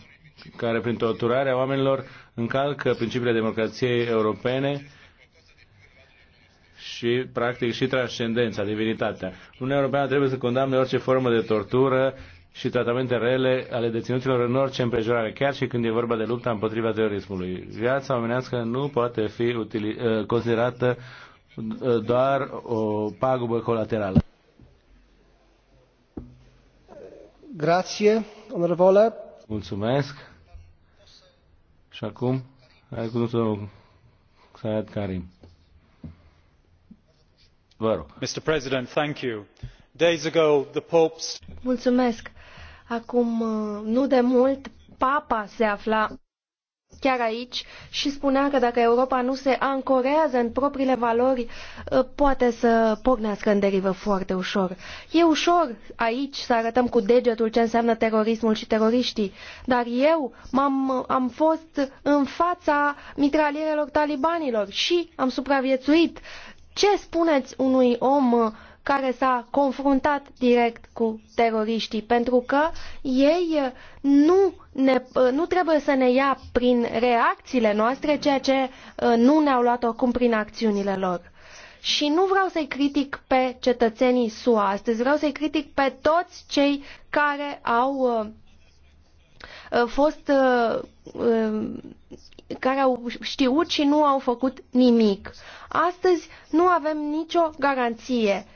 care prin torturarea oamenilor încalcă principiile democrației europene și, practic, și transcendența, divinitatea. Uniunea Europeană trebuie să condamne orice formă de tortură și tratamente rele ale deținuților în orice împrejurare, chiar și când e vorba de lupta împotriva terorismului. Viața omenească nu poate fi uh, considerată uh, doar o pagubă colaterală. Grație, onorevole. Mulțumesc. Și acum, ai cuvântul Sayed Karim. Vă rog. Mr. President, thank you. Days ago, the Pope's... Mulțumesc Acum, uh, nu de mult, Papa se afla chiar aici și spunea că dacă Europa nu se ancorează în propriile valori, uh, poate să pornească în derivă foarte ușor. E ușor aici să arătăm cu degetul ce înseamnă terorismul și teroriștii, dar eu am am fost în fața mitralierelor talibanilor și am supraviețuit. Ce spuneți unui om uh, care s-a confruntat direct cu teroriștii, pentru că ei uh, nu, ne, uh, nu trebuie să ne ia prin reacțiile noastre, ceea ce uh, nu ne-au luat oricum prin acțiunile lor. Și nu vreau să-i critic pe cetățenii SUA astăzi, vreau să-i critic pe toți cei care au fost care au știut și nu au făcut nimic. Astăzi nu avem nicio garanție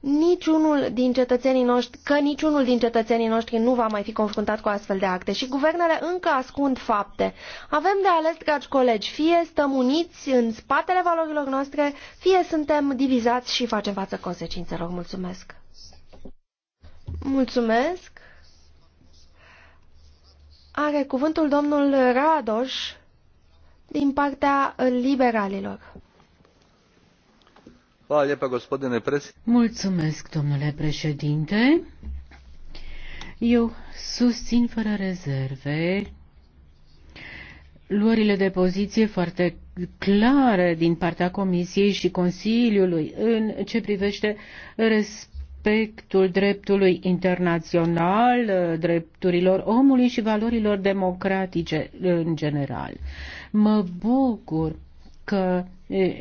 niciunul din cetățenii noștri, că niciunul din cetățenii noștri nu va mai fi confruntat cu astfel de acte și guvernele încă ascund fapte. Avem de ales, dragi colegi, fie stăm uniți în spatele valorilor noastre, fie suntem divizați și facem față consecințelor. Mulțumesc! Mulțumesc! Are cuvântul domnul Radoș din partea liberalilor. Mulțumesc, domnule președinte. Eu susțin fără rezerve luările de poziție foarte clare din partea Comisiei și Consiliului în ce privește respectul dreptului internațional, drepturilor omului și valorilor democratice în general. Mă bucur că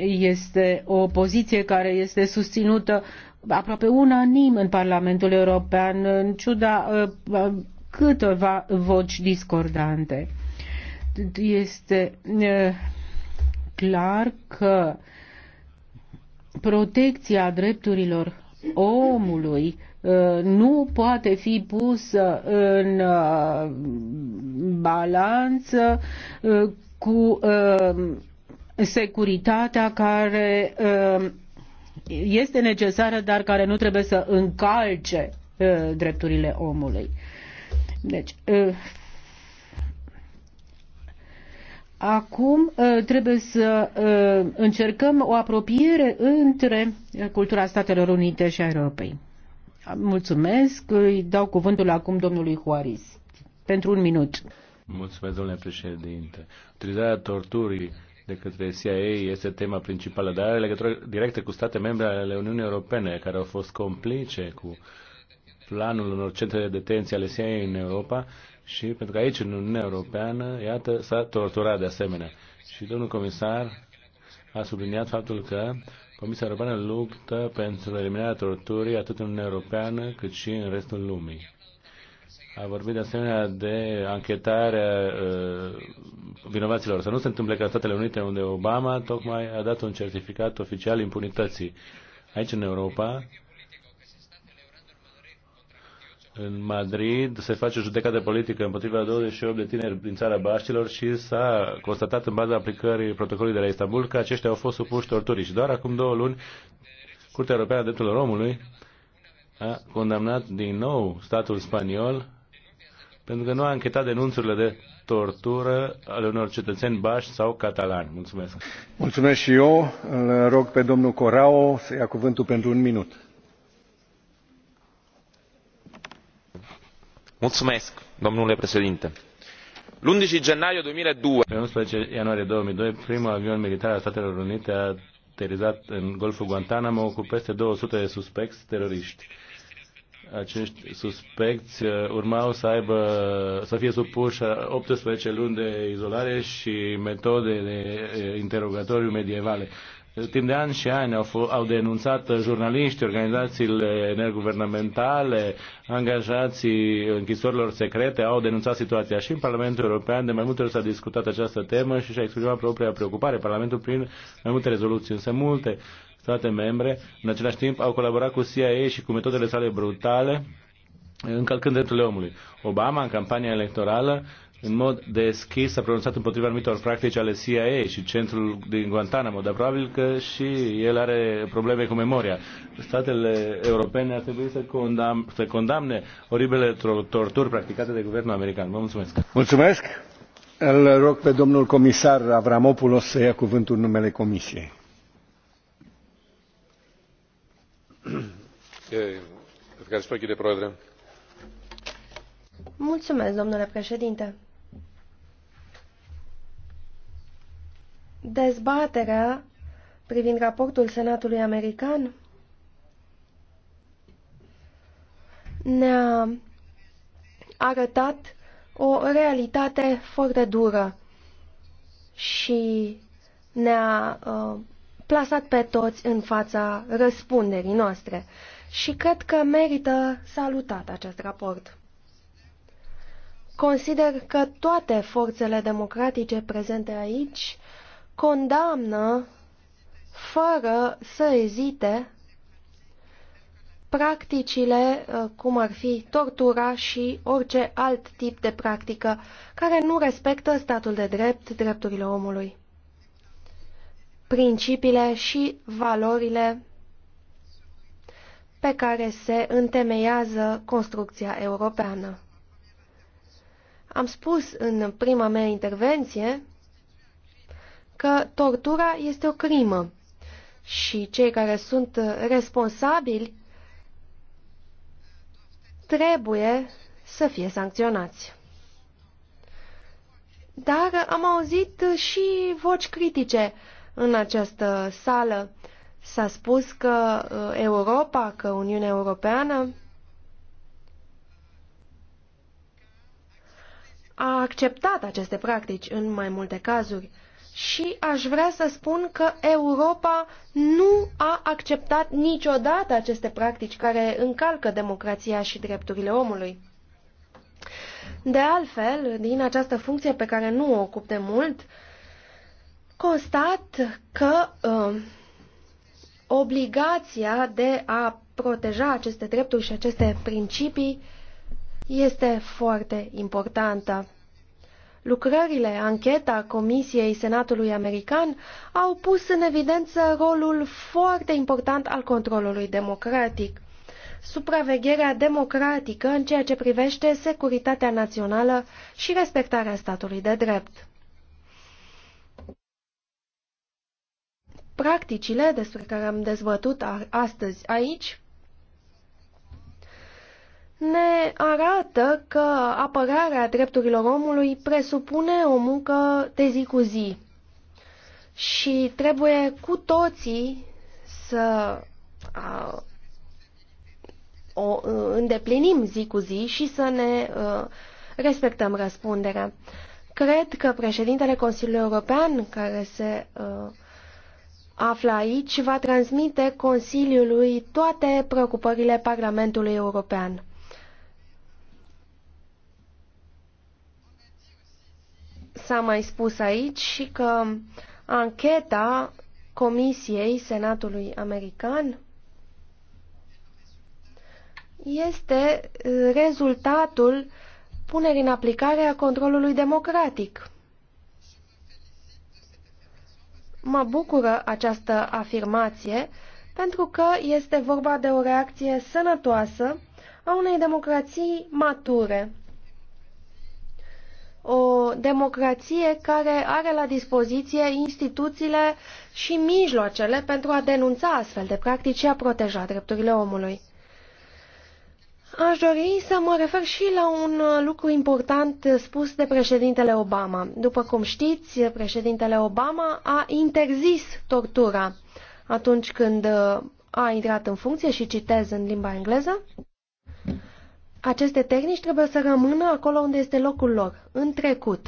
este o poziție care este susținută aproape unanim în Parlamentul European, în ciuda câteva voci discordante. Este clar că protecția drepturilor omului nu poate fi pusă în balanță cu securitatea care uh, este necesară, dar care nu trebuie să încalce uh, drepturile omului. Deci, uh, Acum trebuie să încercăm o apropiere între cultura Statelor Unite și a Europei. Mulțumesc, îi dau cuvântul acum domnului Juarez. Pentru un minut. Mulțumesc, domnule președinte. Utilizarea torturii de către CIA este tema principală, dar are legătură directă cu state membre ale Uniunii Europene care au fost complice cu planul unor centre de detenție ale CIA în Europa și pentru că aici, în Uniunea Europeană, iată, s-a torturat de asemenea. Și domnul comisar a subliniat faptul că Comisia Europeană luptă pentru eliminarea torturii atât în Uniunea Europeană cât și în restul lumii. A vorbit de asemenea de anchetarea uh, vinovaților. Să nu se întâmple ca Statele Unite, unde Obama tocmai a dat un certificat oficial impunității. Aici, în Europa, în Madrid se face o judecată politică împotriva 28 de tineri din țara Baștilor și s-a constatat în baza aplicării protocolului de la Istanbul că aceștia au fost supuși torturii. Și doar acum două luni, Curtea Europeană a Drepturilor Omului a condamnat din nou statul spaniol pentru că nu a închetat denunțurile de tortură ale unor cetățeni bași sau catalani. Mulțumesc. Mulțumesc și eu. Îl rog pe domnul Corao să ia cuvântul pentru un minut. Mulțumesc, domnule președinte. Luni și gennaio 2002. pe 11 ianuarie 2002, primul avion militar al statelor unite a aterizat în golful guantanamo cu peste 200 de suspecți teroriști acești suspecți uh, urmau să aibă, să fie supuși 18 uh, luni de izolare și metode de uh, interogatoriu medievale. Timp de ani și ani au, au denunțat jurnaliști, organizațiile neguvernamentale, angajații închisorilor secrete, au denunțat situația și în Parlamentul European. De mai multe ori s-a discutat această temă și și-a exprimat propria preocupare Parlamentul prin mai multe rezoluții, însă multe state membre, în același timp au colaborat cu CIA și cu metodele sale brutale, încălcând drepturile omului. Obama, în campania electorală, în mod deschis s-a pronunțat împotriva anumitor practici ale CIA și centrul din Guantanamo, dar probabil că și el are probleme cu memoria. Statele europene ar trebui să, condam- să condamne oribile torturi practicate de guvernul american. Vă mulțumesc! Mulțumesc! Îl rog pe domnul comisar Avramopoulos să ia cuvântul în numele Comisiei. Eh, Mulțumesc, domnule președinte. Dezbaterea privind raportul Senatului American ne-a arătat o realitate foarte dură și ne-a uh, plasat pe toți în fața răspunderii noastre și cred că merită salutat acest raport. Consider că toate forțele democratice prezente aici condamnă fără să ezite practicile uh, cum ar fi tortura și orice alt tip de practică care nu respectă statul de drept, drepturile omului principiile și valorile pe care se întemeiază construcția europeană. Am spus în prima mea intervenție că tortura este o crimă și cei care sunt responsabili trebuie să fie sancționați. Dar am auzit și voci critice în această sală. S-a spus că uh, Europa, că Uniunea Europeană a acceptat aceste practici în mai multe cazuri și aș vrea să spun că Europa nu a acceptat niciodată aceste practici care încalcă democrația și drepturile omului. De altfel, din această funcție pe care nu o ocup de mult, uh, constat că uh, obligația de a proteja aceste drepturi și aceste principii este foarte importantă. Lucrările, ancheta Comisiei Senatului American au pus în evidență rolul foarte important al controlului democratic. Supravegherea democratică în ceea ce privește securitatea națională și respectarea statului de drept. Practicile despre care am dezbătut astăzi aici ne arată că apărarea drepturilor omului presupune o muncă de zi cu zi și trebuie cu toții să a, o îndeplinim zi cu zi și să ne a, respectăm răspunderea. Cred că președintele Consiliului European, care se uh, află aici va transmite Consiliului toate preocupările Parlamentului European. S-a mai spus aici și că ancheta Comisiei Senatului American este rezultatul punerii în aplicare a controlului democratic. Mă bucură această afirmație pentru că este vorba de o reacție sănătoasă a unei democrații mature. O democrație care are la dispoziție instituțiile și mijloacele pentru a denunța astfel de practici și a proteja drepturile omului. Aș dori să mă refer și la un lucru important spus de președintele Obama. După cum știți, președintele Obama a interzis tortura atunci când uh, a intrat în funcție și citez în limba engleză. Aceste tehnici trebuie să rămână acolo unde este locul lor, în trecut.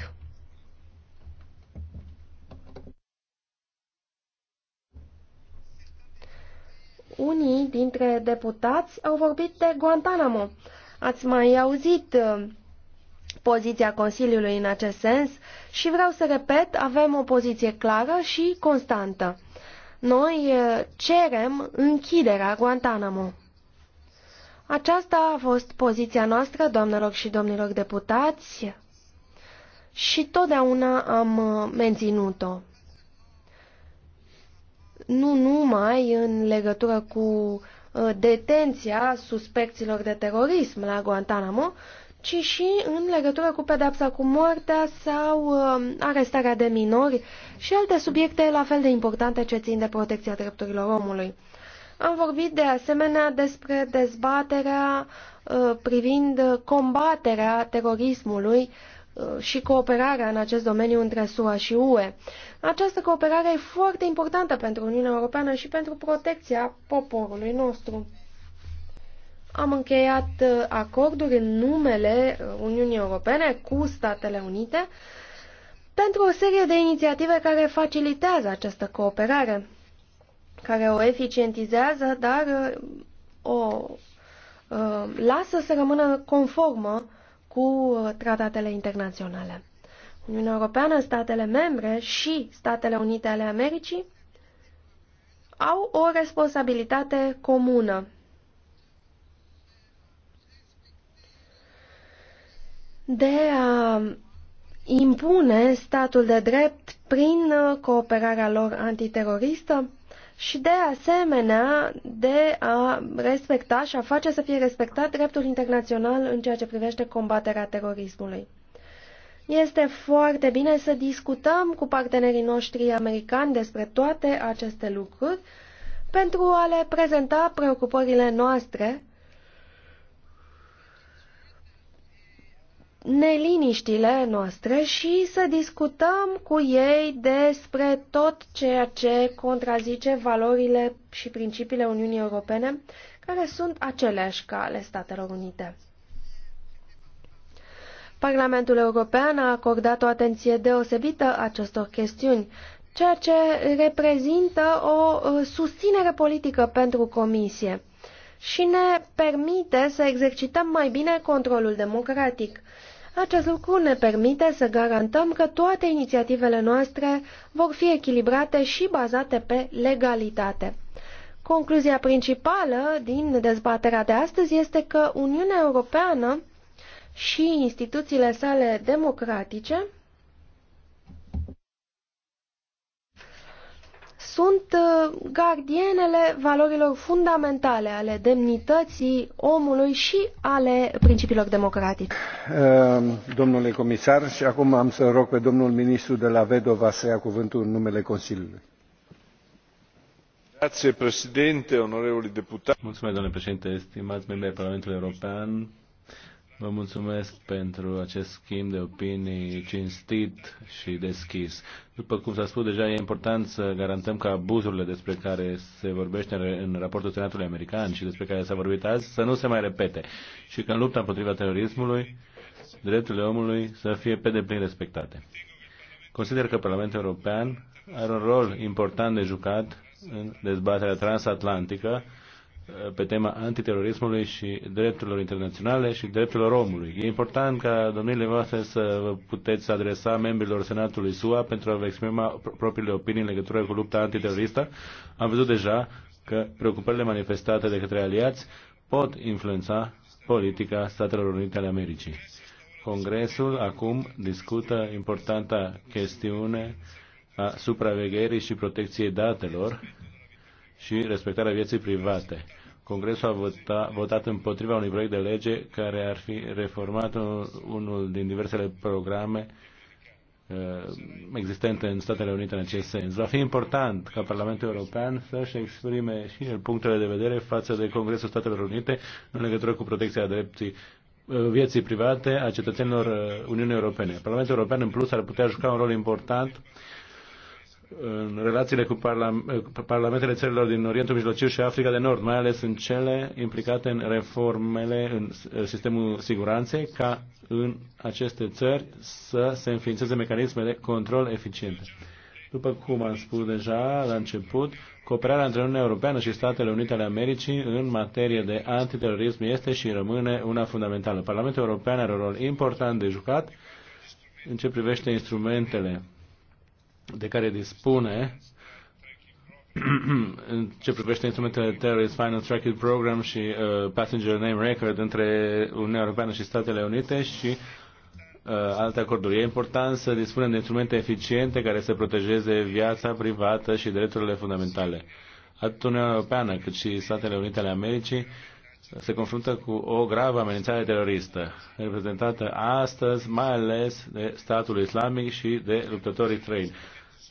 unii dintre deputați au vorbit de Guantanamo. Ați mai auzit uh, poziția Consiliului în acest sens și vreau să repet, avem o poziție clară și constantă. Noi uh, cerem închiderea Guantanamo. Aceasta a fost poziția noastră, doamnelor și domnilor deputați, și totdeauna am uh, menținut-o nu numai în legătură cu uh, detenția suspecților de terorism la Guantanamo, ci și în legătură cu pedepsa cu moartea sau uh, arestarea de minori și alte subiecte la fel de importante ce țin de protecția drepturilor omului. Am vorbit de asemenea despre dezbaterea uh, privind combaterea terorismului Uh, și cooperarea în acest domeniu între SUA și UE. Această cooperare e foarte importantă pentru Uniunea Europeană și pentru protecția poporului nostru. Am încheiat uh, acorduri în numele uh, Uniunii Europene cu Statele Unite pentru o serie de inițiative care facilitează această cooperare, care o eficientizează, dar o lasă să rămână conformă cu uh, tratatele internaționale. Uniunea Europeană, statele membre și Statele Unite ale Americii au o responsabilitate comună. De a uh, impune statul de drept prin uh, cooperarea lor antiteroristă și de asemenea de a respecta și a face să fie respectat dreptul internațional în ceea ce privește combaterea terorismului. Este foarte bine să discutăm cu partenerii noștri americani despre toate aceste lucruri pentru a le prezenta preocupările noastre neliniștile noastre și să discutăm cu ei despre tot ceea ce contrazice valorile și principiile Uniunii Europene, care sunt aceleași ca ale Statelor Unite. Parlamentul European a acordat o atenție deosebită acestor chestiuni, ceea ce reprezintă o uh, susținere politică pentru Comisie și ne permite să exercităm mai bine controlul democratic. Acest lucru ne permite să garantăm că toate inițiativele noastre vor fi echilibrate și bazate pe legalitate. Concluzia principală din dezbaterea de astăzi este că Uniunea Europeană și instituțiile sale democratice sunt uh, gardienele valorilor fundamentale ale demnității omului și ale principiilor democratice. Ehm, domnule comisar, și acum am să rog pe domnul ministru de la Vedova să ia cuvântul în numele Consiliului. Grazie, președinte, onorevoli deputați. Mulțumesc, domnule președinte, stimați membri ai Parlamentului European. Vă mulțumesc pentru acest schimb de opinii cinstit și deschis. După cum s-a spus deja, e important să garantăm că abuzurile despre care se vorbește în raportul Senatului American și despre care s-a vorbit azi să nu se mai repete și că în lupta împotriva terorismului drepturile omului să fie pe deplin respectate. Consider că Parlamentul European are un rol important de jucat în dezbaterea transatlantică pe tema antiterorismului și drepturilor internaționale și drepturilor omului. E important ca domnile voastre să vă puteți adresa membrilor Senatului SUA pentru a vă exprima propriile opinii în legătură cu lupta antiteroristă. Am văzut deja că preocupările manifestate de către aliați pot influența politica Statelor Unite ale Americii. Congresul acum discută importanta chestiune a supravegherii și protecției datelor și respectarea vieții private. Congresul a vota, votat împotriva unui proiect de lege care ar fi reformat un, unul din diversele programe uh, existente în Statele Unite în acest sens. Va fi important ca Parlamentul European să-și exprime și el punctele de vedere față de Congresul Statelor Unite în legătură cu protecția dreptii uh, vieții private a cetățenilor uh, Uniunii Europene. Parlamentul European, în plus, ar putea juca un rol important în relațiile cu parlamentele țărilor din Orientul Mijlociu și Africa de Nord, mai ales în cele implicate în reformele în sistemul siguranței, ca în aceste țări să se înființeze mecanisme de control eficiente. După cum am spus deja la început, cooperarea între Uniunea Europeană și Statele Unite ale Americii în materie de antiterorism este și rămâne una fundamentală. Parlamentul European are un rol important de jucat în ce privește instrumentele de care dispune în ce privește instrumentele Terrorist Final Tracking Program și uh, Passenger Name Record între Uniunea Europeană și Statele Unite și uh, alte acorduri. E important să dispunem de instrumente eficiente care să protejeze viața privată și drepturile fundamentale. Atât Uniunea Europeană cât și Statele Unite ale Americii se confruntă cu o gravă amenințare teroristă, reprezentată astăzi mai ales de statul islamic și de luptătorii străini.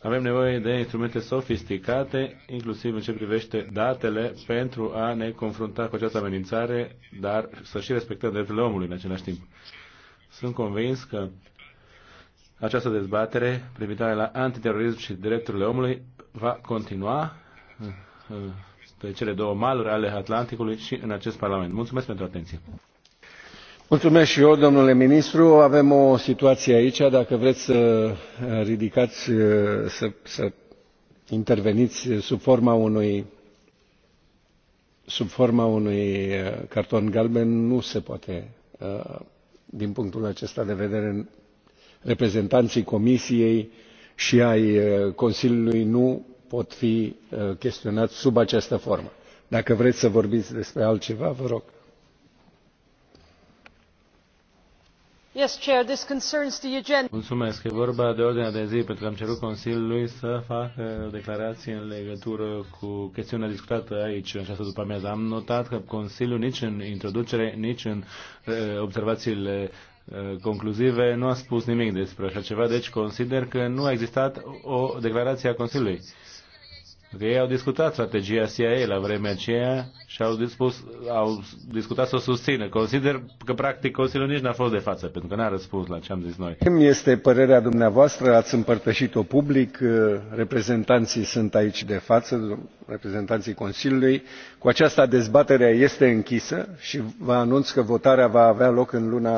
Avem nevoie de instrumente sofisticate, inclusiv în ce privește datele, pentru a ne confrunta cu această amenințare, dar să și respectăm drepturile omului în același timp. Sunt convins că această dezbatere privitoare la antiterorism și drepturile omului va continua pe cele două maluri ale Atlanticului și în acest Parlament. Mulțumesc pentru atenție. Mulțumesc și eu, domnule ministru. Avem o situație aici, dacă vreți să ridicați, să, să interveniți sub forma unui sub forma unui carton galben nu se poate uh, din punctul acesta de vedere reprezentanții comisiei și ai uh, consiliului nu pot fi uh, chestionați sub această formă. Dacă vreți să vorbiți despre altceva, vă rog. Mulțumesc. E vorba de ordinea de zi, pentru că am cerut Consiliului să facă declarații în legătură cu chestiunea discutată aici, în această după amiază. Am notat că Consiliul nici în introducere, nici în uh, observațiile uh, concluzive nu a spus nimic despre așa ceva, deci consider că nu a existat o declarație a Consiliului. Că ei au discutat strategia CIA la vremea aceea și au, dispus, au discutat să o susțină. Consider că practic Consiliul nici n-a fost de față, pentru că n-a răspuns la ce am zis noi. Cum este părerea dumneavoastră? Ați împărtășit-o public, uh, reprezentanții sunt aici de față, reprezentanții Consiliului. Cu aceasta dezbaterea este închisă și vă anunț că votarea va avea loc în luna